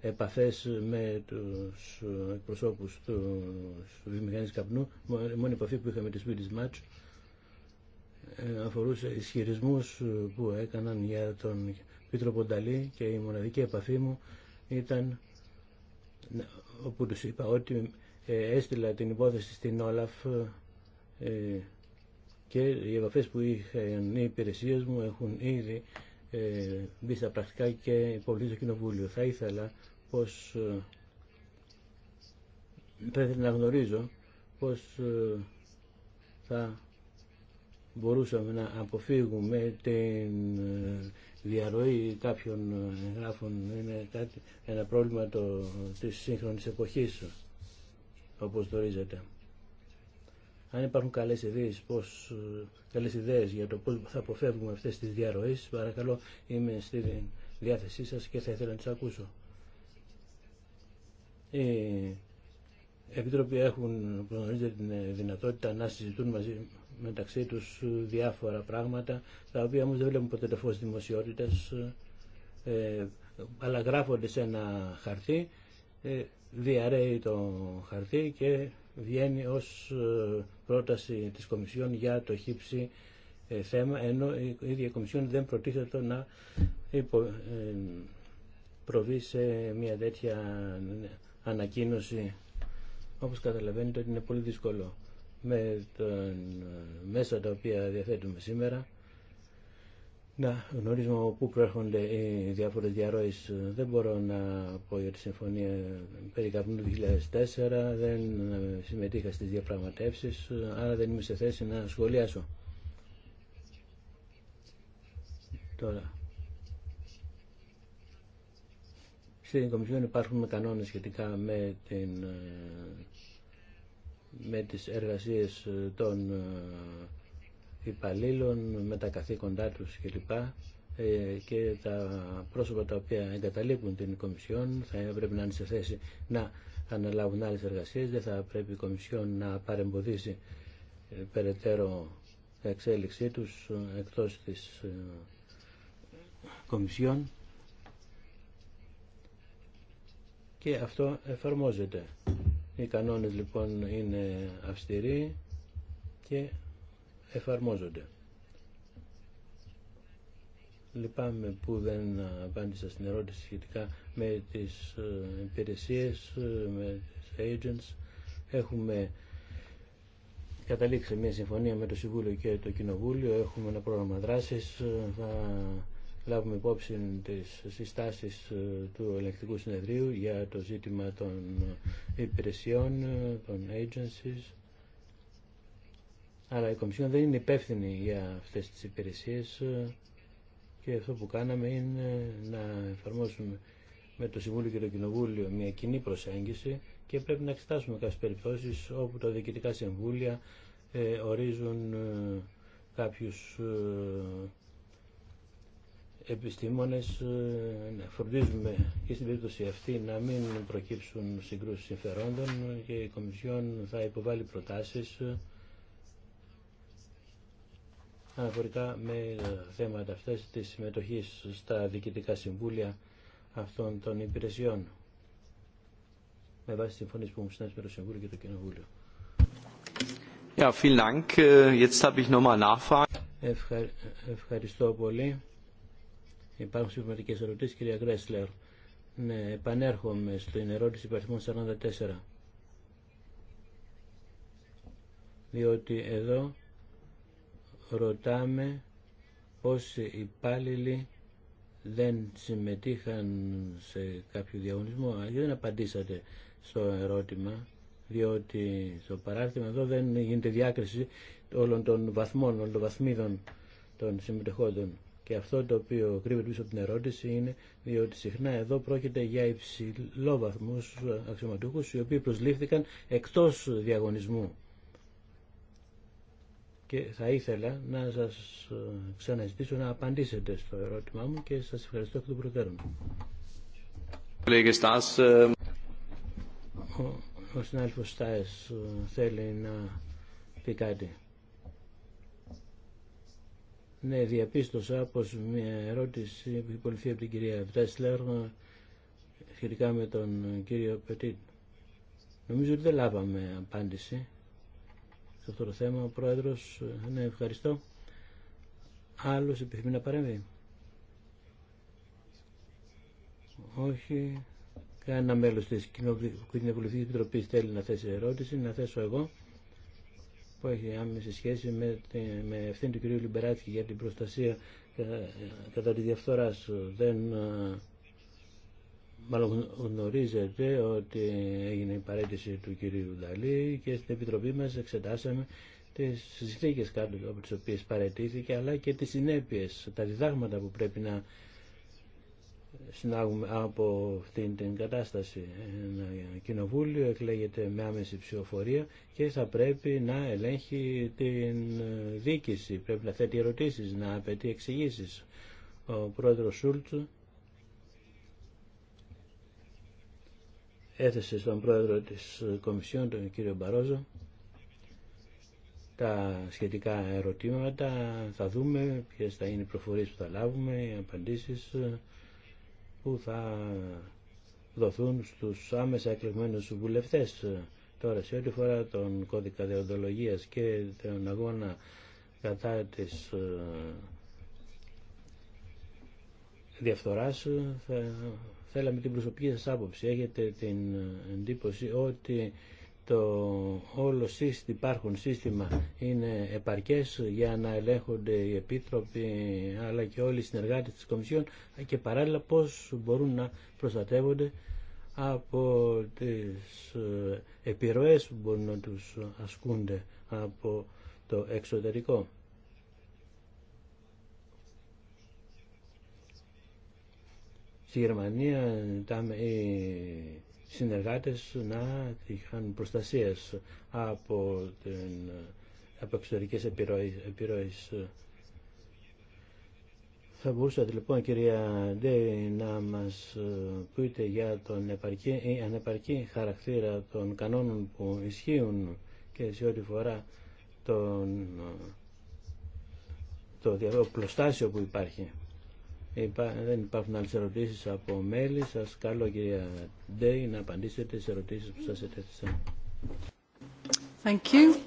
επαφές με τους εκπροσώπους του βιομηχανής καπνού. Η μόνη επαφή που είχα με τη Swedish Match ε, αφορούσε ισχυρισμούς που έκαναν για τον Πίτρο Πονταλή και η μοναδική επαφή μου ήταν όπου τους είπα ότι ε, έστειλα την υπόθεση στην Όλαφ ε, και οι επαφές που είχαν οι υπηρεσίες μου έχουν ήδη ε, μπει στα πρακτικά και υποβληθεί στο Κοινοβούλιο. Θα ήθελα πως θα να γνωρίζω πως θα μπορούσαμε να αποφύγουμε την διαρροή κάποιων εγγράφων είναι κάτι, ένα πρόβλημα το, της σύγχρονης εποχής, όπως γνωρίζετε. Αν υπάρχουν καλές ιδέες, πώς, καλές ιδέες για το πώς θα αποφεύγουμε αυτές τις διαρροές, παρακαλώ είμαι στη διάθεσή σας και θα ήθελα να τις ακούσω. Οι Επίτροποι έχουν γνωρίζετε την δυνατότητα να συζητούν μαζί μεταξύ τους διάφορα πράγματα, τα οποία όμως δεν βλέπουν ποτέ το φως δημοσιότητας, ε, αλλά γράφονται σε ένα χαρτί, ε, διαρρέει το χαρτί και βγαίνει ως ε, πρόταση της Κομισιόν για το χύψη ε, θέμα, ενώ η ίδια Κομισιόν δεν προτίθεται να ε, προβεί σε μια τέτοια ανακοίνωση. Όπως καταλαβαίνετε ότι είναι πολύ δύσκολο με τον ε, μέσα τα οποία διαθέτουμε σήμερα να γνωρίζουμε πού προέρχονται οι διάφορες διαρροές. Δεν μπορώ να πω για τη συμφωνία περί καπνού 2004, δεν ε, συμμετείχα στις διαπραγματεύσεις, άρα δεν είμαι σε θέση να σχολιάσω. Τώρα. Στην Κομισιόν υπάρχουν κανόνες σχετικά με την ε, με τις εργασίες ε, των ε, υπαλλήλων, με τα καθήκοντά τους κλπ ε, και τα πρόσωπα τα οποία εγκαταλείπουν την Κομισιόν θα πρέπει να είναι σε θέση να αναλάβουν άλλες εργασίες, δεν θα πρέπει η Κομισιόν να παρεμποδίσει περαιτέρω εξέλιξή τους εκτός της Κομισιόν και αυτό εφαρμόζεται. Οι κανόνες λοιπόν είναι αυστηροί και εφαρμόζονται. Λυπάμαι που δεν απάντησα στην ερώτηση σχετικά με τις ε, υπηρεσίες, ε, με τις agents. Έχουμε καταλήξει μια συμφωνία με το Συμβούλιο και το Κοινοβούλιο. Έχουμε ένα πρόγραμμα δράσης. Ε, λάβουμε υπόψη τις συστάσεις ε, του ελεκτικού συνεδρίου για το ζήτημα των ε, υπηρεσιών, ε, των agencies, αλλά η Κομισιόν δεν είναι υπεύθυνη για αυτές τις υπηρεσίες και αυτό που κάναμε είναι να εφαρμόσουμε με το Συμβούλιο και το Κοινοβούλιο μια κοινή προσέγγιση και πρέπει να εξετάσουμε κάποιες περιπτώσεις όπου τα διοικητικά συμβούλια ορίζουν κάποιους επιστήμονες φορτίζουμε ναι, φροντίζουμε και στην περίπτωση αυτή να μην προκύψουν συγκρούσεις συμφερόντων και η Κομισιόν θα υποβάλει προτάσεις ε, αναφορικά με ε, θέματα αυτές της συμμετοχής στα διοικητικά συμβούλια αυτών των υπηρεσιών με βάση τη συμφωνία που έχουν συνέβη με το Συμβούλιο και το Κοινοβούλιο. Ja, vielen äh, Ευχαριστώ πολύ. Υπάρχουν συμπληρωματικέ ερωτήσει, κυρία Γκρέσλερ. Ναι, επανέρχομαι στην ερώτηση αριθμού 44. Διότι εδώ ρωτάμε πόσοι υπάλληλοι δεν συμμετείχαν σε κάποιο διαγωνισμό. Γιατί δεν απαντήσατε στο ερώτημα, διότι στο παράρτημα εδώ δεν γίνεται διάκριση όλων των βαθμών, όλων των βαθμίδων των συμμετεχόντων. Και αυτό το οποίο κρύβεται πίσω από την ερώτηση είναι διότι συχνά εδώ πρόκειται για υψηλόβαθμους αξιωματούχου οι οποίοι προσλήφθηκαν εκτός διαγωνισμού. Και θα ήθελα να σα ε, ξαναζητήσω να απαντήσετε στο ερώτημά μου και σα ευχαριστώ εκ των προτέρων. Ε, ο, ο συνάδελφος ε, θέλει να πει κάτι. Ναι, διαπίστωσα πως μια ερώτηση που έχει από την κυρία Βρέσλερ σχετικά με τον κύριο Πετίν. Νομίζω ότι δεν λάβαμε απάντηση σε αυτό το θέμα. Ο Πρόεδρος, ναι, ευχαριστώ. Άλλος επιθυμεί να παρέμβει. Όχι. Κανένα μέλος της Κοινοβουλευτικής Επιτροπής θέλει να θέσει ερώτηση, να θέσω εγώ που έχει άμεση σχέση με, με ευθύνη του κυρίου Λιμπεράτσκι για την προστασία ε, κατά τη διαφθορά σου. Δεν ε, μάλλον γνωρίζετε ότι έγινε η παρέτηση του κυρίου Νταλή και στην Επιτροπή μας εξετάσαμε τις συνθήκε κάτω από τις οποίες παρετήθηκε αλλά και τις συνέπειες, τα διδάγματα που πρέπει να συνάγουμε από αυτήν την κατάσταση. Ένα κοινοβούλιο εκλέγεται με άμεση ψηφοφορία και θα πρέπει να ελέγχει την δίκηση. Πρέπει να θέτει ερωτήσεις, να απαιτεί εξηγήσεις. Ο πρόεδρος Σούλτ έθεσε στον πρόεδρο της Κομισιόν, τον κύριο Μπαρόζο, τα σχετικά ερωτήματα. Θα δούμε ποιες θα είναι οι προφορίες που θα λάβουμε, οι απαντήσεις θα δοθούν στους άμεσα εκλεγμένους βουλευτές τώρα σε ό,τι φορά τον κώδικα δεοντολογίας και τον αγώνα κατά της ε, διαφθοράς θέλαμε την προσωπική σας άποψη. Έχετε την ε, εντύπωση ότι το όλο σύστημα, υπάρχουν σύστημα είναι επαρκές για να ελέγχονται οι επίτροποι αλλά και όλοι οι συνεργάτες της Κομισιόν και παράλληλα πώς μπορούν να προστατεύονται από τις ε, επιρροές που μπορούν να τους ασκούνται από το εξωτερικό. Στη Γερμανία τα, συνεργάτες να είχαν προστασίες από, την, από εξωτερικές επιρροές. Θα μπορούσατε λοιπόν κυρία Ντέι να μας ε, πείτε για τον επαρκή ή ανεπαρκή χαρακτήρα των κανόνων που ισχύουν και σε ό,τι φορά τον, ε, το πλωστάσιο που υπάρχει δεν υπάρχουν άλλες ερωτήσεις από μέλη. Σας καλώ κυρία Ντέι να απαντήσετε σε ερωτήσεις που σας ετέθησαν.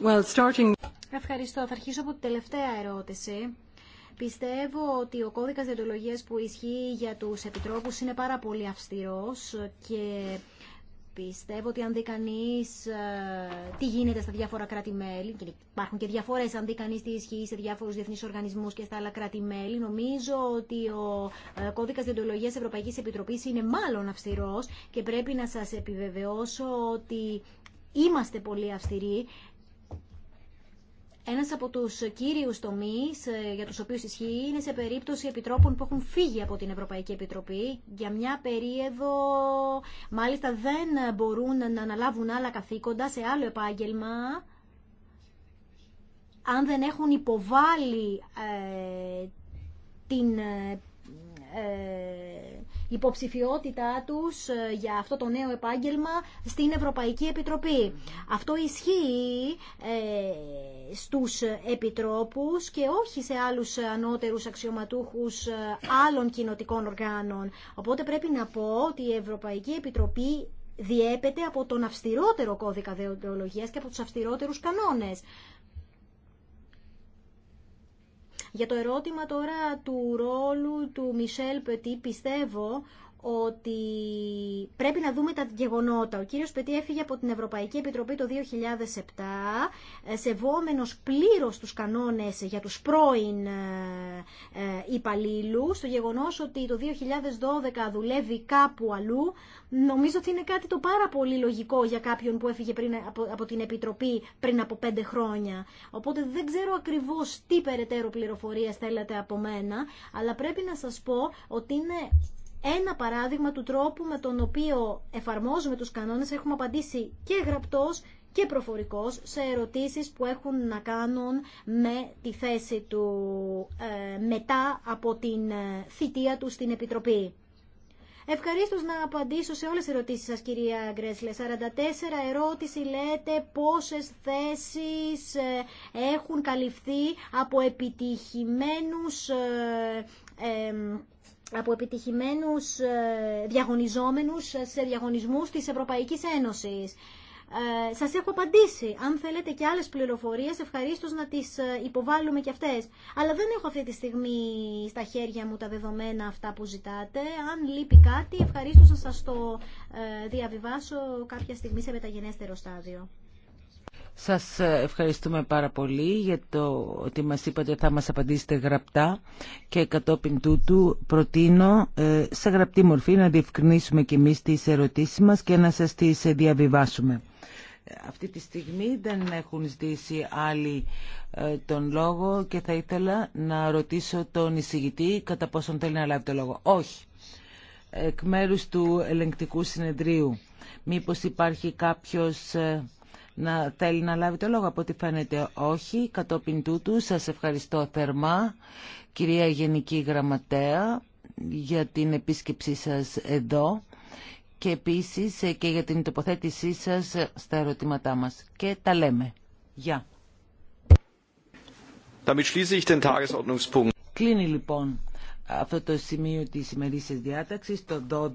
Well, starting... Ευχαριστώ. Θα αρχίσω από την τελευταία ερώτηση. Πιστεύω ότι ο κώδικας διοντολογίας που ισχύει για τους επιτρόπους είναι πάρα πολύ αυστηρός και Πιστεύω ότι αν δει κανεί ε, τι γίνεται στα διάφορα κράτη-μέλη, και υπάρχουν και διαφορέ αν δει κανεί τι ισχύει σε διάφορου διεθνεί οργανισμού και στα άλλα κράτη-μέλη, νομίζω ότι ο ε, κώδικα διοντολογία Ευρωπαϊκή Επιτροπή είναι μάλλον αυστηρό και πρέπει να σα επιβεβαιώσω ότι είμαστε πολύ αυστηροί ένας από τους κύριους τομείς ε, για τους οποίους ισχύει είναι σε περίπτωση επιτρόπων που έχουν φύγει από την Ευρωπαϊκή Επιτροπή. Για μια περίοδο μάλιστα δεν μπορούν να αναλάβουν άλλα καθήκοντα σε άλλο επάγγελμα αν δεν έχουν υποβάλει ε, την ε, υποψηφιότητά τους ε, για αυτό το νέο επάγγελμα στην Ευρωπαϊκή Επιτροπή. Αυτό ισχύει ε, στους επιτρόπους και όχι σε άλλους ανώτερους αξιωματούχους ε, άλλων κοινοτικών οργάνων. Οπότε πρέπει να πω ότι η Ευρωπαϊκή Επιτροπή διέπεται από τον αυστηρότερο κώδικα δεοντολογίας και από τους αυστηρότερους κανόνες. Για το ερώτημα τώρα του ρόλου του Μισελ Πετή, πιστεύω ότι πρέπει να δούμε τα γεγονότα. Ο κύριος Πετή έφυγε από την Ευρωπαϊκή Επιτροπή το 2007, ε, σεβόμενος πλήρως τους κανόνες για τους πρώην ε, ε, υπαλλήλου. στο γεγονός ότι το 2012 δουλεύει κάπου αλλού, νομίζω ότι είναι κάτι το πάρα πολύ λογικό για κάποιον που έφυγε πριν από την Επιτροπή πριν από πέντε χρόνια. Οπότε δεν ξέρω ακριβώς τι περαιτέρω πληροφορίες θέλετε από μένα, αλλά πρέπει να σας πω ότι είναι ένα παράδειγμα του τρόπου με τον οποίο εφαρμόζουμε τους κανόνες. Έχουμε απαντήσει και γραπτός και προφορικός σε ερωτήσεις που έχουν να κάνουν με τη θέση του ε, μετά από την ε, θητεία του στην Επιτροπή. Ευχαρίστω να απαντήσω σε όλες τις ερωτήσεις σας, κυρία Γκρέσλε. 44 ερώτηση λέτε πόσε θέσει ε, έχουν καλυφθεί από επιτυχημένου από επιτυχημένους ε, διαγωνιζόμενους ε, σε διαγωνισμούς της Ευρωπαϊκής Ένωσης. Ε, σας έχω απαντήσει. Αν θέλετε και άλλες πληροφορίες, ευχαρίστως να τις ε, υποβάλουμε και αυτές. Αλλά δεν έχω αυτή τη στιγμή στα χέρια μου τα δεδομένα αυτά που ζητάτε. Αν λείπει κάτι, ευχαρίστως να σας το διαβιβάσω κάποια στιγμή σε μεταγενέστερο στάδιο. Σας ευχαριστούμε πάρα πολύ για το ότι μας είπατε θα μας απαντήσετε γραπτά και κατόπιν τούτου προτείνω ε, σε γραπτή μορφή να διευκρινίσουμε και εμείς τις ερωτήσεις μας και να σας τις διαβιβάσουμε. Αυτή τη στιγμή δεν έχουν ζητήσει άλλοι ε, τον λόγο και θα ήθελα να ρωτήσω τον εισηγητή κατά πόσον θέλει να λάβει το λόγο. Όχι. Εκ μέρους του ελεγκτικού συνεδρίου. Μήπως υπάρχει κάποιος ε, να θέλει να λάβει το λόγο. Από ό,τι φαίνεται όχι. Κατόπιν τούτου σας ευχαριστώ θερμά κυρία Γενική Γραμματέα για την επίσκεψή σας εδώ και επίσης ε, και για την τοποθέτησή σας ε, στα ερωτήματά μας. Και τα λέμε. Γεια. Κλείνει λοιπόν αυτό το σημείο της ημερήσια διάταξης, το 12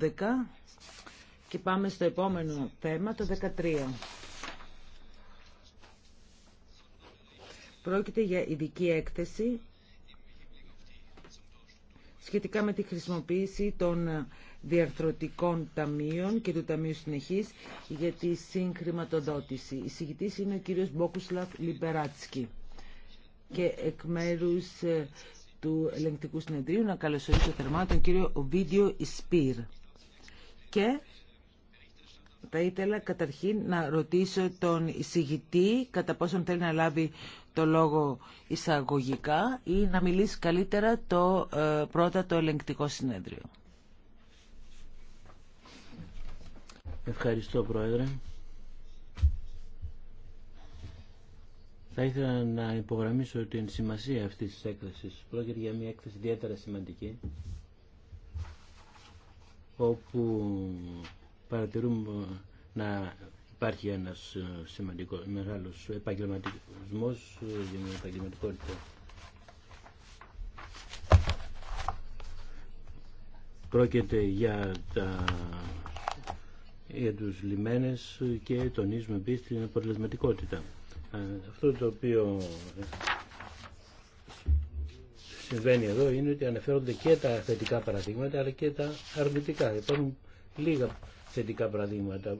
και πάμε στο επόμενο θέμα, το 13. Πρόκειται για ειδική έκθεση σχετικά με τη χρησιμοποίηση των διαρθρωτικών ταμείων και του Ταμείου Συνεχής για τη συγχρηματοδότηση. Η συγητής είναι ο κύριος Μπόκουσλαφ Λιμπεράτσκι και εκ μέρου ε, του ελεγκτικού συνεδρίου να καλωσορίσω θερμά τον κύριο Οβίδιο Ισπύρ. Και θα ήθελα καταρχήν να ρωτήσω τον εισηγητή κατά πόσον θέλει να λάβει το λόγο εισαγωγικά ή να μιλήσει καλύτερα το ε, πρώτα το ελεγκτικό συνέδριο. Ευχαριστώ Πρόεδρε. Θα ήθελα να υπογραμμίσω την σημασία αυτής της έκθεσης. Πρόκειται για μια έκθεση ιδιαίτερα σημαντική, όπου παρατηρούμε να υπάρχει ένας ε, σημαντικός, μεγάλος επαγγελματισμός ε, για την επαγγελματικότητα. Πρόκειται για, τα, για τους λιμένες και τονίζουμε επίσης την αποτελεσματικότητα. Αυτό το οποίο ε, συμβαίνει εδώ είναι ότι αναφέρονται και τα θετικά παραδείγματα αλλά και τα αρνητικά. Υπάρχουν λίγα θετικά παραδείγματα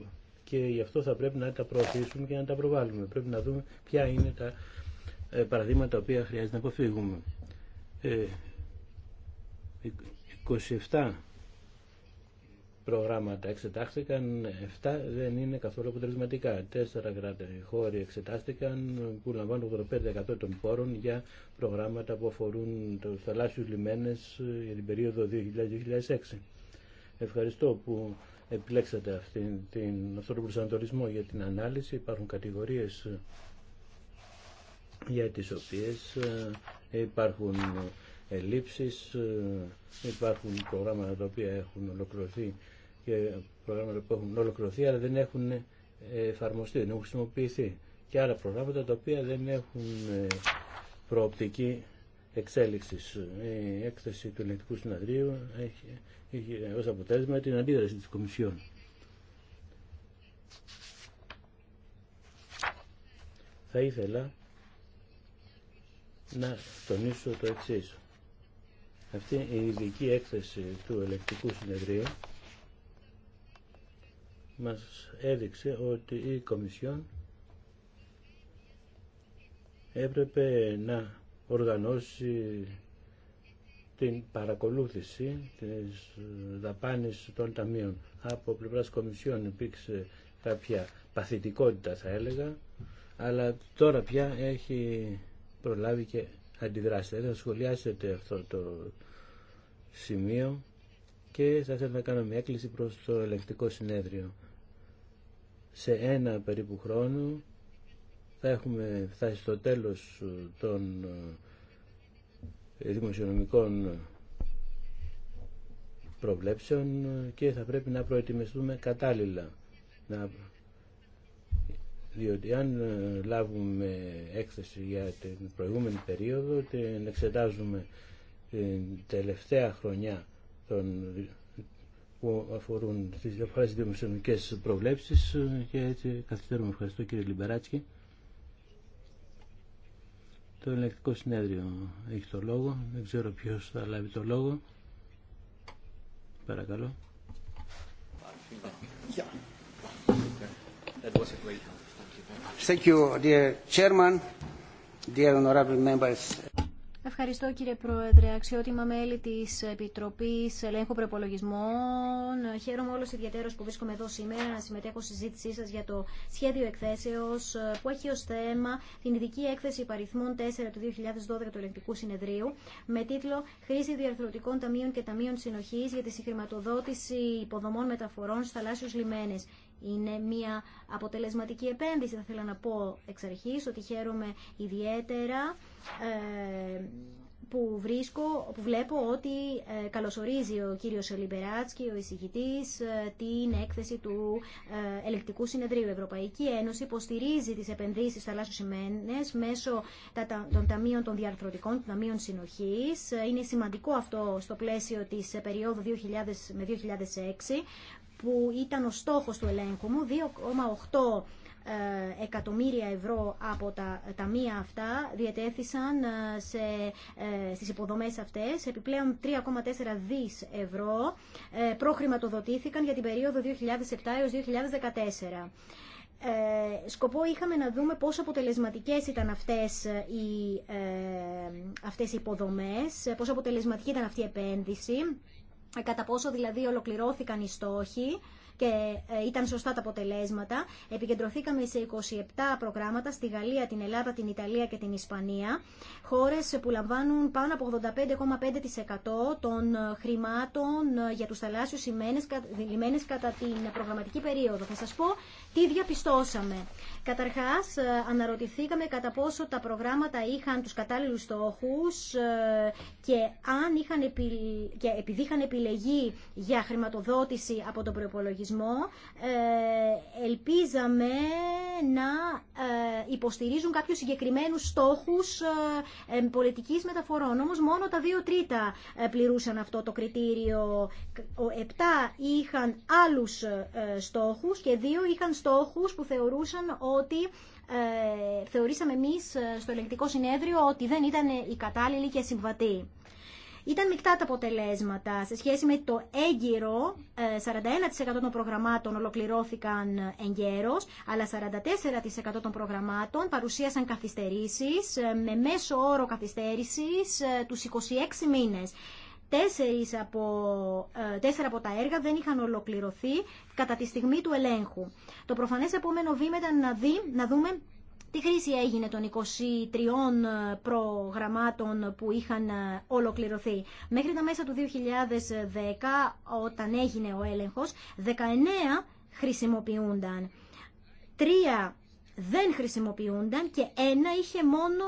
και γι' αυτό θα πρέπει να τα προωθήσουμε και να τα προβάλλουμε. Πρέπει να δούμε ποια είναι τα ε, παραδείγματα τα οποία χρειάζεται να αποφύγουμε. 27 ε, προγράμματα εξετάστηκαν, 7 δεν είναι καθόλου αποτελεσματικά. 4 χώροι εξετάστηκαν που λαμβάνουν 85% των πόρων για προγράμματα που αφορούν του θαλάσσιου λιμένες ε, για την περίοδο 2000-2006. Ευχαριστώ που επιλέξατε αυτήν την, αυτόν τον προσανατολισμό για την ανάλυση. Υπάρχουν κατηγορίες ε, για τις οποίες ε, υπάρχουν ε, ελλείψεις, υπάρχουν προγράμματα τα οποία έχουν ολοκληρωθεί και προγράμματα που έχουν ολοκληρωθεί αλλά δεν έχουν εφαρμοστεί, δεν έχουν χρησιμοποιηθεί και άλλα προγράμματα τα οποία δεν έχουν προοπτική η έκθεση του Ελληνικού Συναδρίου έχει, είχε ως αποτέλεσμα την αντίδραση της Κομισιόν. Θα ήθελα να τονίσω το εξή. Αυτή η ειδική έκθεση του Ελεκτικού Συνεδρίου μας έδειξε ότι η Κομισιόν έπρεπε να οργανώσει την παρακολούθηση της δαπάνης των ταμείων. Από πλευράς Κομισιόν υπήρξε κάποια παθητικότητα θα έλεγα, αλλά τώρα πια έχει προλάβει και αντιδράσει. Θα σχολιάσετε αυτό το σημείο και θα ήθελα να κάνω μια έκκληση προς το ελεκτικό συνέδριο. Σε ένα περίπου χρόνο θα έχουμε φτάσει στο τέλος ε, των ε, δημοσιονομικών ε, προβλέψεων και θα πρέπει να προετοιμαστούμε κατάλληλα. Να... Διότι αν λάβουμε έκθεση για την προηγούμενη περίοδο, την εξετάζουμε την τελευταία χρονιά των που αφορούν τις διαφορές δημοσιονομικές προβλέψεις και έτσι καθυστερούμε. Ευχαριστώ κύριε Λιμπεράτσκι. Το ελεκτικό συνέδριο έχει το λόγο. Δεν ξέρω ποιος θα λάβει το λόγο. Παρακαλώ. Thank you, dear chairman, dear honorable members. Ευχαριστώ κύριε Πρόεδρε, αξιότιμα μέλη τη επιτροπή Ελέγχου Προπολογισμών. Χαίρομαι όλου ιδιαίτερω που βρίσκομαι εδώ σήμερα να συμμετέχω στη συζήτησή σα για το σχέδιο εκθέσεω που έχει ω θέμα την ειδική έκθεση υπαριθμών 4 του 2012 του Ελεγκτικού Συνεδρίου με τίτλο «Χρήση διαρθρωτικών ταμείων και ταμείων συνοχή για τη συγχρηματοδότηση υποδομών μεταφορών στι θαλάσσιους λιμένες» είναι μια αποτελεσματική επένδυση. Θα ήθελα να πω εξ αρχής ότι χαίρομαι ιδιαίτερα ε, που, βρίσκω, που βλέπω ότι ε, καλωσορίζει ο κύριος Λιμπεράτσκι, ο εισηγητής, ε, την έκθεση του Ελεκτικού Συνεδρίου. Η Ευρωπαϊκή Ένωση υποστηρίζει τις επενδύσεις θαλάσσιους σημαίνες μέσω των ταμείων των διαρθρωτικών, των ταμείων συνοχής. Είναι σημαντικό αυτό στο πλαίσιο της περίοδου 2000 με 2006 που ήταν ο στόχος του ελέγχου μου, 2,8 ε, εκατομμύρια ευρώ από τα ταμεία αυτά διατέθησαν ε, σε, ε, στις υποδομές αυτές. Επιπλέον 3,4 δις ευρώ προχρηματοδοτήθηκαν για την περίοδο 2007 έως 2014. Σκοπό είχαμε να δούμε πόσο αποτελεσματικές ήταν αυτές οι, αυτές οι υποδομές, πόσο αποτελεσματική ήταν αυτή η επένδυση ε, κατά πόσο δηλαδή ολοκληρώθηκαν οι στόχοι και ε, ήταν σωστά τα αποτελέσματα. Επικεντρωθήκαμε σε 27 προγράμματα στη Γαλλία, την Ελλάδα, την Ιταλία και την Ισπανία. Χώρες που λαμβάνουν πάνω από 85,5% των ε, χρημάτων για τους θαλάσσιους λιμένες κατά την προγραμματική περίοδο. Θα σας πω τι διαπιστώσαμε. Καταρχάς, ε, αναρωτηθήκαμε κατά πόσο τα προγράμματα είχαν τους κατάλληλους στόχους ε, και, αν είχαν επειδή είχαν επιλεγεί για χρηματοδότηση από τον προπολογισμό, ε, ελπίζαμε να υποστηρίζουν κάποιους συγκεκριμένους στόχους πολιτικής μεταφορών. Όμως μόνο τα δύο τρίτα πληρούσαν αυτό το κριτήριο. Επτά είχαν άλλους στόχους και δύο είχαν στόχους στόχους που θεωρούσαν ότι ε, θεωρήσαμε εμείς ε, στο ελεγκτικό συνέδριο ότι δεν ήταν ε, η κατάλληλη και συμβατή. Ήταν μεικτά τα αποτελέσματα. Σε σχέση με το έγκυρο, 41% των προγραμμάτων ολοκληρώθηκαν εγκαίρως, αλλά 44% των προγραμμάτων παρουσίασαν καθυστερήσεις, με μέσο όρο καθυστέρησης τους 26 μήνες τέσσερις από, ε, τέσσερα από τα έργα δεν είχαν ολοκληρωθεί κατά τη στιγμή του ελέγχου. Το προφανές επόμενο βήμα ήταν να, δει, να δούμε τι χρήση έγινε των 23 ε, προγραμμάτων που είχαν ε, ολοκληρωθεί. Μέχρι τα μέσα του 2010, όταν έγινε ο έλεγχος, 19 χρησιμοποιούνταν. Τρία δεν χρησιμοποιούνταν και ένα είχε μόνο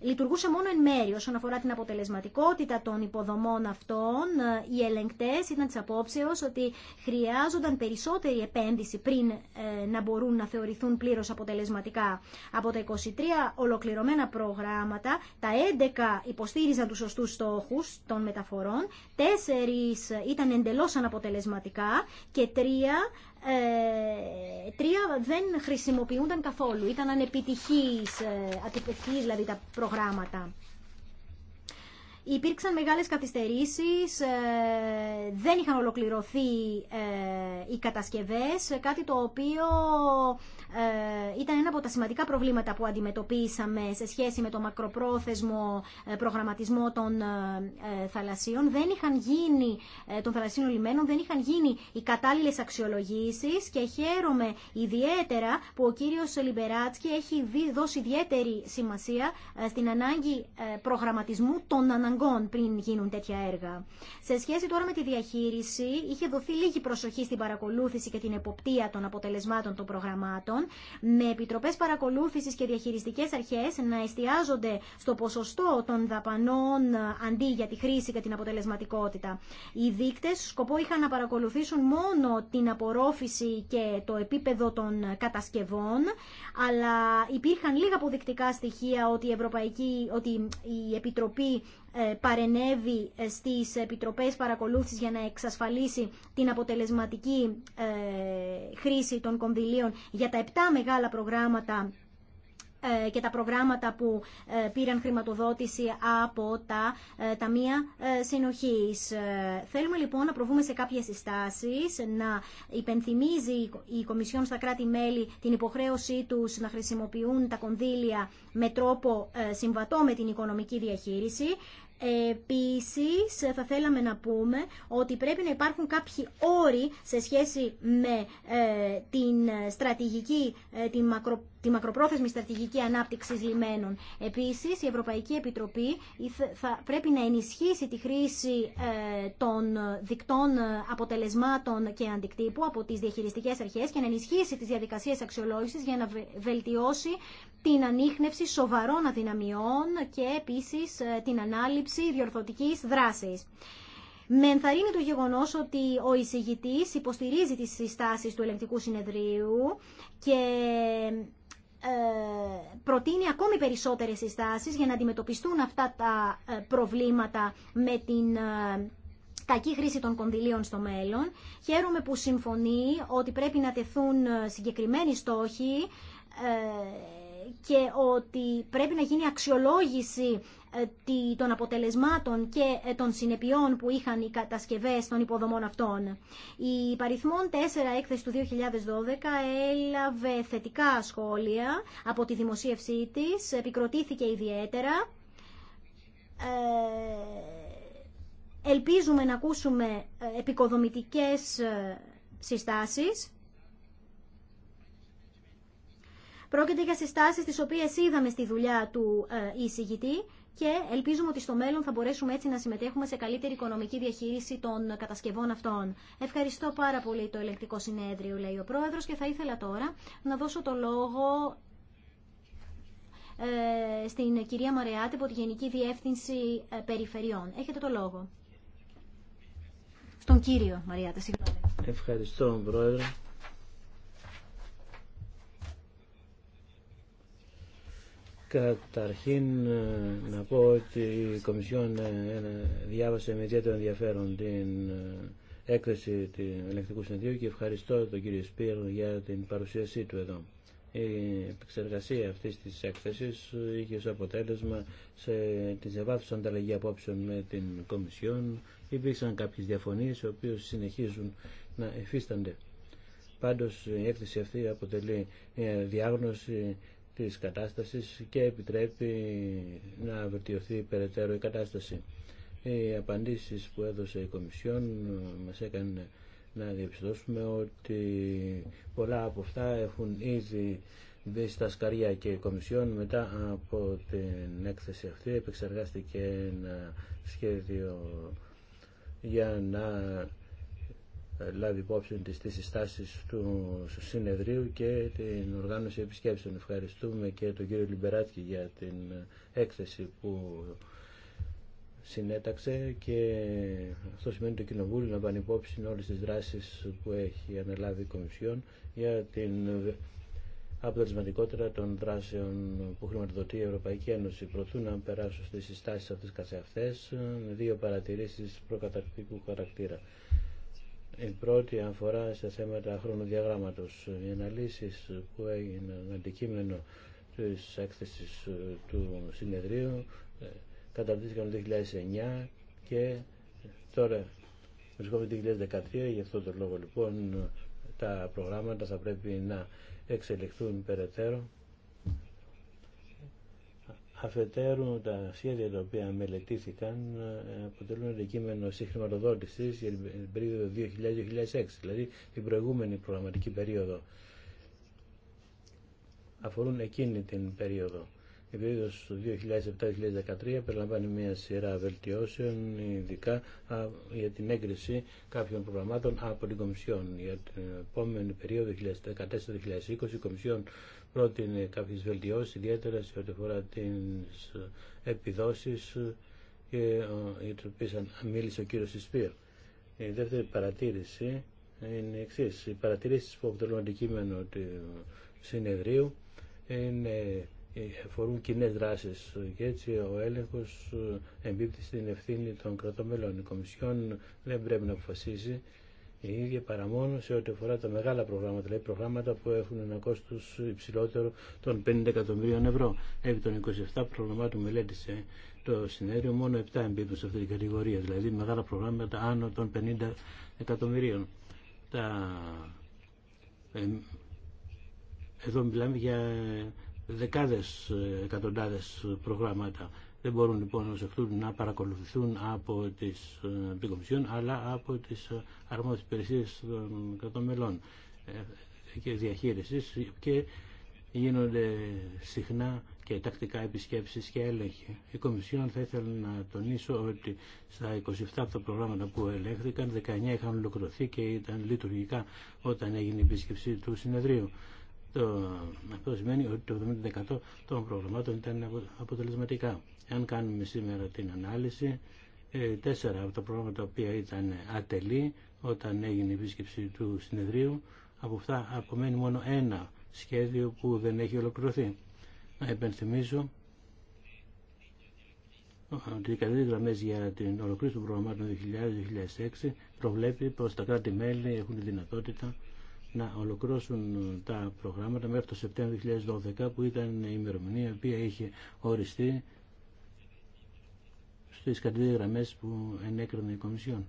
λειτουργούσε μόνο εν μέρη όσον αφορά την αποτελεσματικότητα των υποδομών αυτών. Ε, οι ελεγκτές ήταν τη απόψεω ότι χρειάζονταν περισσότερη επένδυση πριν ε, να μπορούν να θεωρηθούν πλήρως αποτελεσματικά. Από τα 23 ολοκληρωμένα προγράμματα, τα 11 υποστήριζαν τους σωστού στόχου των μεταφορών, 4 ήταν εντελώ αναποτελεσματικά και 3 ε, τρία δεν χρησιμοποιούνταν καθόλου. Ήταν ανεπιτυχής, ε, δηλαδή τα προγράμματα. Υπήρξαν μεγάλες καθυστερήσεις, ε, δεν είχαν ολοκληρωθεί ε, οι κατασκευές, κάτι το οποίο ε, ήταν ένα από τα σημαντικά προβλήματα που αντιμετωπίσαμε σε σχέση με το μακροπρόθεσμο προγραμματισμό των θαλασσίων. Δεν είχαν γίνει, των θαλασσίων λιμένων, δεν είχαν γίνει οι κατάλληλες αξιολογήσεις και χαίρομαι ιδιαίτερα που ο κύριος Λιμπεράτσκι έχει δώσει ιδιαίτερη σημασία στην ανάγκη προγραμματισμού των αναγκών αναγκών πριν γίνουν τέτοια έργα. Σε σχέση τώρα με τη διαχείριση, είχε δοθεί λίγη προσοχή στην παρακολούθηση και την εποπτεία των αποτελεσμάτων των προγραμμάτων, με επιτροπέ παρακολούθηση και διαχειριστικέ αρχέ να εστιάζονται στο ποσοστό των δαπανών ε, αντί για τη χρήση και την αποτελεσματικότητα. Οι δείκτε σκοπό είχαν να παρακολουθήσουν μόνο την απορρόφηση και το επίπεδο των κατασκευών, αλλά υπήρχαν λίγα αποδεικτικά στοιχεία ότι Ευρωπαϊκή, ότι η Επιτροπή ε, παρενέβει στις επιτροπές παρακολούθησης για να εξασφαλίσει την αποτελεσματική ε, χρήση των κονδυλίων για τα επτά μεγάλα προγράμματα ε, και τα προγράμματα που ε, πήραν χρηματοδότηση από τα ε, Ταμεία Συνοχής. Θέλουμε λοιπόν να προβούμε σε κάποιες συστάσεις, να υπενθυμίζει η Κομισιόν στα κράτη-μέλη την υποχρέωσή τους να χρησιμοποιούν τα κονδύλια με τρόπο συμβατό με την οικονομική διαχείριση, Επίσης θα θέλαμε να πούμε ότι πρέπει να υπάρχουν κάποιοι όροι σε σχέση με την στρατηγική, την μακροπρόθεση τη μακροπρόθεσμη στρατηγική ανάπτυξη λιμένων. Επίση, η Ευρωπαϊκή Επιτροπή θα πρέπει να ενισχύσει τη χρήση ε, των δικτών ε, αποτελεσμάτων και αντικτύπου από τι διαχειριστικέ αρχέ και να ενισχύσει τι διαδικασίε αξιολόγηση για να βελτιώσει την ανείχνευση σοβαρών αδυναμιών και επίση ε, την ανάληψη διορθωτική δράση. Με ενθαρρύνει το γεγονό ότι ο εισηγητή υποστηρίζει τι συστάσει του ελεγκτικού συνεδρίου και ε, προτείνει ακόμη περισσότερες συστάσεις για να αντιμετωπιστούν αυτά τα ε, προβλήματα με την ε, κακή χρήση των κονδυλίων στο μέλλον. Χαίρομαι που συμφωνεί ότι πρέπει να τεθούν συγκεκριμένοι στόχοι και ότι πρέπει να γίνει αξιολόγηση ε, των αποτελεσμάτων και ε, των συνεπειών που είχαν οι κατασκευές των υποδομών αυτών. Η παριθμόν 4 έκθεση του 2012 έλαβε θετικά σχόλια από τη δημοσίευσή της, επικροτήθηκε ιδιαίτερα. Ε, ελπίζουμε να ακούσουμε επικοδομητικές συστάσεις. Πρόκειται για συστάσεις τις οποίες είδαμε στη δουλειά του εισηγητή και ελπίζουμε ότι στο μέλλον θα μπορέσουμε έτσι να συμμετέχουμε σε καλύτερη οικονομική διαχείριση των κατασκευών αυτών. Ευχαριστώ πάρα πολύ το ελεκτικό συνέδριο, λέει ο Πρόεδρος, και θα ήθελα τώρα να δώσω το λόγο ε, στην κυρία Μαρεάτη από τη Γενική Διεύθυνση ε, Περιφερειών. Έχετε το λόγο. Στον κύριο Μαριάτη, συγγνώμη. Ευχαριστώ, Πρόεδρε. Καταρχήν ε, να πω ότι η Κομισιόν ε, διάβασε με ιδιαίτερο ενδιαφέρον την ε, έκθεση του Ελεκτικού Συνεδρίου και ευχαριστώ τον κύριο Σπύρ για την παρουσίασή του εδώ. Η επεξεργασία αυτής της έκθεσης είχε ως αποτέλεσμα σε, την σεβάθουσα ανταλλαγή απόψεων με την Κομισιόν. Υπήρξαν κάποιες διαφωνίες, οι οποίες συνεχίζουν να εφίστανται. Πάντως η έκθεση αυτή αποτελεί μια διάγνωση της κατάστασης και επιτρέπει να βελτιωθεί περαιτέρω η κατάσταση. Οι απαντήσεις που έδωσε η Κομισιόν ε, μας έκανε να διαπιστώσουμε ότι πολλά από αυτά έχουν ήδη μπει στα σκαριά και η Κομισιόν μετά από την έκθεση αυτή επεξεργάστηκε ένα σχέδιο για να ε, λάβει υπόψη τη τις συστάσεις του συνεδρίου και την οργάνωση επισκέψεων. Ευχαριστούμε και τον κύριο Λιμπεράτσκι για την έκθεση που συνέταξε και αυτό σημαίνει το Κοινοβούλιο να πάνε υπόψη όλες τις δράσεις που έχει αναλάβει η Κομισιόν για την αποτελεσματικότητα των δράσεων που χρηματοδοτεί η Ευρωπαϊκή Ένωση. Προτού να περάσω στι συστάσεις αυτέ καθεαυτές με δύο παρατηρήσει προκαταρκτικού χαρακτήρα. Η πρώτη αφορά σε θέματα χρονοδιαγράμματος. Οι αναλύσεις που έγιναν αντικείμενο της έκθεσης ε, του συνεδρίου ε, καταρτήθηκαν το 2009 και τώρα βρισκόμαστε το 2013. Γι' αυτό τον λόγο λοιπόν τα προγράμματα θα πρέπει να εξελιχθούν περαιτέρω Αφετέρου, τα σχέδια τα οποία μελετήθηκαν ε, αποτελούν αντικείμενο συγχρηματοδότηση για την περίοδο 2000-2006, δηλαδή την προηγούμενη προγραμματική περίοδο. Αφορούν εκείνη την περίοδο. Η περίοδο του 2007-2013 περιλαμβάνει μια σειρά βελτιώσεων, ειδικά για την έγκριση κάποιων προγραμμάτων από την Κομισιόν. Για την επόμενη περίοδο 2014-2020, η Κομισιόν πρότεινε κάποιες βελτιώσεις, ιδιαίτερα σε ό,τι αφορά τις επιδόσεις και για τις οποίες μίλησε ο κύριος Ισπύρ. Η δεύτερη παρατήρηση είναι εξή. Οι παρατηρήσεις που αποτελούν αντικείμενο του συνεδρίου είναι ε, αφορούν κοινέ δράσει και έτσι ο έλεγχο εμπίπτει στην ευθύνη των κρατομέλων. Η Κομισιόν δεν πρέπει να αποφασίζει η ίδια παρά μόνο σε ό,τι αφορά τα μεγάλα προγράμματα, δηλαδή προγράμματα που έχουν ένα κόστο υψηλότερο των 50 εκατομμυρίων ευρώ. Επί των 27 προγραμμάτων μελέτησε το συνέδριο, μόνο 7 εμπίπτουν σε αυτή την κατηγορία, δηλαδή μεγάλα προγράμματα άνω των 50 εκατομμυρίων. Τα... Εδώ μιλάμε για δεκάδες ε, εκατοντάδες προγράμματα. Δεν μπορούν λοιπόν ως αυτού να παρακολουθηθούν από τις ε, επικομισιόν αλλά από τις ε, αρμόδιες υπηρεσίες των ε, κρατομελών και διαχείρισης και γίνονται συχνά και τακτικά επισκέψεις και έλεγχοι. Η Κομισιόν θα ήθελα να τονίσω ότι στα 27 από τα προγράμματα που ελέγχθηκαν, 19 είχαν ολοκληρωθεί και ήταν λειτουργικά όταν έγινε η επίσκεψη του συνεδρίου. Το, αυτό σημαίνει ότι το 70% των προγραμμάτων ήταν αποτελεσματικά. Αν κάνουμε σήμερα την ανάλυση, ε, τέσσερα από τα προγράμματα τα οποία ήταν ατελή όταν έγινε η επίσκεψη του συνεδρίου, από αυτά απομένει μόνο ένα σχέδιο που δεν έχει ολοκληρωθεί. Να υπενθυμίζω ότι οι καλύτερε γραμμέ για την ολοκλήρωση των προγραμμάτων 2000-2006 προβλέπει πω τα κράτη-μέλη έχουν τη δυνατότητα να ολοκληρώσουν τα προγράμματα μέχρι το Σεπτέμβριο 2012 που ήταν η ημερομηνία η οποία είχε οριστεί στις κατηδίες γραμμές που ενέκρινε η Κομισιόν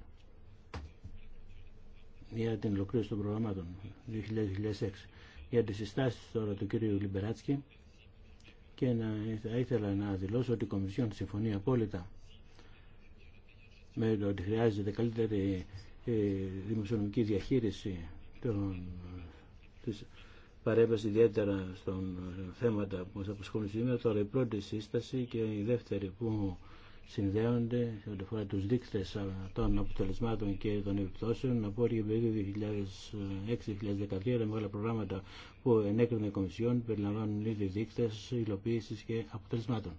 για την ολοκλήρωση των προγραμμάτων 2006 για τις συστάσεις τώρα του κ. Λιμπεράτσκι και να, θα ήθελα να δηλώσω ότι η Κομισιόν συμφωνεί απόλυτα με το ότι χρειάζεται καλύτερη ε, δημοσιονομική διαχείριση ε, της παρέμβαση ιδιαίτερα στον ε, θέματα που μας απασχολούν σήμερα. Τώρα η πρώτη σύσταση και η δεύτερη που συνδέονται σε ό,τι αφορά τους δείκτες ε, των αποτελεσμάτων και των επιπτώσεων. Να πω ότι για περίοδο 2006-2013 μεγάλα προγράμματα που ενέκρινε η Κομισιόν περιλαμβάνουν ήδη δείκτες υλοποίησης και αποτελεσμάτων.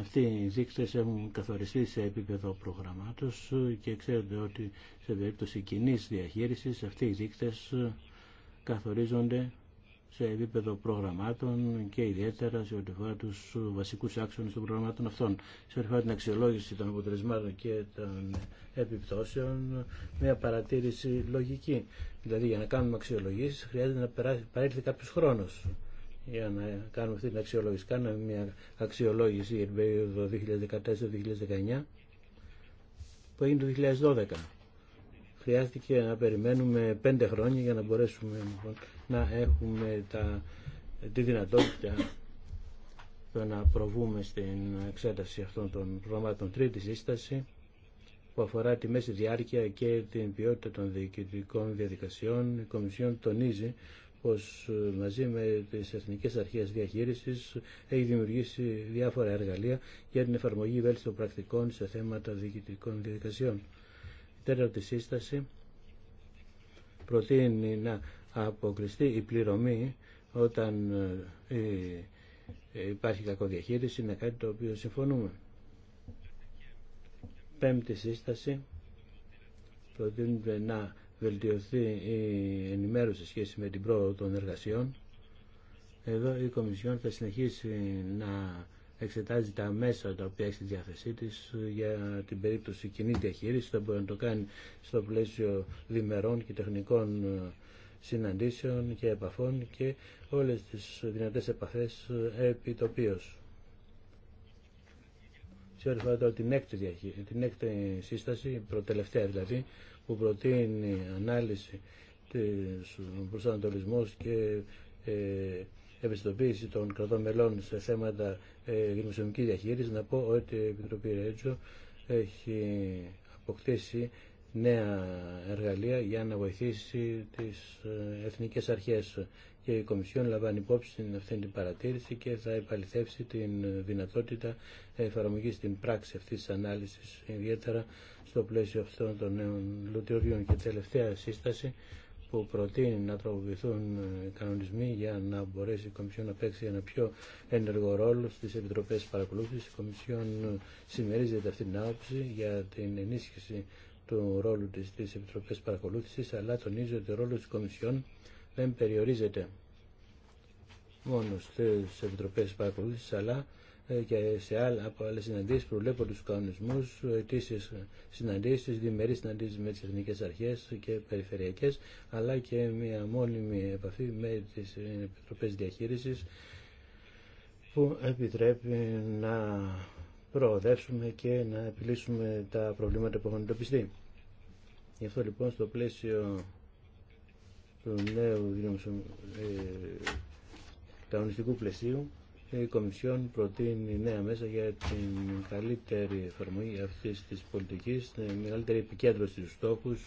Αυτοί οι δείκτες έχουν καθοριστεί σε επίπεδο προγραμμάτους και ξέρετε ότι σε περίπτωση κοινή διαχείρισης αυτοί οι δείκτες καθορίζονται σε επίπεδο προγραμμάτων και ιδιαίτερα σε ό,τι αφορά του βασικού άξονε των προγραμμάτων αυτών. Σε ό,τι αφορά την αξιολόγηση των αποτελεσμάτων και των επιπτώσεων, μια παρατήρηση λογική. Δηλαδή, για να κάνουμε αξιολογήσει χρειάζεται να παρέλθει κάποιο χρόνο για να κάνουμε αυτή την αξιολόγηση. Κάναμε μια αξιολόγηση για την περίοδο 2014-2019 που έγινε το 2012. Χρειάστηκε να περιμένουμε πέντε χρόνια για να μπορέσουμε λοιπόν, να έχουμε τα, τη δυνατότητα να προβούμε στην εξέταση αυτών των προγραμμάτων. Τρίτη σύσταση που αφορά τη μέση διάρκεια και την ποιότητα των διοικητικών διαδικασιών. Η Κομισιόν τονίζει πως ε, μαζί με τις Εθνικές Αρχές Διαχείρισης έχει δημιουργήσει διάφορα εργαλεία για την εφαρμογή βέλτιστων πρακτικών σε θέματα διοικητικών διαδικασιών. τέταρτη σύσταση προτείνει να αποκριστεί η πληρωμή όταν ε, ε, υπάρχει κακοδιαχείριση, είναι κάτι το οποίο συμφωνούμε. Πέμπτη σύσταση προτείνει να βελτιωθεί η ενημέρωση σχέση με την πρόοδο των εργασιών. Εδώ η Κομισιόν θα συνεχίσει να εξετάζει τα μέσα τα οποία έχει στη διάθεσή τη για την περίπτωση κοινή διαχείριση. Θα μπορεί να το κάνει στο πλαίσιο διμερών και τεχνικών ε, συναντήσεων και επαφών και όλες τις δυνατές επαφές ε, επί τοπίως. Σε όλη την έκτη, την έκτη σύσταση, προτελευταία δηλαδή, που προτείνει ανάλυση του προσανατολισμού και ε, ευαισθητοποίηση των κρατών μελών σε θέματα ε, δημοσιονομική διαχείριση, να πω ότι η Επιτροπή Ρέτζο έχει αποκτήσει νέα εργαλεία για να βοηθήσει τις ε, εθνικές αρχές και η Κομισιόν λαμβάνει υπόψη αυτήν την παρατήρηση και θα επαληθεύσει την δυνατότητα εφαρμογή στην πράξη αυτή τη ανάλυση, ιδιαίτερα στο πλαίσιο αυτών των νέων λουτιωριών. Και τελευταία σύσταση που προτείνει να τροποποιηθούν ε, κανονισμοί για να μπορέσει η Κομισιόν να παίξει ένα πιο ενεργό ρόλο στι επιτροπέ παρακολούθηση. Η Κομισιόν ε, συμμερίζεται αυτή την άποψη για την ενίσχυση του ρόλου της στις Επιτροπές Παρακολούθησης, αλλά τονίζει ότι ο ρόλο της Κομισιόν δεν περιορίζεται μόνο στις επιτροπές παρακολούθησης αλλά ε, και σε άλλα, από άλλες συναντήσεις προβλέπω του κανονισμούς, ετήσιε συναντήσεις, διμερείς με τι εθνικές αρχές και περιφερειακές αλλά και μια μόνιμη επαφή με τις επιτροπές διαχείριση που επιτρέπει να προοδεύσουμε και να επιλύσουμε τα προβλήματα που έχουν εντοπιστεί. Γι' αυτό λοιπόν στο πλαίσιο του νέου ε, κανονιστικού πλαισίου η Κομισιόν προτείνει νέα μέσα για την καλύτερη εφαρμογή αυτής της πολιτικής, την μεγαλύτερη επικέντρωση στους στόχους,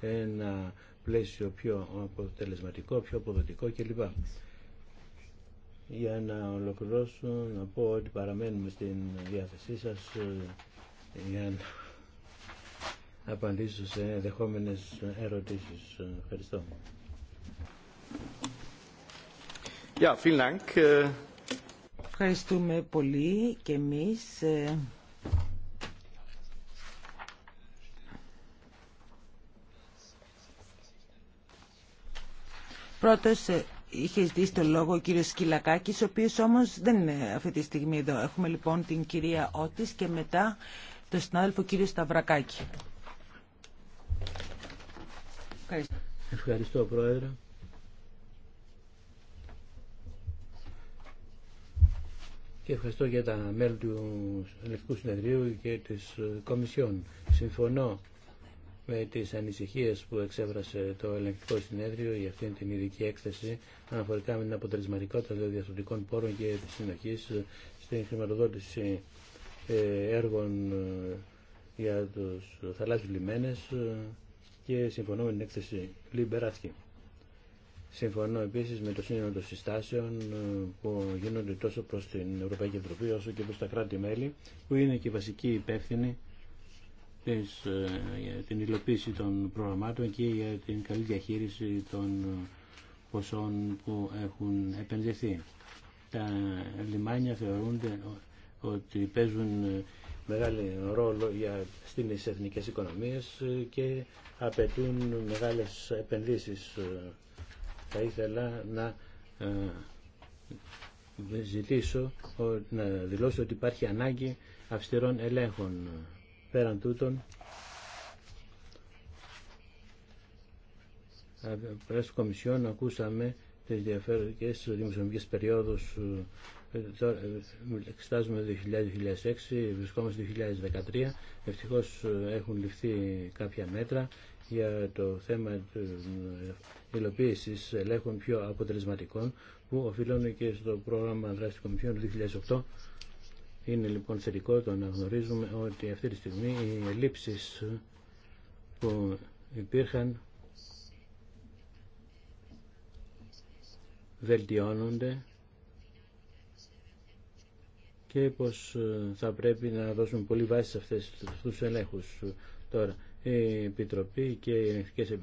ένα πλαίσιο πιο αποτελεσματικό, πιο αποδοτικό κλπ. Για να ολοκληρώσω, να πω ότι παραμένουμε στην διάθεσή σας ε, για να απαντήσω σε δεχόμενες ερωτήσεις. Ευχαριστώ. Äh, Ευχαριστούμε πολύ και εμείς. Ε, πρώτος ε, είχε ζητήσει το λόγο ο κύριος Σκυλακάκης, ο οποίος όμως δεν είναι αυτή τη στιγμή εδώ. Έχουμε λοιπόν την κυρία Ότης και μετά τον συνάδελφο κύριο Σταυρακάκη. Ευχαριστώ Πρόεδρε. Και ευχαριστώ για τα μέλη του Λευκού Συνεδρίου και της ε, Κομισιόν. Συμφωνώ με τις ανησυχίες που εξέφρασε το Ελεγκτικό Συνέδριο για αυτήν την ειδική έκθεση αναφορικά με την αποτελεσματικότητα των διαστοντικών πόρων και της συνοχής ε, στην χρηματοδότηση ε, έργων για τους θαλάσσιους λιμένες και συμφωνώ με την έκθεση Λιμπεράσκη. Συμφωνώ επίση με το σύνολο των συστάσεων ε, που γίνονται τόσο προ την Ευρωπαϊκή Επιτροπή όσο και προ τα κράτη-μέλη, που είναι και η βασικοί της, ε, για την υλοποίηση των προγραμμάτων και για την καλή διαχείριση των ε, ποσών που έχουν επενδυθεί. Τα λιμάνια θεωρούνται ότι παίζουν μεγάλη ρόλο για, στις εθνικές οικονομίες και απαιτούν μεγάλες επενδύσεις. Θα ήθελα να ε, ζητήσω, να δηλώσω ότι υπάρχει ανάγκη αυστηρών ελέγχων. Πέραν τούτων, από ε, την Κομισιόν ακούσαμε τις διαφορετικές δημοσιονομικές περιόδους ε, εξετάζουμε το 2006 βρισκόμαστε το 2013. Ευτυχώς ε, έχουν ληφθεί κάποια μέτρα για το θέμα υλοποίηση ε, υλοποίησης ελέγχων πιο αποτελεσματικών που οφείλονται και στο πρόγραμμα δράσης Κομισιόν του 2008. Είναι λοιπόν θετικό το να γνωρίζουμε ότι αυτή τη στιγμή οι ελλείψεις που υπήρχαν βελτιώνονται και πως ε, θα πρέπει να δώσουμε πολύ βάση σε αυτές, τους ελέγχους. Τώρα, η Επιτροπή και οι ελεγχτικές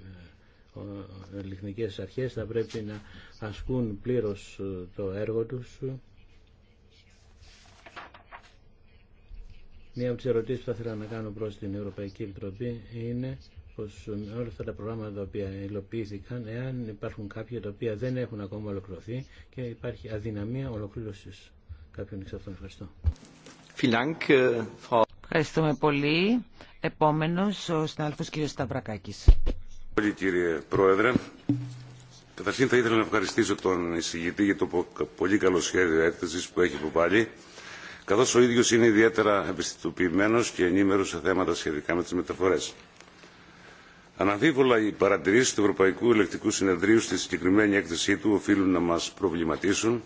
ελληνικές αρχές θα πρέπει να ασκούν πλήρως ε, το έργο τους. Μία από τις ερωτήσεις που θα ήθελα να κάνω προς την Ευρωπαϊκή Επιτροπή είναι πως ε, όλα αυτά τα προγράμματα τα οποία υλοποιήθηκαν, εάν υπάρχουν κάποια τα οποία δεν έχουν ακόμα ολοκληρωθεί και υπάρχει αδυναμία ολοκλήρωσης κάποιον εξ αυτών. Ευχαριστώ. Äh, Ευχαριστούμε πολύ. Επόμενο, ο συνάδελφο κ. Σταυρακάκη. Πολύ κύριε Πρόεδρε. Καταρχήν θα ήθελα να ευχαριστήσω τον εισηγητή για το πολύ καλό σχέδιο έκθεση που έχει υποβάλει, καθώ ο ίδιο είναι ιδιαίτερα ευαισθητοποιημένο και ενήμερο σε θέματα σχετικά με τι μεταφορέ. Αναμφίβολα οι παρατηρήσει του Ευρωπαϊκού Ελεκτικού Συνεδρίου στη συγκεκριμένη έκθεσή του οφείλουν να μα προβληματίσουν,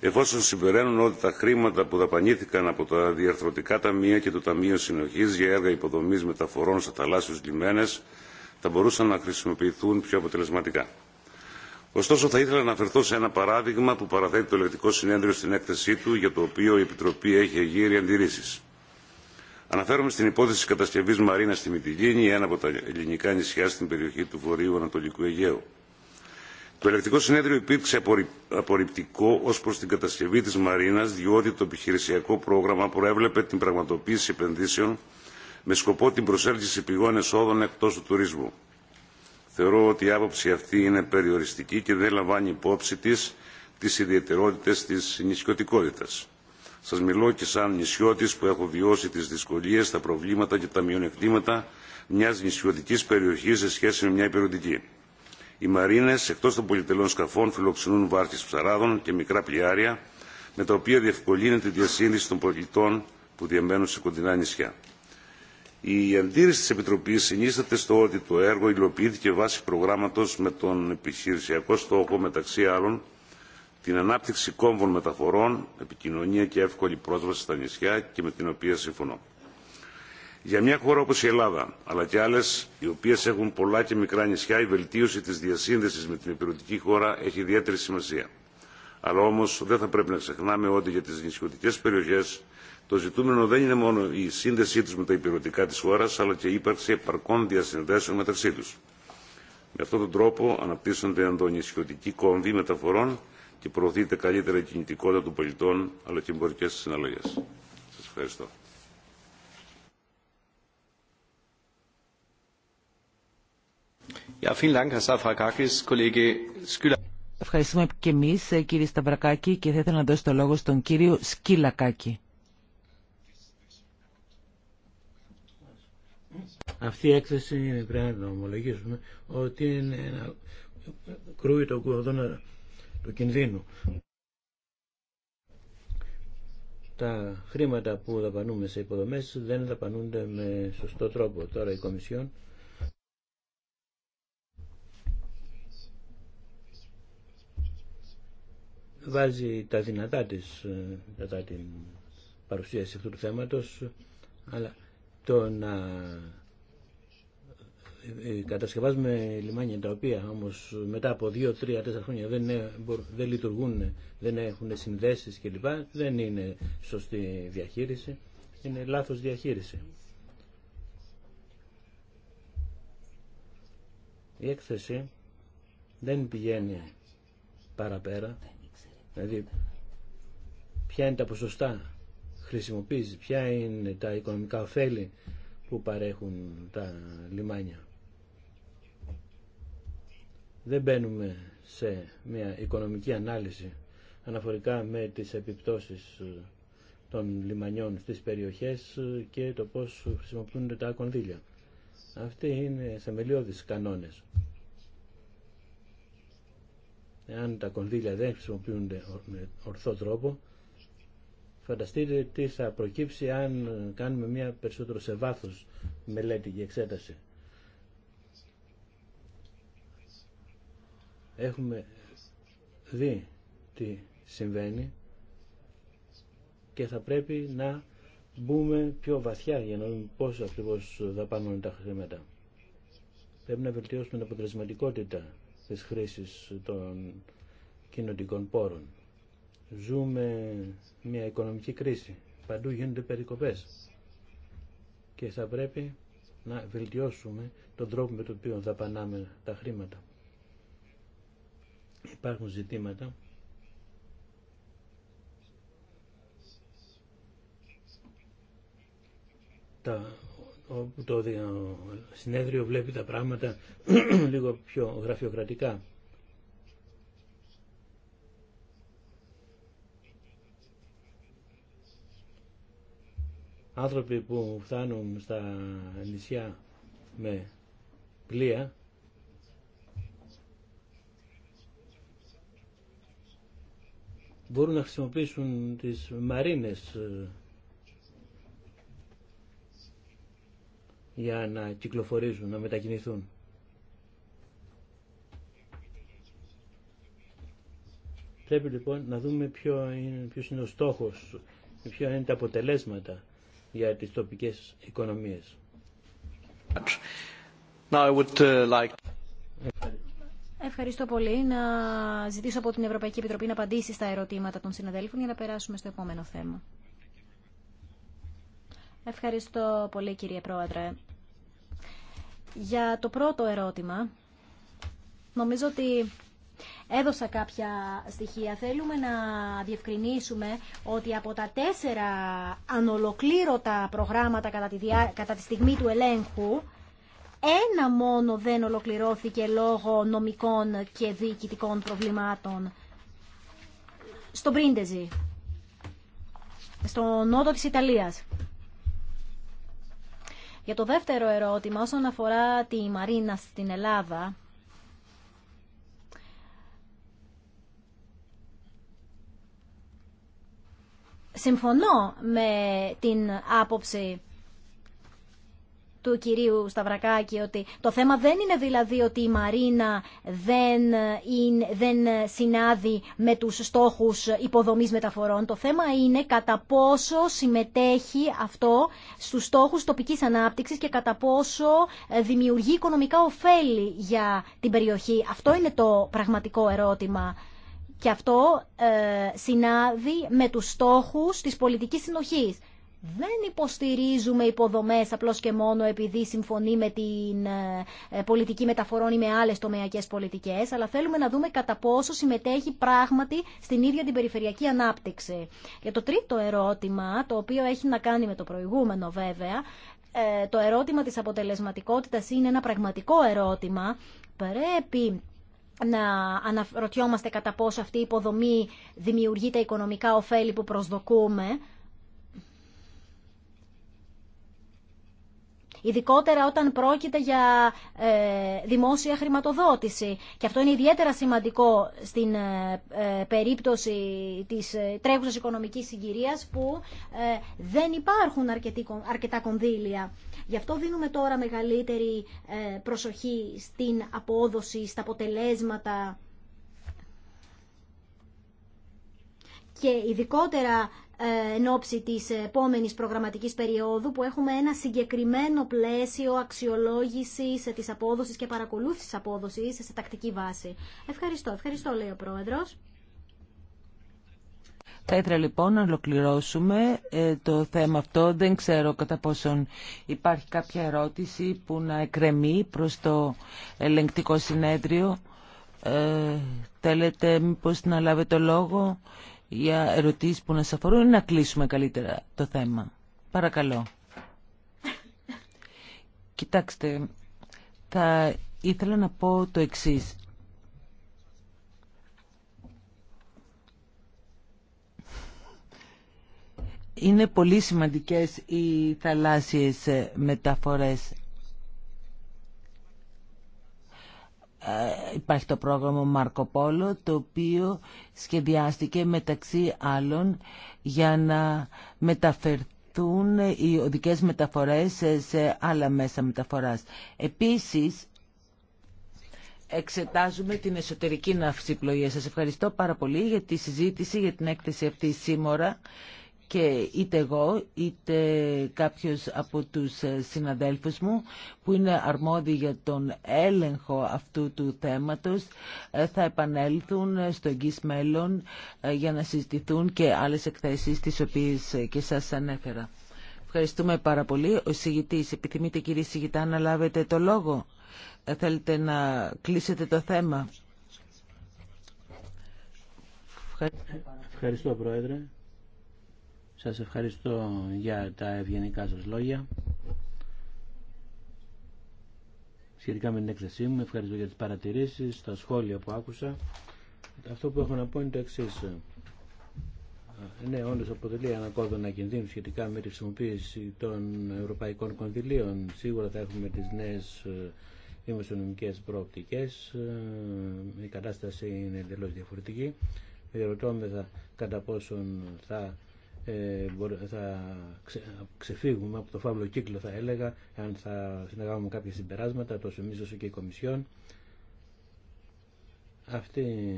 εφόσον συμπεραίνουν ότι τα χρήματα που δαπανήθηκαν από τα διαρθρωτικά ταμεία και το Ταμείο συνοχή για έργα υποδομή μεταφορών στα θαλάσσιους λιμένες θα μπορούσαν να χρησιμοποιηθούν πιο αποτελεσματικά. Ωστόσο, θα ήθελα να αναφερθώ σε ένα παράδειγμα που παραθέτει το Ελεκτικό Συνέδριο στην έκθεσή του, για το οποίο η Επιτροπή έχει εγείρει αντιρρήσει. Αναφέρομαι στην υπόθεση κατασκευή Μαρίνα στη Μητυλίνη, ένα από τα ελληνικά νησιά στην περιοχή του Βορείου Ανατολικού Αιγαίου. Το ελεκτικό συνέδριο υπήρξε απορριπτικό ω προ την κατασκευή τη Μαρίνα, διότι το επιχειρησιακό πρόγραμμα προέβλεπε την πραγματοποίηση επενδύσεων με σκοπό την προσέλκυση πηγών εσόδων εκτό του τουρισμού. Θεωρώ ότι η άποψη αυτή είναι περιοριστική και δεν λαμβάνει υπόψη τη τι ιδιαιτερότητε τη νησιωτικότητα. Σα μιλώ και σαν νησιώτη που έχω βιώσει τι δυσκολίε, τα προβλήματα και τα μειονεκτήματα μια νησιωτική περιοχή σε σχέση με μια υπηρετική οι μαρίνε, εκτό των πολυτελών σκαφών, φιλοξενούν βάρκε ψαράδων και μικρά πλοιάρια, με τα οποία διευκολύνεται η διασύνδεση των πολιτών που διαμένουν σε κοντινά νησιά. Η αντίρρηση τη Επιτροπή συνίσταται στο ότι το έργο υλοποιήθηκε βάσει προγράμματο με τον επιχειρησιακό στόχο, μεταξύ άλλων, την ανάπτυξη κόμβων μεταφορών, επικοινωνία και εύκολη πρόσβαση στα νησιά και με την οποία συμφωνώ. Για μια χώρα όπως η Ελλάδα, αλλά και άλλες οι οποίες έχουν πολλά και μικρά νησιά, η βελτίωση της διασύνδεσης με την υπηρετική χώρα έχει ιδιαίτερη σημασία. Αλλά όμως δεν θα πρέπει να ξεχνάμε ότι για τις νησιωτικές περιοχές το ζητούμενο δεν είναι μόνο η σύνδεσή τους με τα υπηρετικά της χώρας, αλλά και η ύπαρξη επαρκών διασυνδέσεων μεταξύ τους. Με αυτόν τον τρόπο αναπτύσσονται ενδονησιωτικοί κόμβοι μεταφορών και προωθείται καλύτερα η κινητικότητα των πολιτών αλλά και εμπορικέ συναλλαγές. Σα ευχαριστώ. Ευχαριστούμε και εμείς κύριε Σταυρακάκη και θα ήθελα να δώσω το λόγο στον κύριο Σκυλακάκη. Αυτή η έκθεση είναι πρέπει να ομολογήσουμε ότι είναι ένα, κρούει το κουδόνα του κινδύνου. Τα χρήματα που δαπανούμε σε υποδομές δεν δαπανούνται με σωστό τρόπο. Τώρα η Κομισιόν βάζει τα δυνατά της ε, κατά την παρουσίαση αυτού του θέματος, αλλά το να ε, ε, κατασκευάζουμε λιμάνια τα οποία όμως μετά από 2, 3, 4 χρόνια δεν, δεν λειτουργούν, δεν έχουν συνδέσεις κλπ. Δεν είναι σωστή διαχείριση, είναι λάθος διαχείριση. Η έκθεση δεν πηγαίνει παραπέρα Δηλαδή, ποια είναι τα ποσοστά χρησιμοποίηση, ποια είναι τα οικονομικά ωφέλη που παρέχουν τα λιμάνια. Δεν μπαίνουμε σε μια οικονομική ανάλυση αναφορικά με τις επιπτώσεις των λιμανιών στις περιοχές και το πώς χρησιμοποιούνται τα κονδύλια. Αυτοί είναι θεμελιώδεις κανόνες εάν τα κονδύλια δεν χρησιμοποιούνται με ορθό τρόπο, φανταστείτε τι θα προκύψει αν κάνουμε μια περισσότερο σε βάθος μελέτη και εξέταση. Έχουμε δει τι συμβαίνει και θα πρέπει να μπούμε πιο βαθιά για να δούμε πώς ακριβώς δαπάνουν τα χρήματα. Πρέπει να βελτιώσουμε την αποτελεσματικότητα της χρήσης των κοινωτικών πόρων. Ζούμε μια οικονομική κρίση. Παντού γίνονται περικοπές. Και θα πρέπει να βελτιώσουμε τον τρόπο με τον οποίο πανάμε τα χρήματα. Υπάρχουν ζητήματα τα όπου το συνέδριο βλέπει τα πράγματα λίγο πιο γραφειοκρατικά. Άνθρωποι που φτάνουν στα νησιά με πλοία μπορούν να χρησιμοποιήσουν τις μαρίνες ε, για να κυκλοφορήσουν, να μετακινηθούν. Πρέπει λοιπόν να δούμε ποιο είναι, ποιος είναι ο στόχος, ποιο είναι τα αποτελέσματα για τις τοπικές οικονομίες. Uh, Ευχαριστώ πολύ. Να ζητήσω από την Ευρωπαϊκή Επιτροπή να απαντήσει στα ερωτήματα των συναδέλφων για να περάσουμε στο επόμενο θέμα. Ευχαριστώ πολύ κύριε Πρόεδρε. Για το πρώτο ερώτημα, νομίζω ότι έδωσα κάποια στοιχεία. Θέλουμε να διευκρινίσουμε ότι από τα τέσσερα ανολοκλήρωτα προγράμματα κατά τη, διά... κατά τη στιγμή του ελέγχου, ένα μόνο δεν ολοκληρώθηκε λόγω νομικών και διοικητικών προβλημάτων. Στο Πρίντεζι, στο νότο της Ιταλίας. Για το δεύτερο ερώτημα, όσον αφορά τη Μαρίνα στην Ελλάδα, συμφωνώ με την άποψη του κυρίου Σταυρακάκη ότι το θέμα δεν είναι δηλαδή ότι η Μαρίνα δεν, είναι, δεν συνάδει με τους στόχους υποδομής μεταφορών. Το θέμα είναι κατά πόσο συμμετέχει αυτό στους στόχους τοπικής ανάπτυξης και κατά πόσο ε, δημιουργεί οικονομικά ωφέλη για την περιοχή. Αυτό είναι το πραγματικό ερώτημα. Και αυτό ε, συνάδει με τους στόχους της πολιτικής συνοχής δεν υποστηρίζουμε υποδομές απλώς και μόνο επειδή συμφωνεί με την ε, ε, πολιτική μεταφορών ή με άλλες τομεακές πολιτικές, αλλά θέλουμε να δούμε κατά πόσο συμμετέχει πράγματι στην ίδια την περιφερειακή ανάπτυξη. Για το τρίτο ερώτημα, το οποίο έχει να κάνει με το προηγούμενο βέβαια, ε, το ερώτημα της αποτελεσματικότητας είναι ένα πραγματικό ερώτημα. Πρέπει να αναρωτιόμαστε κατά πόσο αυτή η υποδομή δημιουργεί τα οικονομικά ωφέλη που προσδοκούμε. ειδικότερα όταν πρόκειται για ε, δημόσια χρηματοδότηση. Και αυτό είναι ιδιαίτερα σημαντικό στην ε, ε, περίπτωση της τρέχουσας οικονομικής συγκυρίας που δεν υπάρχουν αρκετά κονδύλια. Γι' αυτό δίνουμε τώρα μεγαλύτερη προσοχή στην απόδοση, στα αποτελέσματα και ειδικότερα ε, εν ώψη της επόμενης προγραμματικής περίοδου που έχουμε ένα συγκεκριμένο πλαίσιο αξιολόγησης ε, της απόδοσης και παρακολούθησης απόδοσης ε, σε τακτική βάση. Ευχαριστώ. Ευχαριστώ λέει ο Πρόεδρος. Θα ήθελα λοιπόν να ολοκληρώσουμε το θέμα αυτό. Δεν ξέρω κατά πόσον υπάρχει κάποια ερώτηση που να εκρεμεί προς το ελεγκτικό συνέδριο. Ε, θέλετε μήπως να λάβετε το λόγο για ερωτήσεις που να σας αφορούν ή να κλείσουμε καλύτερα το θέμα. Παρακαλώ. Κοιτάξτε, θα ήθελα να πω το εξής. Είναι πολύ σημαντικές οι θαλάσσιες μεταφορές Ε, υπάρχει το πρόγραμμα Μαρκοπόλο το οποίο σχεδιάστηκε μεταξύ άλλων για να μεταφερθούν οι οδικές μεταφορές σε άλλα μέσα μεταφοράς. Επίσης, εξετάζουμε την εσωτερική ναυσιπλοεία. Σας ευχαριστώ πάρα πολύ για τη συζήτηση, για την έκθεση αυτή σήμερα και είτε εγώ είτε κάποιος από τους ε, συναδέλφους μου που είναι αρμόδιοι για τον έλεγχο αυτού του θέματος ε, θα επανέλθουν στο εγγύς μέλλον ε, για να συζητηθούν και άλλες εκθέσεις τις οποίες και σας ανέφερα. Ευχαριστούμε πάρα πολύ. Ο συγητής, επιθυμείτε κύριε συγητά να λάβετε το λόγο. Θέλετε να κλείσετε το θέμα. Ευχαριστώ Πρόεδρε. Σας ευχαριστώ για τα ευγενικά σας λόγια. Σχετικά με την έκθεσή μου, ευχαριστώ για τις παρατηρήσεις, τα σχόλια που άκουσα. Αυτό που έχω να πω είναι το εξή. Ε, ναι, όντω αποτελεί ένα να κινδύνου σχετικά με τη χρησιμοποίηση των ευρωπαϊκών κονδυλίων. Σίγουρα θα έχουμε τις νέες ε, δημοσιονομικές προοπτικές. Ε, η κατάσταση είναι εντελώ διαφορετική. κατά πόσον θα ε, θα ξεφύγουμε από το φαύλο κύκλο θα έλεγα αν θα συνεργάμε κάποια συμπεράσματα τόσο εμείς όσο και η Κομισιόν αυτή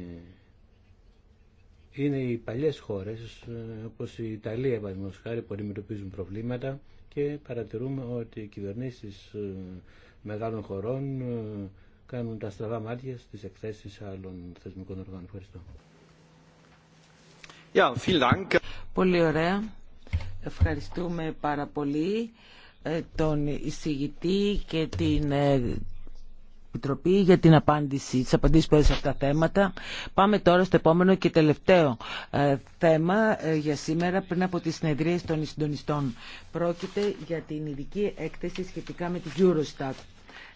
είναι οι παλιές χώρες όπως η Ιταλία παραδείγματος χάρη που αντιμετωπίζουν προβλήματα και παρατηρούμε ότι οι κυβερνήσεις ε, μεγάλων χωρών ε, κάνουν τα στραβά μάτια στις εκθέσεις άλλων θεσμικών οργάνων. Ευχαριστώ. Πολύ ωραία. Ευχαριστούμε πάρα πολύ ε, τον εισηγητή και την ε, Επιτροπή για την απάντηση, τις απαντήσεις που έδωσε αυτά τα θέματα. Πάμε τώρα στο επόμενο και τελευταίο ε, θέμα για σήμερα πριν από τις συνεδρίες των συντονιστών. Πρόκειται για την ειδική έκθεση σχετικά με την Eurostat.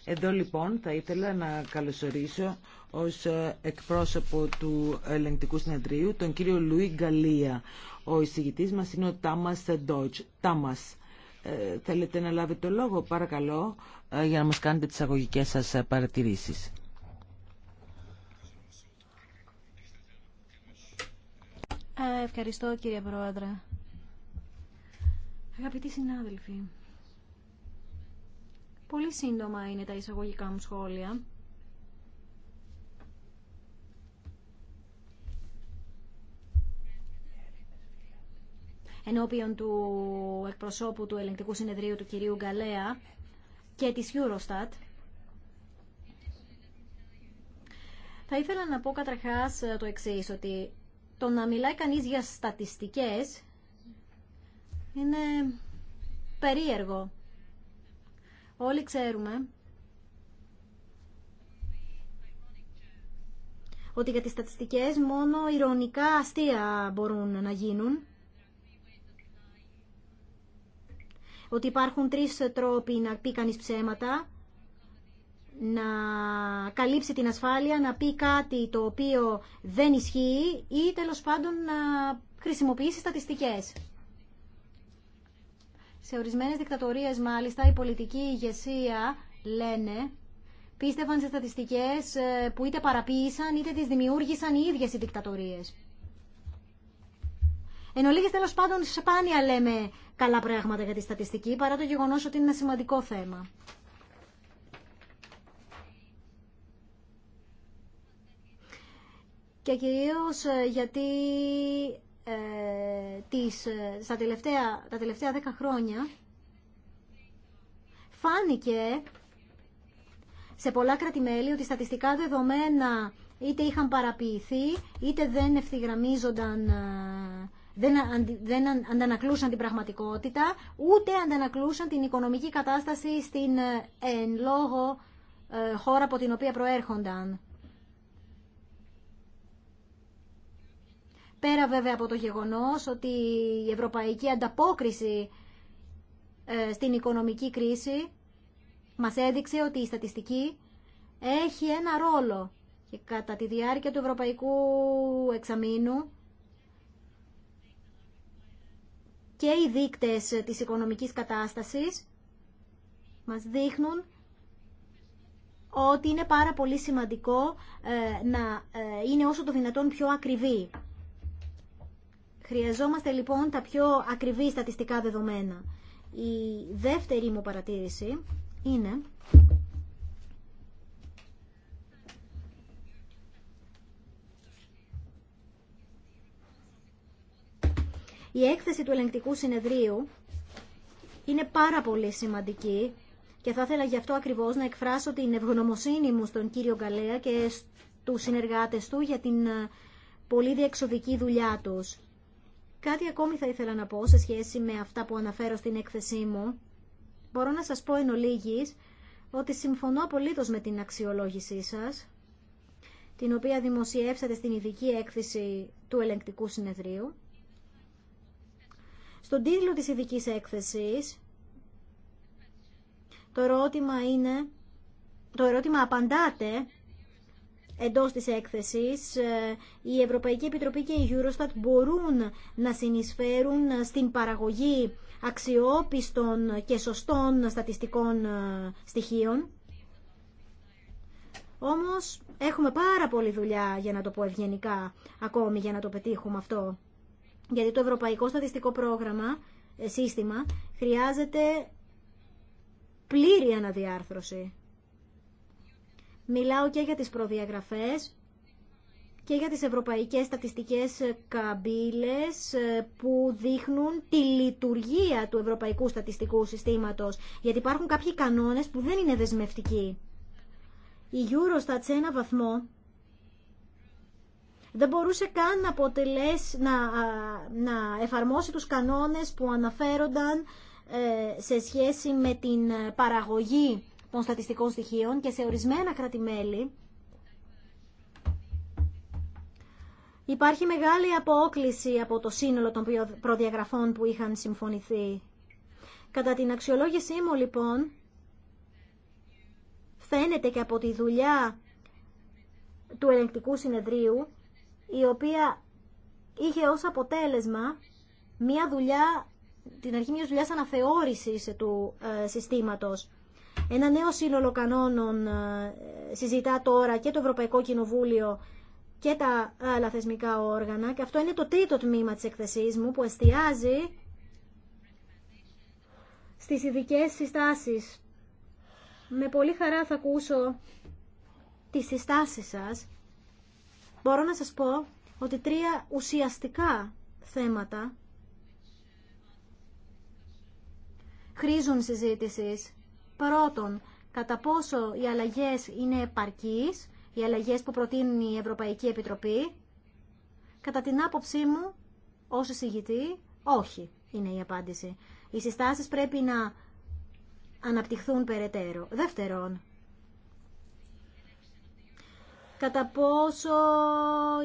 Εδώ λοιπόν θα ήθελα να καλωσορίσω ως ε, εκπρόσωπο του ελεγκτικού συνεδρίου τον κύριο Λουί Γκαλία. Ο εισηγητής μας είναι ο Τάμας Ντότζ. Τάμας, ε, θέλετε να λάβετε το λόγο, παρακαλώ, ε, για να μας κάνετε τις αγωγικές σας παρατηρήσεις. Ευχαριστώ κύριε Πρόεδρε. Αγαπητοί συνάδελφοι, Πολύ σύντομα είναι τα εισαγωγικά μου σχόλια. ενώπιον του εκπροσώπου του ελεγκτικού συνεδρίου του κυρίου Γκαλέα και της Eurostat. Θα ήθελα να πω καταρχάς το εξής, ότι το να μιλάει κανείς για στατιστικές είναι περίεργο. Όλοι ξέρουμε ότι για τις στατιστικές μόνο ηρωνικά αστεία μπορούν να γίνουν. Ότι υπάρχουν τρεις τρόποι να πει κανείς ψέματα, να καλύψει την ασφάλεια, να πει κάτι το οποίο δεν ισχύει ή τέλος πάντων να χρησιμοποιήσει στατιστικές. Σε ορισμένες δικτατορίες μάλιστα η πολιτική ηγεσία λένε πίστευαν σε στατιστικές ε, που είτε παραποίησαν είτε τις δημιούργησαν οι ίδιες οι δικτατορίες. Εν ολίγες τέλος πάντων σπάνια λέμε καλά πράγματα για τη στατιστική παρά το γεγονός ότι είναι ένα σημαντικό θέμα. Και κυρίως ε, γιατί ε, της, ε, στα τελευταία, τα τελευταία δέκα χρόνια φάνηκε σε πολλά κρατημέλη ότι στατιστικά δεδομένα είτε είχαν παραποιηθεί είτε δεν ευθυγραμμίζονταν ε, δεν, δεν αντανακλούσαν την πραγματικότητα ούτε αντανακλούσαν την οικονομική κατάσταση στην εν λόγω χώρα από την οποία προέρχονταν. Πέρα βέβαια από το γεγονός ότι η ευρωπαϊκή ανταπόκριση ε, στην οικονομική κρίση μας έδειξε ότι η στατιστική έχει ένα ρόλο και κατά τη διάρκεια του ευρωπαϊκού εξαμήνου και οι δείκτες της οικονομικής κατάστασης μας δείχνουν ότι είναι πάρα πολύ σημαντικό ε, να ε, είναι όσο το δυνατόν πιο ακριβή Χρειαζόμαστε λοιπόν τα πιο ακριβή στατιστικά δεδομένα. Η δεύτερη μου παρατήρηση είναι Η έκθεση του ελεγκτικού συνεδρίου είναι πάρα πολύ σημαντική και θα ήθελα γι' αυτό ακριβώς να εκφράσω την ευγνωμοσύνη μου στον κύριο Γκαλέα και στους συνεργάτες του για την ε, πολύ διεξοδική δουλειά τους. Κάτι ακόμη θα ήθελα να πω σε σχέση με αυτά που αναφέρω στην έκθεσή μου. Μπορώ να σας πω εν ολίγης ότι συμφωνώ απολύτως με την αξιολόγησή σας, την οποία δημοσιεύσατε στην ειδική έκθεση του ελεγκτικού συνεδρίου. Στον τίτλο της ειδική έκθεσης, το ερώτημα είναι, το ερώτημα απαντάτε εντός της έκθεσης, ε, η Ευρωπαϊκή Επιτροπή και η Eurostat μπορούν να συνεισφέρουν στην παραγωγή αξιόπιστων και σωστών στατιστικών ε, στοιχείων. Όμως έχουμε πάρα πολλή δουλειά, για να το πω ευγενικά, ακόμη για να το πετύχουμε αυτό. Γιατί το Ευρωπαϊκό Στατιστικό Πρόγραμμα, ε, σύστημα, χρειάζεται πλήρη αναδιάρθρωση. Μιλάω και για τις προδιαγραφές και για τις ευρωπαϊκές στατιστικές καμπύλες ε, που δείχνουν τη λειτουργία του ευρωπαϊκού στατιστικού συστήματος, γιατί υπάρχουν κάποιοι κανόνες που δεν είναι δεσμευτικοί. Η Eurostat σε ένα βαθμό δεν μπορούσε καν να, να, να εφαρμόσει τους κανόνες που αναφέρονταν ε, σε σχέση με την παραγωγή των στατιστικών στοιχείων και σε ορισμένα υπάρχει μεγάλη απόκληση από το σύνολο των προδιαγραφών που είχαν συμφωνηθεί. Κατά την αξιολόγησή μου λοιπόν, φαίνεται και από τη δουλειά του ελεγκτικού συνεδρίου, η οποία είχε ως αποτέλεσμα μια δουλειά, την αρχή μιας δουλειάς αναθεώρησης του ε, συστήματος. Ένα νέο σύνολο κανόνων ε, συζητά τώρα και το Ευρωπαϊκό Κοινοβούλιο και τα άλλα θεσμικά όργανα και αυτό είναι το τρίτο τμήμα της εκθεσής μου που εστιάζει στις ειδικέ συστάσεις. Με πολύ χαρά θα ακούσω τις συστάσεις σας. Μπορώ να σας πω ότι τρία ουσιαστικά θέματα χρήζουν συζήτησης Πρώτον, κατά πόσο οι αλλαγές είναι επαρκείς, οι αλλαγές που προτείνει η Ευρωπαϊκή Επιτροπή. Κατά την άποψή μου, ως εισηγητή, όχι είναι η απάντηση. Οι συστάσεις πρέπει να αναπτυχθούν περαιτέρω. Δεύτερον, κατά πόσο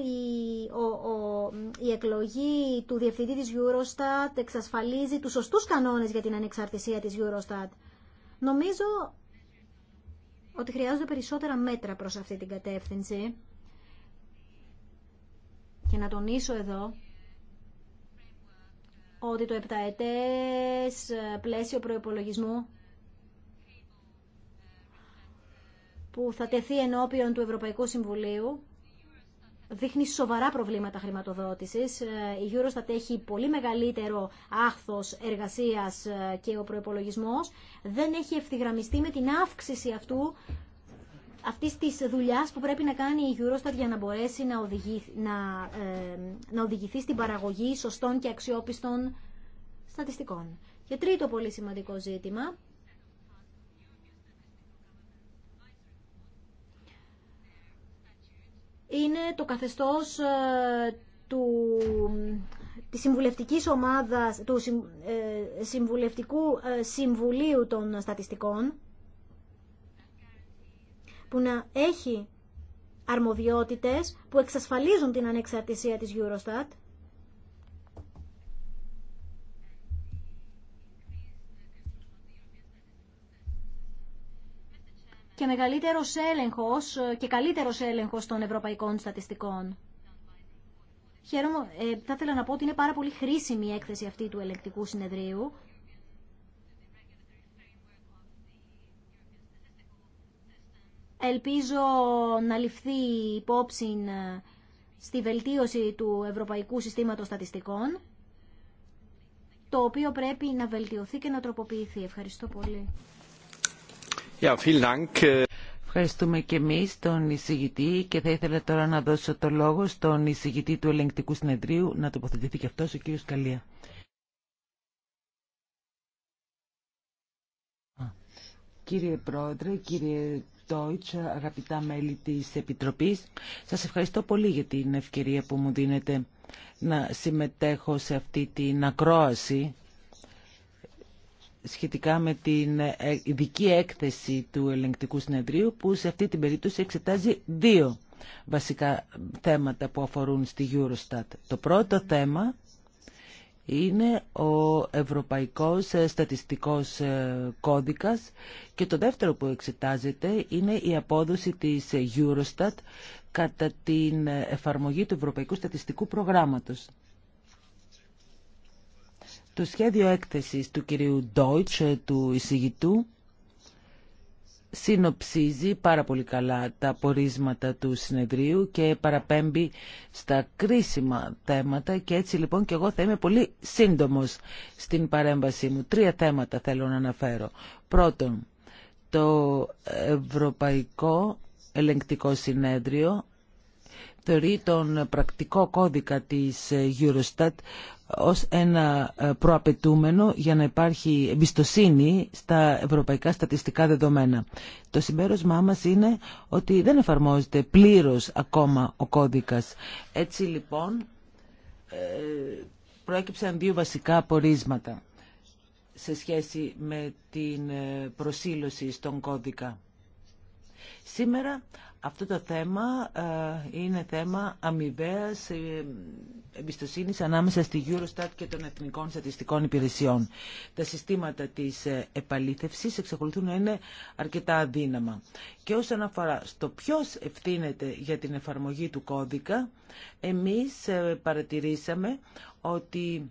η, η εκλογή του διευθυντή της Eurostat εξασφαλίζει τους σωστούς κανόνες για την ανεξαρτησία της Eurostat. Νομίζω ότι χρειάζονται περισσότερα μέτρα προς αυτή την κατεύθυνση και να τονίσω εδώ ότι το επταετές πλαίσιο προϋπολογισμού που θα τεθεί ενώπιον του Ευρωπαϊκού Συμβουλίου δείχνει σοβαρά προβλήματα χρηματοδότησης. Ε, η Eurostat έχει πολύ μεγαλύτερο άχθος εργασίας ε, και ο προϋπολογισμός δεν έχει ευθυγραμμιστεί με την αύξηση αυτού αυτής της δουλειάς που πρέπει να κάνει η Eurostat για να μπορέσει να, οδηγη, να, ε, να οδηγηθεί στην παραγωγή σωστών και αξιόπιστων στατιστικών. Και τρίτο πολύ σημαντικό ζήτημα, είναι το καθεστώς ε, του, της συμβουλευτικής ομάδας, του ε, Συμβουλευτικού ε, Συμβουλίου των Στατιστικών, που να έχει αρμοδιότητες που εξασφαλίζουν την ανεξαρτησία της Eurostat, και μεγαλύτερος έλεγχος και καλύτερος έλεγχος των ευρωπαϊκών στατιστικών. Χαίρομαι, ε, θα ήθελα να πω ότι είναι πάρα πολύ χρήσιμη η έκθεση αυτή του ελεκτικού συνεδρίου. Ελπίζω να ληφθεί υπόψη ε, στη βελτίωση του Ευρωπαϊκού Συστήματος Στατιστικών, το οποίο πρέπει να βελτιωθεί και να τροποποιηθεί. Ευχαριστώ πολύ. Äh, Ευχαριστούμε και εμεί τον εισηγητή και θα ήθελα τώρα να δώσω το λόγο στον εισηγητή του ελεγκτικού συνεδρίου να τοποθετηθεί και αυτό ο κύριο Καλία. Κύριε Πρόεδρε, κύριε Deutsch, αγαπητά μέλη της Επιτροπής, σας ευχαριστώ πολύ για την ευκαιρία που μου δίνετε να συμμετέχω σε αυτή την ακρόαση σχετικά με την ε, ειδική έκθεση του ελεγκτικού συνεδρίου που σε αυτή την περίπτωση εξετάζει δύο βασικά θέματα που αφορούν στη Eurostat. Το πρώτο θέμα είναι ο Ευρωπαϊκός Στατιστικός ε, Κώδικας και το δεύτερο που εξετάζεται είναι η απόδοση της Eurostat κατά την ε, εφαρμογή του Ευρωπαϊκού Στατιστικού Προγράμματος. Το σχέδιο έκθεσης του κυρίου Ντόιτς, ε, του εισηγητού, συνοψίζει πάρα πολύ καλά τα πορίσματα του συνεδρίου και παραπέμπει στα κρίσιμα θέματα και έτσι λοιπόν και εγώ θα είμαι πολύ σύντομος στην παρέμβασή μου. Τρία θέματα θέλω να αναφέρω. Πρώτον, το Ευρωπαϊκό Ελεγκτικό Συνέδριο θεωρεί τον πρακτικό κώδικα της Eurostat ως ένα ε, προαπαιτούμενο για να υπάρχει εμπιστοσύνη στα ευρωπαϊκά στατιστικά δεδομένα. Το συμπέρασμά μας είναι ότι δεν εφαρμόζεται πλήρως ακόμα ο κώδικας. Έτσι λοιπόν ε, προέκυψαν δύο βασικά απορίσματα σε σχέση με την ε, προσήλωση στον κώδικα. Σήμερα αυτό το θέμα ε, είναι θέμα αμοιβαία ε, εμπιστοσύνη ανάμεσα στη Eurostat και των Εθνικών Στατιστικών Υπηρεσιών. Τα συστήματα της ε, επαλήθευσης εξακολουθούν να είναι αρκετά αδύναμα. Και όσον αφορά στο ποιος ευθύνεται για την εφαρμογή του κώδικα, εμείς παρατηρήσαμε ότι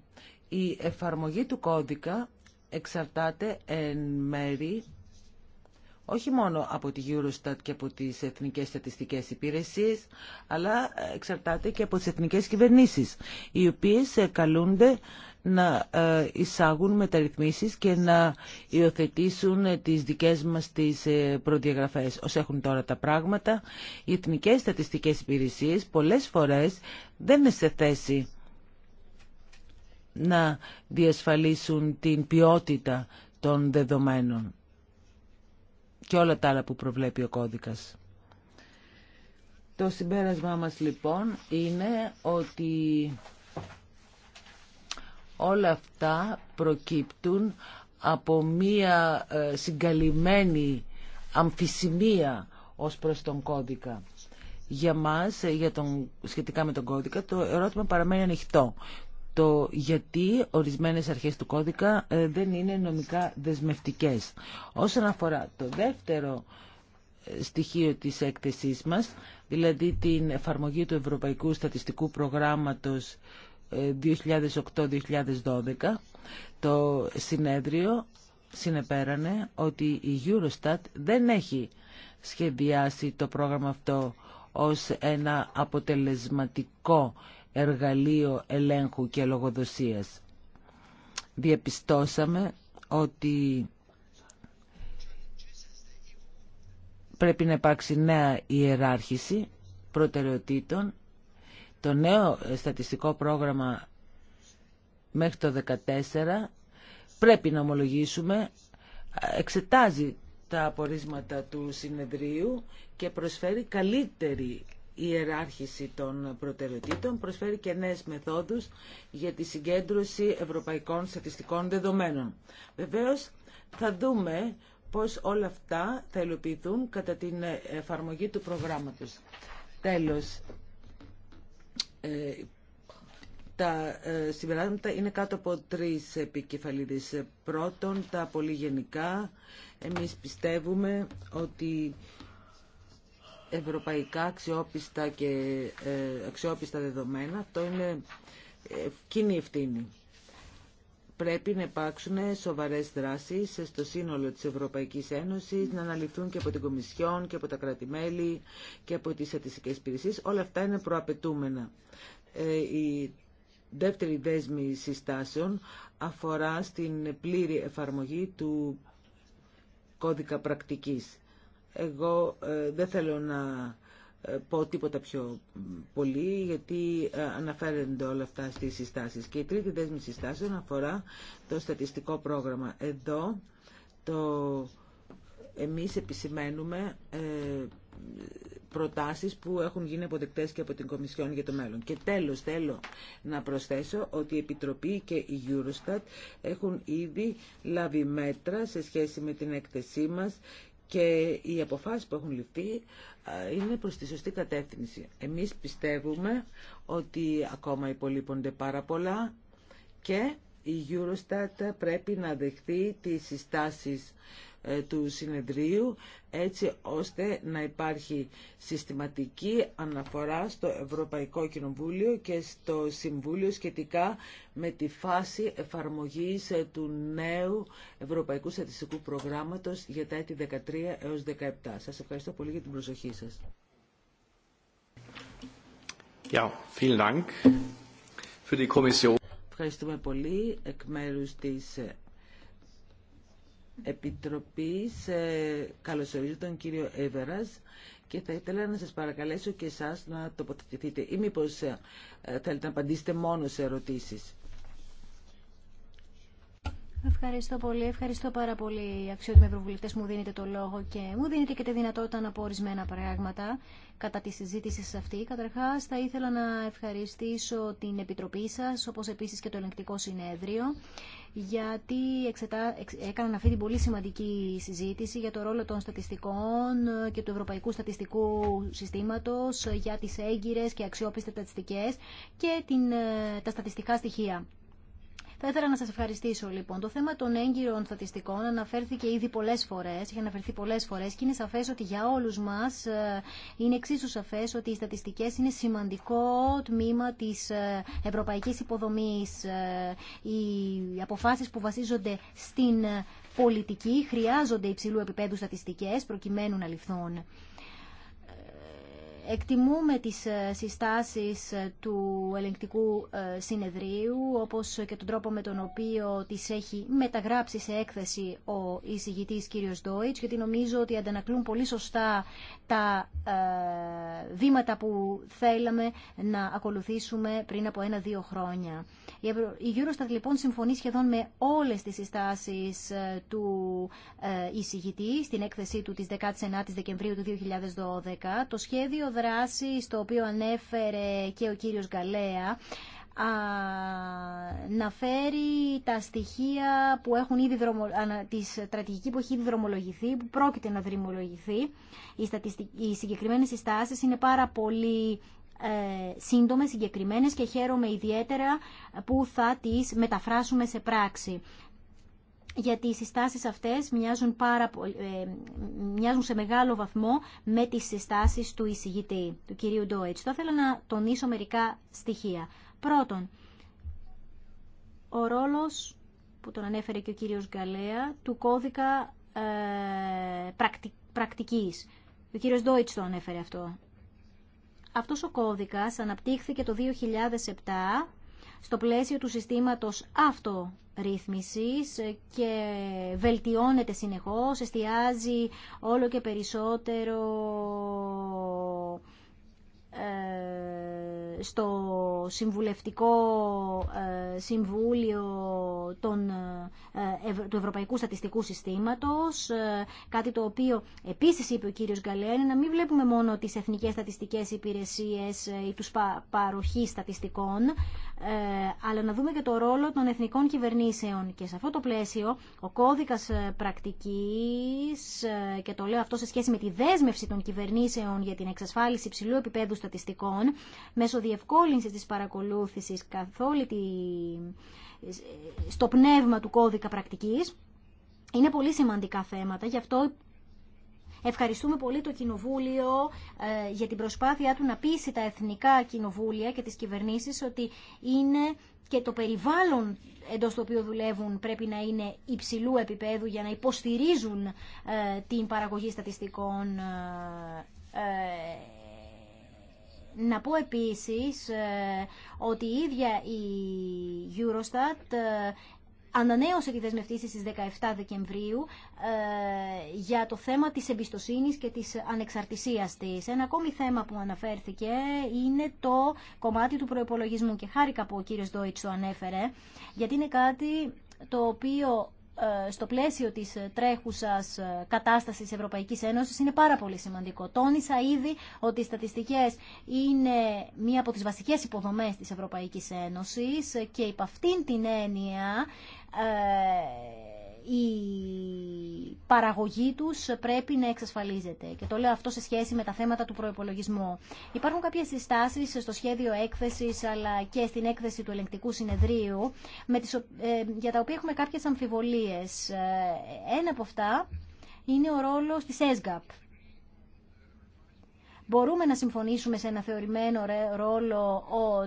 η εφαρμογή του κώδικα εξαρτάται εν μέρη όχι μόνο από τη Eurostat και από τις Εθνικές Στατιστικές Υπηρεσίες, αλλά εξαρτάται και από τις εθνικές κυβερνήσεις, οι οποίες ε, καλούνται να ε, εισάγουν μεταρρυθμίσεις και να υιοθετήσουν ε, τις δικές μας τις προδιαγραφές. Ως έχουν τώρα τα πράγματα, οι εθνικές στατιστικές υπηρεσίες πολλές φορές δεν είναι σε θέση να διασφαλίσουν την ποιότητα των δεδομένων και όλα τα άλλα που προβλέπει ο κώδικας. Το συμπέρασμά μας λοιπόν είναι ότι όλα αυτά προκύπτουν από μία ε, συγκαλυμμένη αμφισημία ως προς τον κώδικα. Για μας, ε, για τον, σχετικά με τον κώδικα, το ερώτημα παραμένει ανοιχτό το γιατί ορισμένες αρχές του κώδικα ε, δεν είναι νομικά δεσμευτικές. Όσον αφορά το δεύτερο ε, στοιχείο της έκθεσής μας, δηλαδή την εφαρμογή του Ευρωπαϊκού Στατιστικού Προγράμματος 2008-2012, ε, το συνέδριο συνεπέρανε ότι η Eurostat δεν έχει σχεδιάσει το πρόγραμμα αυτό ως ένα αποτελεσματικό εργαλείο ελέγχου και λογοδοσίας. Διαπιστώσαμε ότι πρέπει να υπάρξει νέα ιεράρχηση προτεραιοτήτων. Το νέο στατιστικό πρόγραμμα μέχρι το 2014 πρέπει να ομολογήσουμε εξετάζει τα απορίσματα του συνεδρίου και προσφέρει καλύτερη η ιεράρχηση των προτεραιοτήτων προσφέρει και νέες μεθόδους για τη συγκέντρωση ευρωπαϊκών στατιστικών δεδομένων. Βεβαίως θα δούμε πώς όλα αυτά θα υλοποιηθούν κατά την εφαρμογή του προγράμματος. Τέλος, ε, τα ε, συμπεράσματα είναι κάτω από τρεις επικεφαλίδες. Πρώτον, τα πολύ γενικά. Εμείς πιστεύουμε ότι ευρωπαϊκά αξιόπιστα και ε, αξιόπιστα δεδομένα, αυτό είναι ε, κοινή ευθύνη. Πρέπει να υπάρξουν σοβαρές δράσεις στο σύνολο της Ευρωπαϊκής Ένωσης, να αναλυθούν και από την Κομισιόν και από τα κρατη και από τις στατιστικές υπηρεσίε. Όλα αυτά είναι προαπαιτούμενα. Ε, η δεύτερη δέσμη συστάσεων αφορά στην πλήρη εφαρμογή του κώδικα πρακτικής εγώ ε, δεν θέλω να ε, πω τίποτα πιο πολύ, γιατί ε, αναφέρονται όλα αυτά στις συστάσεις. Και η τρίτη δέσμη συστάσεων αφορά το στατιστικό πρόγραμμα. Εδώ το εμείς επισημαίνουμε προτάσεις που έχουν γίνει αποδεκτές και από την Κομισιόν για το μέλλον. Και τέλος θέλω να προσθέσω ότι η Επιτροπή και η Eurostat έχουν ήδη λάβει μέτρα σε σχέση με την έκθεσή μας και οι αποφάσεις που έχουν ληφθεί είναι προς τη σωστή κατεύθυνση. Εμείς πιστεύουμε ότι ακόμα υπολείπονται πάρα πολλά και η Eurostat πρέπει να δεχθεί τις συστάσεις ε, του συνεδρίου έτσι ώστε να υπάρχει συστηματική αναφορά στο Ευρωπαϊκό Κοινοβούλιο και στο Συμβούλιο σχετικά με τη φάση εφαρμογής ε, του νέου Ευρωπαϊκού Στατιστικού Προγράμματος για τα έτη 13 έως 17. Σας ευχαριστώ πολύ για την προσοχή σας. Ja, vielen Dank für die Kommission. Ευχαριστούμε πολύ εκ μέρους της Επιτροπής ε, καλωσορίζω τον κύριο Έβερας και θα ήθελα να σας παρακαλέσω και εσάς να τοποθετηθείτε ή μήπως ε, θέλετε να απαντήσετε μόνο σε ερωτήσεις. Ευχαριστώ πολύ. Ευχαριστώ πάρα πολύ, αξιότιμοι ευρωβουλευτέ, μου δίνετε το λόγο και μου δίνετε και τη δυνατότητα να πω ορισμένα πράγματα κατά τη συζήτηση αυτή. Καταρχά, θα ήθελα να ευχαριστήσω την Επιτροπή σα, όπω επίση και το Ελεγκτικό Συνέδριο, γιατί εξετά... έκαναν αυτή την πολύ σημαντική συζήτηση για το ρόλο των στατιστικών και του Ευρωπαϊκού Στατιστικού Συστήματος για τις έγκυρες και αξιόπιστες στατιστικές και την... Ε, τα στατιστικά στοιχεία. Θα ήθελα να σας ευχαριστήσω λοιπόν. Το θέμα των έγκυρων στατιστικών αναφέρθηκε ήδη πολλές φορές, είχε αναφερθεί πολλέ φορέ και είναι σαφέ ότι για όλους μας ε, είναι εξίσου σαφές ότι οι στατιστικές είναι σημαντικό τμήμα της ε, ευρωπαϊκής υποδομής. Ε, οι αποφάσεις που βασίζονται στην πολιτική χρειάζονται υψηλού επίπεδου στατιστικέ προκειμένου να ληφθούν. Εκτιμούμε τις ε, συστάσεις ε, του ελεγκτικού ε, συνεδρίου, όπως και τον τρόπο με τον οποίο τις έχει μεταγράψει σε έκθεση ο εισηγητής κ. Ντόιτς, γιατί νομίζω ότι αντανακλούν πολύ σωστά τα βήματα που θέλαμε να ακολουθήσουμε πριν από ένα-δύο χρόνια. Η Eurostat λοιπόν συμφωνεί σχεδόν με όλες τις συστάσεις του εισηγητή στην έκθεσή του της 19 η Δεκεμβρίου του 2012. Το σχέδιο δράση στο οποίο ανέφερε και ο κύριος Γκαλέα να φέρει τα στοιχεία που έχουν ήδη δρομο, τη στρατηγική που έχει ήδη δρομολογηθεί, που πρόκειται να δρομολογηθεί. Οι, οι συγκεκριμένες συστάσεις είναι πάρα πολύ ε, σύντομες, συγκεκριμένες και χαίρομαι ιδιαίτερα που θα τις μεταφράσουμε σε πράξη γιατί οι συστάσεις αυτές μοιάζουν, πάρα πολύ, ε, σε μεγάλο βαθμό με τις συστάσεις του εισηγητή, του κυρίου Ντόιτς. Θα ήθελα να τονίσω μερικά στοιχεία. Πρώτον, ο ρόλος που τον ανέφερε και ο κύριος Γκαλέα, του κώδικα ε, πρακτικής. Ο κύριος Ντόιτς το ανέφερε αυτό. Αυτός ο κώδικας αναπτύχθηκε το 2007 στο πλαίσιο του συστήματος αυτορύθμισης και βελτιώνεται συνεχώς, εστιάζει όλο και περισσότερο ε, στο Συμβουλευτικό ε, Συμβούλιο των, ε, του Ευρωπαϊκού Στατιστικού Συστήματος, ε, κάτι το οποίο επίσης είπε ο κύριος Γκαλέν να μην βλέπουμε μόνο τις εθνικές στατιστικές υπηρεσίες ή τους παροχή στατιστικών, αλλά να δούμε και το ρόλο των εθνικών κυβερνήσεων. Και σε αυτό το πλαίσιο, ο κώδικας πρακτικής, και το λέω αυτό σε σχέση με τη δέσμευση των κυβερνήσεων για την εξασφάλιση υψηλού επίπεδου στατιστικών, μέσω διευκόλυνσης της παρακολούθησης καθ' όλη τη... στο πνεύμα του κώδικα πρακτικής. Είναι πολύ σημαντικά θέματα, γι' αυτό Ευχαριστούμε πολύ το Κοινοβούλιο ε, για την προσπάθειά του να πείσει τα εθνικά κοινοβούλια και τις κυβερνήσεις ότι είναι και το περιβάλλον εντός του οποίο δουλεύουν πρέπει να είναι υψηλού επίπεδου για να υποστηρίζουν ε, την παραγωγή στατιστικών ε, να πω επίσης ε, ότι η ίδια η Eurostat ε, ανανέωσε τη δεσμευτή στις 17 Δεκεμβρίου ε, για το θέμα της εμπιστοσύνης και της ανεξαρτησίας της. Ένα ακόμη θέμα που αναφέρθηκε είναι το κομμάτι του προϋπολογισμού και χάρηκα που ο κύριος Ντόιτς το ανέφερε γιατί είναι κάτι το οποίο ε, στο πλαίσιο της ε, τρέχουσας ε, κατάστασης Ευρωπαϊκής Ένωσης είναι πάρα πολύ σημαντικό. Τόνισα ήδη ότι οι στατιστικές είναι μία από τις βασικές υποδομές της Ευρωπαϊκής Ένωσης και υπ' αυτήν την έννοια η παραγωγή τους πρέπει να εξασφαλίζεται. Και το λέω αυτό σε σχέση με τα θέματα του προϋπολογισμού. Υπάρχουν κάποιες συστάσεις στο σχέδιο έκθεσης αλλά και στην έκθεση του ελεγκτικού συνεδρίου με τις, ε, για τα οποία έχουμε κάποιες αμφιβολίες. Ε, ένα από αυτά είναι ο ρόλος της ΕΣΓΑΠ. Μπορούμε να συμφωνήσουμε σε ένα θεωρημένο ρόλο ο,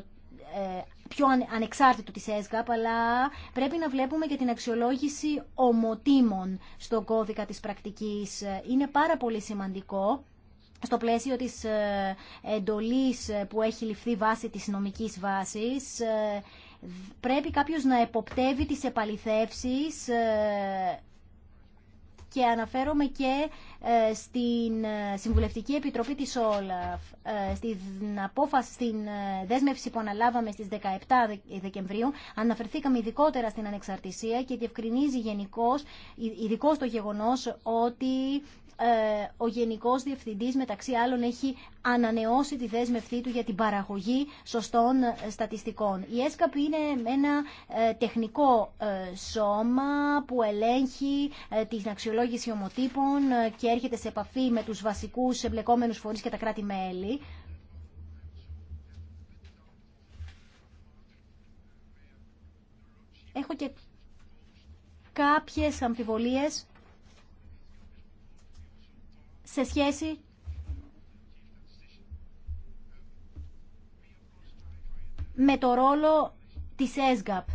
ε, πιο ανεξάρτητο της ΕΣΓΑΠ, αλλά πρέπει να βλέπουμε και την αξιολόγηση ομοτήμων στον κώδικα της πρακτικής. Είναι πάρα πολύ σημαντικό στο πλαίσιο της ε, εντολής που έχει ληφθεί βάση της νομικής βάσης, ε, πρέπει κάποιος να εποπτεύει τις επαληθεύσεις ε, και αναφέρομαι και ε, στην ε, Συμβουλευτική Επιτροπή της Όλαφ ε, στην απόφαση, στην δέσμευση που αναλάβαμε στις 17 Δεκεμβρίου αναφερθήκαμε ειδικότερα στην ανεξαρτησία και διευκρινίζει γενικώς ειδικώς το γεγονός ότι ο Γενικός Διευθυντής μεταξύ άλλων έχει ανανεώσει τη δέσμευτή του για την παραγωγή σωστών στατιστικών. Η ΕΣΚΑΠ είναι ένα τεχνικό σώμα που ελέγχει την αξιολόγηση ομοτύπων και έρχεται σε επαφή με τους βασικούς εμπλεκόμενους φορείς και τα κράτη-μέλη. Έχω και κάποιες αμφιβολίες σε σχέση με το ρόλο της ΕΣΓΑΠ.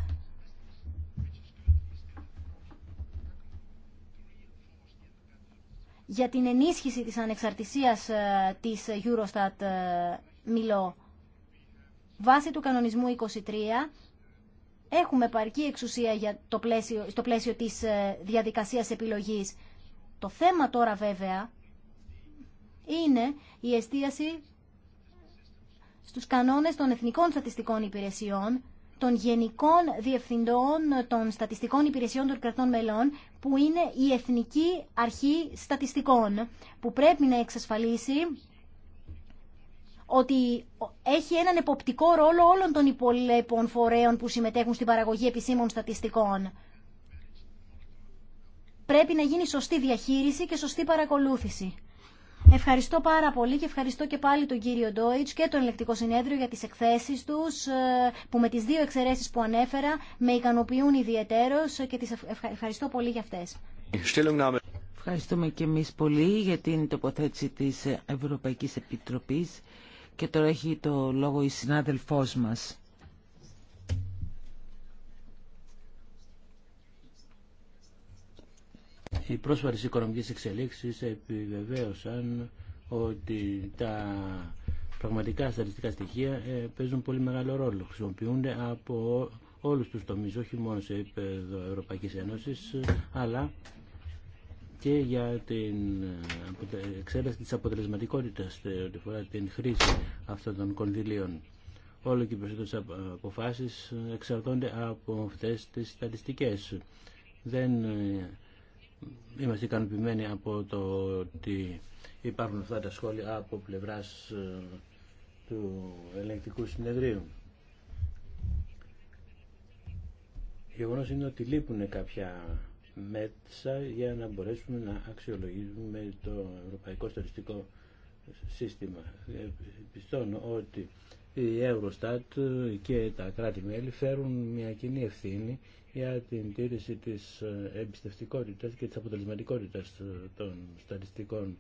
για την ενίσχυση της ανεξαρτησίας ε, της Eurostat ε, μιλώ. Βάσει του κανονισμού 23 έχουμε παρκή εξουσία για το πλαίσιο, στο πλαίσιο της ε, διαδικασίας επιλογής. Το θέμα τώρα βέβαια είναι η εστίαση στους κανόνες των εθνικών στατιστικών υπηρεσιών των γενικών διευθυντών των στατιστικών υπηρεσιών των κρατών μελών, που είναι η Εθνική Αρχή Στατιστικών, που πρέπει να εξασφαλίσει ότι έχει έναν εποπτικό ρόλο όλων των υπολέπων φορέων που συμμετέχουν στην παραγωγή επισήμων στατιστικών. Πρέπει να γίνει σωστή διαχείριση και σωστή παρακολούθηση. Ευχαριστώ πάρα πολύ και ευχαριστώ και πάλι τον κύριο Ντόιτς και τον Ελεκτικό Συνέδριο για τις εκθέσεις τους ε, που με τις δύο εξαιρέσεις που ανέφερα με ικανοποιούν ιδιαιτέρως και τις ευχαριστώ πολύ για αυτές. Ευχαριστούμε και εμείς πολύ για την τοποθέτηση της Ευρωπαϊκής Επιτροπής και τώρα έχει το λόγο η συνάδελφός μας. Οι πρόσφατες οικονομικές εξελίξεις επιβεβαίωσαν ότι τα πραγματικά στατιστικά στοιχεία ε, παίζουν πολύ μεγάλο ρόλο. Χρησιμοποιούνται από όλους τους τομείς, όχι μόνο σε επίπεδο Ευρωπαϊκής Ένωσης, αλλά και για την ε, εξέταση της αποτελεσματικότητας ε, ό,τι φορά την χρήση αυτών των κονδυλίων. Όλο και οι περισσότερες αποφάσεις εξαρτώνται από αυτές τις στατιστικές. Δεν είμαστε ικανοποιημένοι από το ότι υπάρχουν αυτά τα σχόλια από πλευράς ε, του ελεγκτικού συνεδρίου. γεγονό είναι ότι λείπουν κάποια μέτσα για να μπορέσουμε να αξιολογήσουμε το ευρωπαϊκό στατιστικό σύστημα. Ε, πιστώνω ότι η Eurostat ε, και τα κράτη-μέλη φέρουν μια κοινή ευθύνη για την τήρηση της ε, εμπιστευτικότητας και της αποτελεσματικότητας ε, των στατιστικών.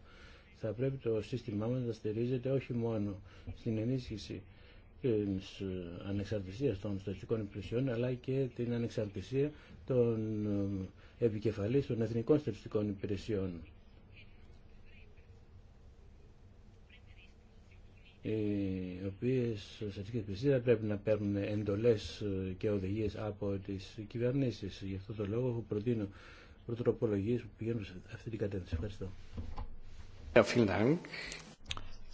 Θα πρέπει το σύστημά μας να στηρίζεται όχι μόνο στην ενίσχυση της ε, ανεξαρτησίας των στατιστικών υπηρεσιών αλλά και την ανεξαρτησία των επικεφαλής των εθνικών στατιστικών υπηρεσιών. Ε, οι οποίες στατικές υπηρεσίες πρέπει να παίρνουν εντολές και οδηγίες από τις κυβερνήσεις. Γι' αυτό το λόγο προτείνω προτροπολογίες που πηγαίνουν σε αυτή την κατεύθυνση. Ευχαριστώ. Ε,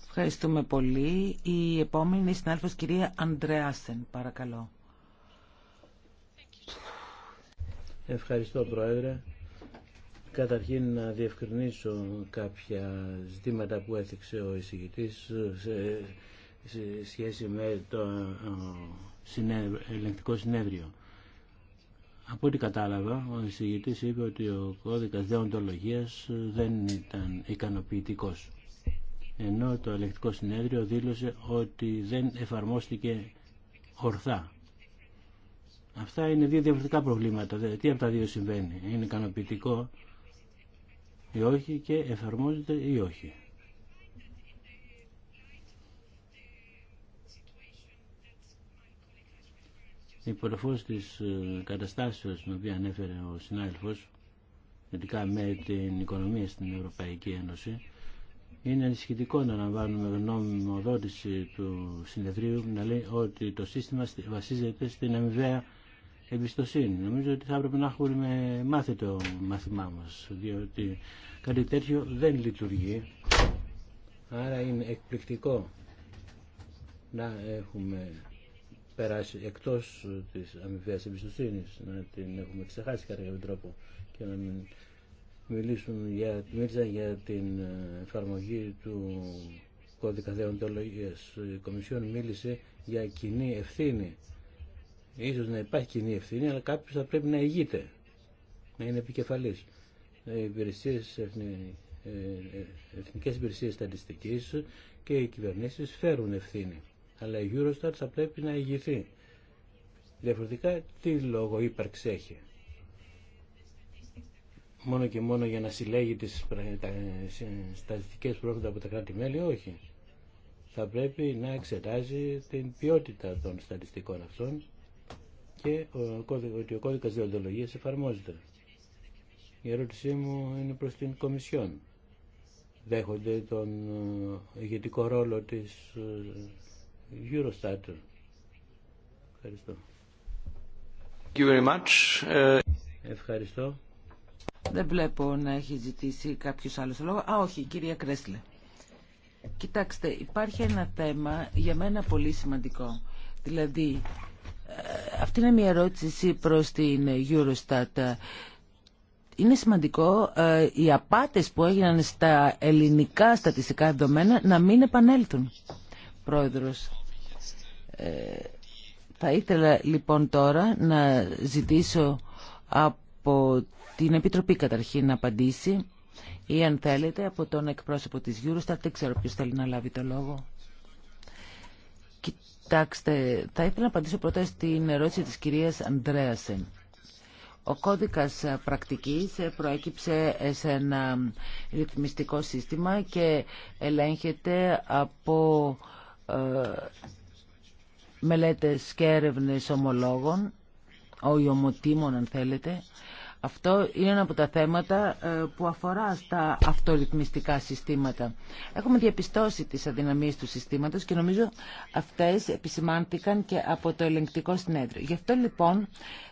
Ευχαριστούμε πολύ. Η επόμενη είναι η συνάδελφος κυρία Αντρέασεν. Παρακαλώ. Ευχαριστώ Πρόεδρε. Καταρχήν να διευκρινίσω κάποια ζητήματα που έθιξε ο εισηγητής σε σχέση με το ε, ελεγκτικό συνέδριο. Από ό,τι κατάλαβα, ο εισηγητής είπε ότι ο κώδικας δεοντολογίας δεν ήταν ικανοποιητικός. Ενώ το ελεγκτικό συνέδριο δήλωσε ότι δεν εφαρμόστηκε ορθά. Αυτά είναι δύο διαφορετικά προβλήματα. Τι από τα δύο συμβαίνει. Είναι ικανοποιητικό ή όχι και εφαρμόζεται ή όχι. Η το της ε, καταστάσεως την οποία ανέφερε ο συνάδελφος σχετικά με την οικονομία στην Ευρωπαϊκή Ένωση είναι ανησυχητικό να λαμβάνουμε γνώμη του συνεδρίου να λέει ότι το σύστημα βασίζεται στην αμοιβαία εμπιστοσύνη. Νομίζω ότι θα έπρεπε να έχουμε μάθει το μάθημά μας, διότι κάτι τέτοιο δεν λειτουργεί. Άρα είναι εκπληκτικό να έχουμε περάσει εκτός της αμοιβαίας εμπιστοσύνη, να την έχουμε ξεχάσει κατά κάποιο τρόπο και να μην μιλήσουν για, μίλησαν για την εφαρμογή του κώδικα δεοντολογίας. Η Κομισιόν μίλησε για κοινή ευθύνη Ίσως να υπάρχει κοινή ευθύνη, αλλά κάποιος θα πρέπει να ηγείται, να είναι επικεφαλής. Οι ε, υπηρεσίες, ε, ε, εθνικές υπηρεσίες στατιστικής και οι κυβερνήσεις φέρουν ευθύνη. Αλλά η Eurostat θα πρέπει να ηγηθεί. Διαφορετικά, τι λόγο ύπαρξη έχει. Μόνο και μόνο για να συλλέγει τις στατιστικές πρόσθετα από τα κράτη-μέλη, όχι θα πρέπει να εξετάζει την ποιότητα των στατιστικών αυτών και ότι ο κώδικας διοντολογίας εφαρμόζεται. Η ερώτησή μου είναι προς την Κομισιόν. Δέχονται τον ε, ηγετικό ρόλο της ε, Eurostat. Ευχαριστώ. Ε, Ευχαριστώ. Δεν βλέπω να έχει ζητήσει κάποιος άλλος λόγο. Α, όχι, κυρία Κρέσλε. Κοιτάξτε, υπάρχει ένα θέμα για μένα πολύ σημαντικό. Δηλαδή, αυτή είναι μια ερώτηση προς την Eurostat. Είναι σημαντικό ε, οι απάτες που έγιναν στα ελληνικά στατιστικά δεδομένα να μην επανέλθουν. Πρόεδρος, ε, θα ήθελα λοιπόν τώρα να ζητήσω από την Επιτροπή καταρχήν να απαντήσει ή αν θέλετε από τον εκπρόσωπο της Eurostat, δεν ξέρω ποιος θέλει να λάβει το λόγο. Κοιτάξτε, θα ήθελα να απαντήσω πρώτα στην ερώτηση της κυρίας Ανδρέασεν. Ο κώδικας πρακτικής προέκυψε σε ένα ρυθμιστικό σύστημα και ελέγχεται από ε, μελέτες και έρευνες ομολόγων, ο ομοτήμων αν θέλετε, αυτό είναι ένα από τα θέματα ε, που αφορά στα αυτορυθμιστικά συστήματα. Έχουμε διαπιστώσει τις αδυναμίες του συστήματος και νομίζω αυτές επισημάνθηκαν και από το ελεγκτικό συνέδριο. Γι' αυτό λοιπόν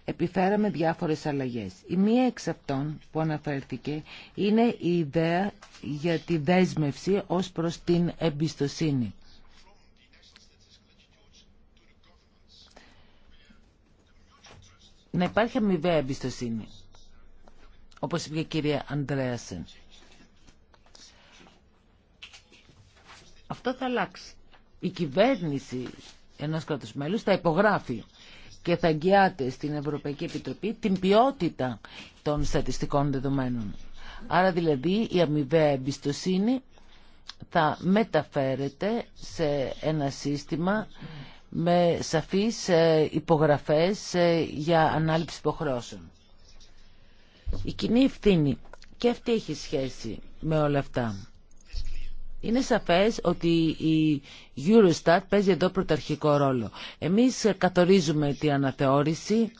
επιφέραμε διάφορες αλλαγές. Η μία εξ αυτών που αναφέρθηκε είναι η ιδέα για τη δέσμευση ως προς την εμπιστοσύνη. να υπάρχει αμοιβαία εμπιστοσύνη όπως είπε η κυρία Αντρέασεν. Αυτό θα αλλάξει. Η κυβέρνηση ενός κράτους μέλους θα υπογράφει και θα αγκιάται στην Ευρωπαϊκή Επιτροπή την ποιότητα των στατιστικών δεδομένων. Άρα δηλαδή η αμοιβαία εμπιστοσύνη θα μεταφέρεται σε ένα σύστημα με σαφείς ε, υπογραφές ε, για ανάληψη υποχρεώσεων. Η κοινή ευθύνη και αυτή έχει σχέση με όλα αυτά. Είναι σαφές ότι η Eurostat παίζει εδώ πρωταρχικό ρόλο. Εμείς καθορίζουμε την αναθεώρηση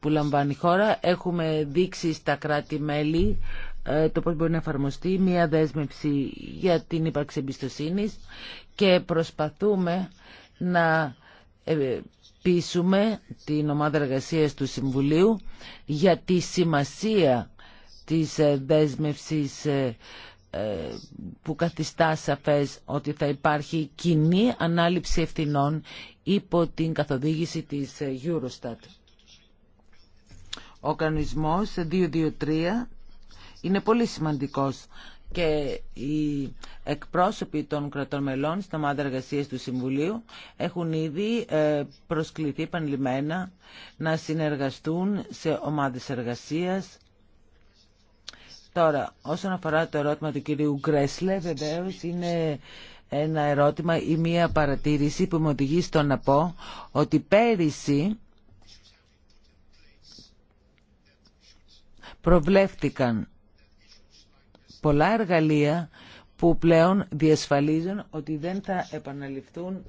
που λαμβάνει η χώρα. Έχουμε δείξει στα κράτη-μέλη ε, το πώς μπορεί να εφαρμοστεί μια δέσμευση για την ύπαρξη εμπιστοσύνη και προσπαθούμε να ε, πείσουμε την ομάδα εργασίας του Συμβουλίου για τη σημασία της ε, δέσμευσης ε, ε, που καθιστά σαφές ότι θα υπάρχει κοινή ανάληψη ευθυνών υπό την καθοδήγηση της Eurostat. Ο κανονισμός 223 είναι πολύ σημαντικός και οι εκπρόσωποι των κρατών μελών στα ομάδα εργασία του Συμβουλίου έχουν ήδη ε, προσκληθεί επανειλημμένα να συνεργαστούν σε ομάδες εργασίας. Τώρα, όσον αφορά το ερώτημα του κυρίου Γκρέσλε, βεβαίω είναι ένα ερώτημα ή μία παρατήρηση που με οδηγεί στο να πω ότι πέρυσι προβλέφτηκαν πολλά εργαλεία που πλέον διασφαλίζουν ότι δεν θα επαναληφθούν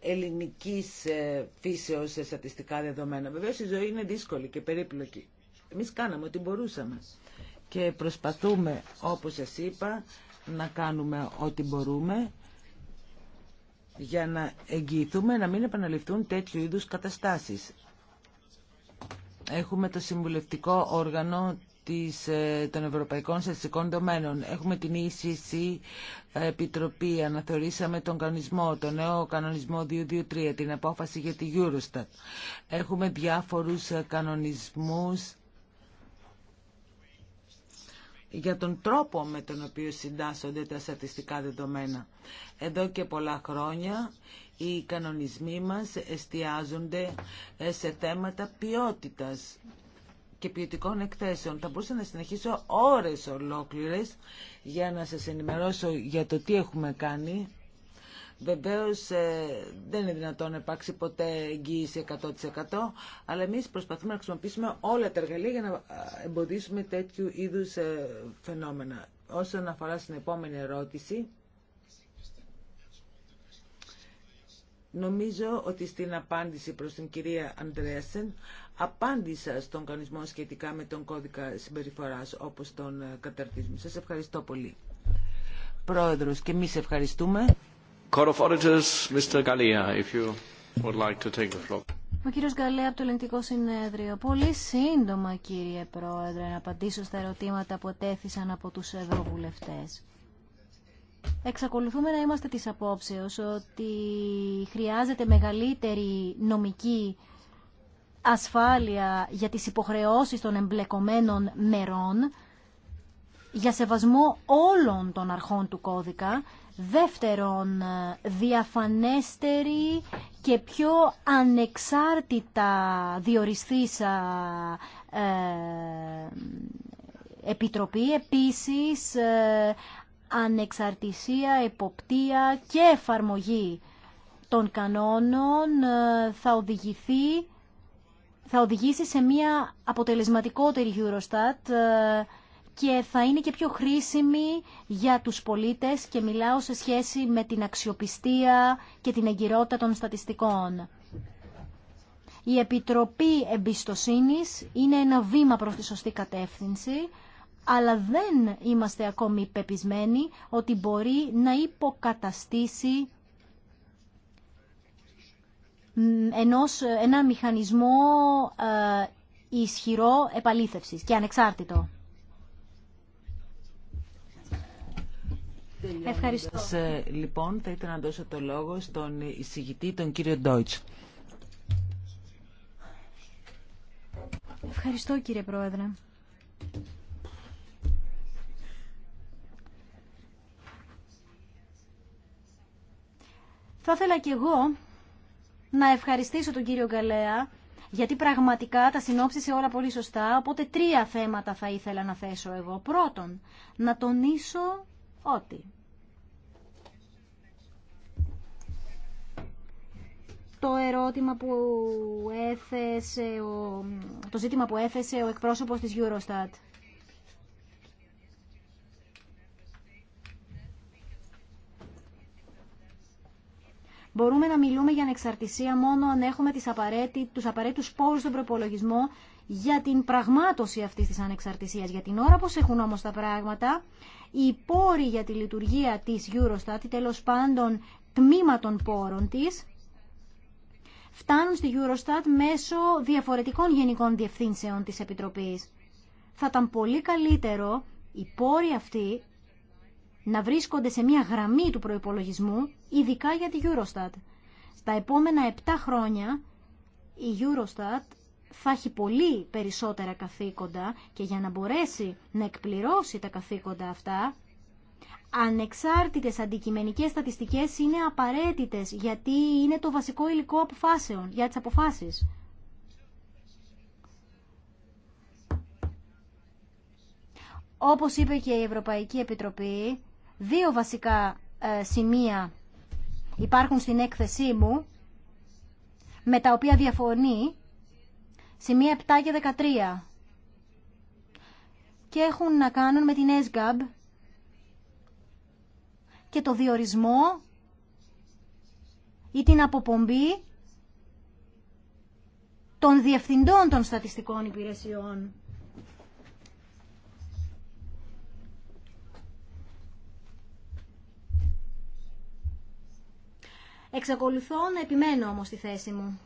ελληνικής ε, φύσεως σε στατιστικά δεδομένα. Βεβαίως η ζωή είναι δύσκολη και περίπλοκη. Εμείς κάναμε ό,τι μπορούσαμε και προσπαθούμε, όπως σας είπα, να κάνουμε ό,τι μπορούμε για να εγγυηθούμε να μην επαναληφθούν τέτοιου είδους καταστάσεις. Έχουμε το συμβουλευτικό όργανο ε, των Ευρωπαϊκών Στατιστικών Δομένων. Έχουμε την ECC ε, Επιτροπή, αναθεωρήσαμε τον κανονισμό, τον νέο κανονισμό 223, την απόφαση για τη Eurostat. Έχουμε διάφορους ε, κανονισμούς για τον τρόπο με τον οποίο συντάσσονται τα στατιστικά δεδομένα. Εδώ και πολλά χρόνια οι κανονισμοί μας εστιάζονται σε θέματα ποιότητας και ποιοτικών εκθέσεων. Θα μπορούσα να συνεχίσω ώρες ολόκληρες για να σας ενημερώσω για το τι έχουμε κάνει. Βεβαίως ε, δεν είναι δυνατόν να υπάρξει ποτέ εγγύηση 100% αλλά εμείς προσπαθούμε να χρησιμοποιήσουμε όλα τα εργαλεία για να ε, εμποδίσουμε τέτοιου είδους ε, φαινόμενα. Όσον αφορά στην επόμενη ερώτηση, νομίζω ότι στην απάντηση προς την κυρία Αντρέασεν απάντησα στον κανονισμό σχετικά με τον κώδικα συμπεριφοράς όπως τον ε, καταρτίζουμε. Σας ευχαριστώ πολύ. Πρόεδρος, και εμείς ευχαριστούμε. Ο κύριος Γκαλέα από το Ελληνικό Συνέδριο. Πολύ σύντομα, κύριε Πρόεδρε, να απαντήσω στα ερωτήματα που τέθησαν από τους ευρωβουλευτές. Εξακολουθούμε να είμαστε της απόψεως ότι χρειάζεται μεγαλύτερη νομική ασφάλεια για τις υποχρεώσεις των εμπλεκομένων μερών, για σεβασμό όλων των αρχών του κώδικα, δεύτερον διαφανέστερη και πιο ανεξάρτητα διοριστήσα ε, επιτροπή, επίσης ε, ανεξαρτησία, εποπτεία και εφαρμογή των κανόνων ε, θα οδηγηθεί θα οδηγήσει σε μια αποτελεσματικότερη Eurostat ε, και θα είναι και πιο χρήσιμη για τους πολίτες και μιλάω σε σχέση με την αξιοπιστία και την εγκυρότητα των στατιστικών. Η Επιτροπή Εμπιστοσύνης είναι ένα βήμα προς τη σωστή κατεύθυνση, αλλά δεν είμαστε ακόμη πεπισμένοι ότι μπορεί να υποκαταστήσει ενός, ένα μηχανισμό ε, ισχυρό επαλήθευσης και ανεξάρτητο. Ευχαριστώ. Ε, λοιπόν, θα ήθελα να δώσω το λόγο στον εισηγητή, τον κύριο Ντόιτς. Ευχαριστώ κύριε Πρόεδρε. Θα ήθελα κι εγώ να ευχαριστήσω τον κύριο Γκαλέα, γιατί πραγματικά τα συνόψισε όλα πολύ σωστά, οπότε τρία θέματα θα ήθελα να θέσω εγώ. Πρώτον, να τονίσω ότι το ερώτημα που έθεσε ο, το ζήτημα που έθεσε ο εκπρόσωπος της Eurostat Μπορούμε να μιλούμε για ανεξαρτησία μόνο αν έχουμε τις απαραίτη, τους απαραίτητους πόρους στον προπολογισμό για την πραγμάτωση αυτής της ανεξαρτησίας. Για την ώρα πως έχουν όμως τα πράγματα, οι πόροι για τη λειτουργία της Eurostat, τέλος πάντων τμήμα των πόρων της, φτάνουν στη Eurostat μέσω διαφορετικών γενικών διευθύνσεων της Επιτροπής. Θα ήταν πολύ καλύτερο οι πόροι αυτοί να βρίσκονται σε μια γραμμή του προϋπολογισμού, ειδικά για τη Eurostat. Στα επόμενα 7 χρόνια η Eurostat θα έχει πολύ περισσότερα καθήκοντα και για να μπορέσει να εκπληρώσει τα καθήκοντα αυτά, ανεξάρτητες αντικειμενικές στατιστικές είναι απαραίτητες γιατί είναι το βασικό υλικό αποφάσεων για τις αποφάσεις. Όπως είπε και η Ευρωπαϊκή Επιτροπή, Δύο βασικά ε, σημεία υπάρχουν στην έκθεσή μου με τα οποία διαφωνεί σημεία 7 και 13 και έχουν να κάνουν με την ΕΣΓΑΜ και το διορισμό ή την αποπομπή των διευθυντών των στατιστικών υπηρεσιών. Εξακολουθώ να επιμένω όμως στη θέση μου.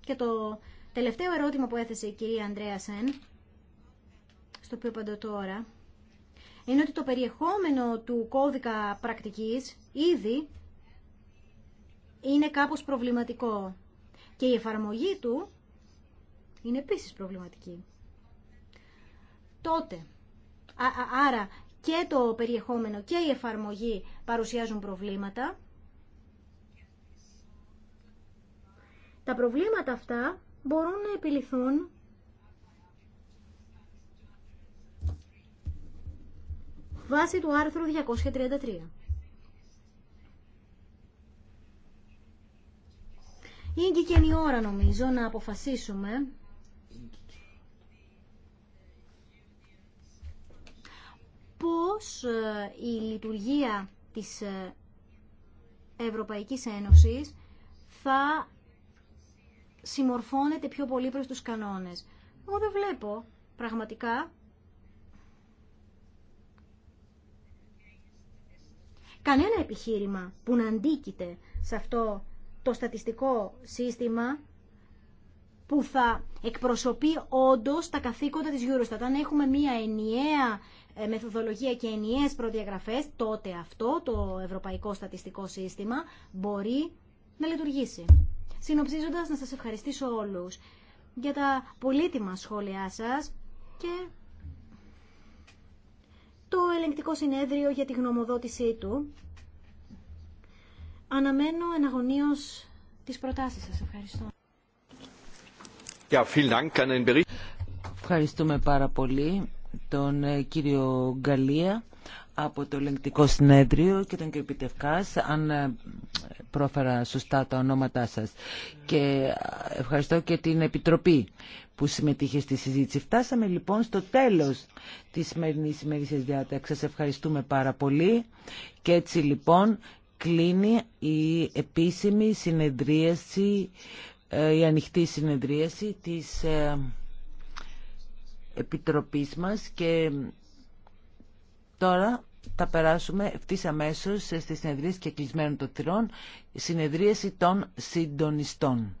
Και το τελευταίο ερώτημα που έθεσε η κυρία Σεν, στο οποίο απαντώ τώρα, είναι ότι το περιεχόμενο του κώδικα πρακτικής ήδη είναι κάπως προβληματικό και η εφαρμογή του είναι επίσης προβληματική. Τότε, άρα και το περιεχόμενο και η εφαρμογή παρουσιάζουν προβλήματα Τα προβλήματα αυτά μπορούν να επιληθούν βάσει του άρθρου 233. Είναι και καινή ώρα νομίζω να αποφασίσουμε πώς ε, η λειτουργία της ε, Ευρωπαϊκής Ένωσης θα συμμορφώνεται πιο πολύ προς τους κανόνες. Εγώ δεν βλέπω πραγματικά κανένα επιχείρημα που να αντίκειται σε αυτό το στατιστικό σύστημα που θα εκπροσωπεί όντως τα καθήκοντα της Eurostat. Αν έχουμε μία ενιαία ε, μεθοδολογία και ενιαίες προδιαγραφές, τότε αυτό το Ευρωπαϊκό Στατιστικό Σύστημα μπορεί να λειτουργήσει. Συνοψίζοντας, να σας ευχαριστήσω όλους για τα πολύτιμα σχόλιά σας και το ελεγκτικό συνέδριο για τη γνωμοδότησή του. Αναμένω εναγωνίως τις προτάσεις σας. Ευχαριστώ. Ευχαριστούμε πάρα πολύ τον ε, κύριο Γκαλία από το ελεγκτικό συνέδριο και τον κ. Πιτευκάς, αν ε, πρόφερα σωστά τα ονόματά σας. Και ε, ευχαριστώ και την Επιτροπή που συμμετείχε στη συζήτηση. Φτάσαμε λοιπόν στο τέλος της σημερινής ημερήσιας διάταξης. Σας ευχαριστούμε πάρα πολύ και έτσι λοιπόν κλείνει η επίσημη συνεδρίαση, ε, η ανοιχτή συνεδρίαση της Επιτροπής μας και Τώρα θα περάσουμε ευθύ αμέσω στι συνεδρίαση και κλεισμένων των θυρών, συνεδρίαση των συντονιστών.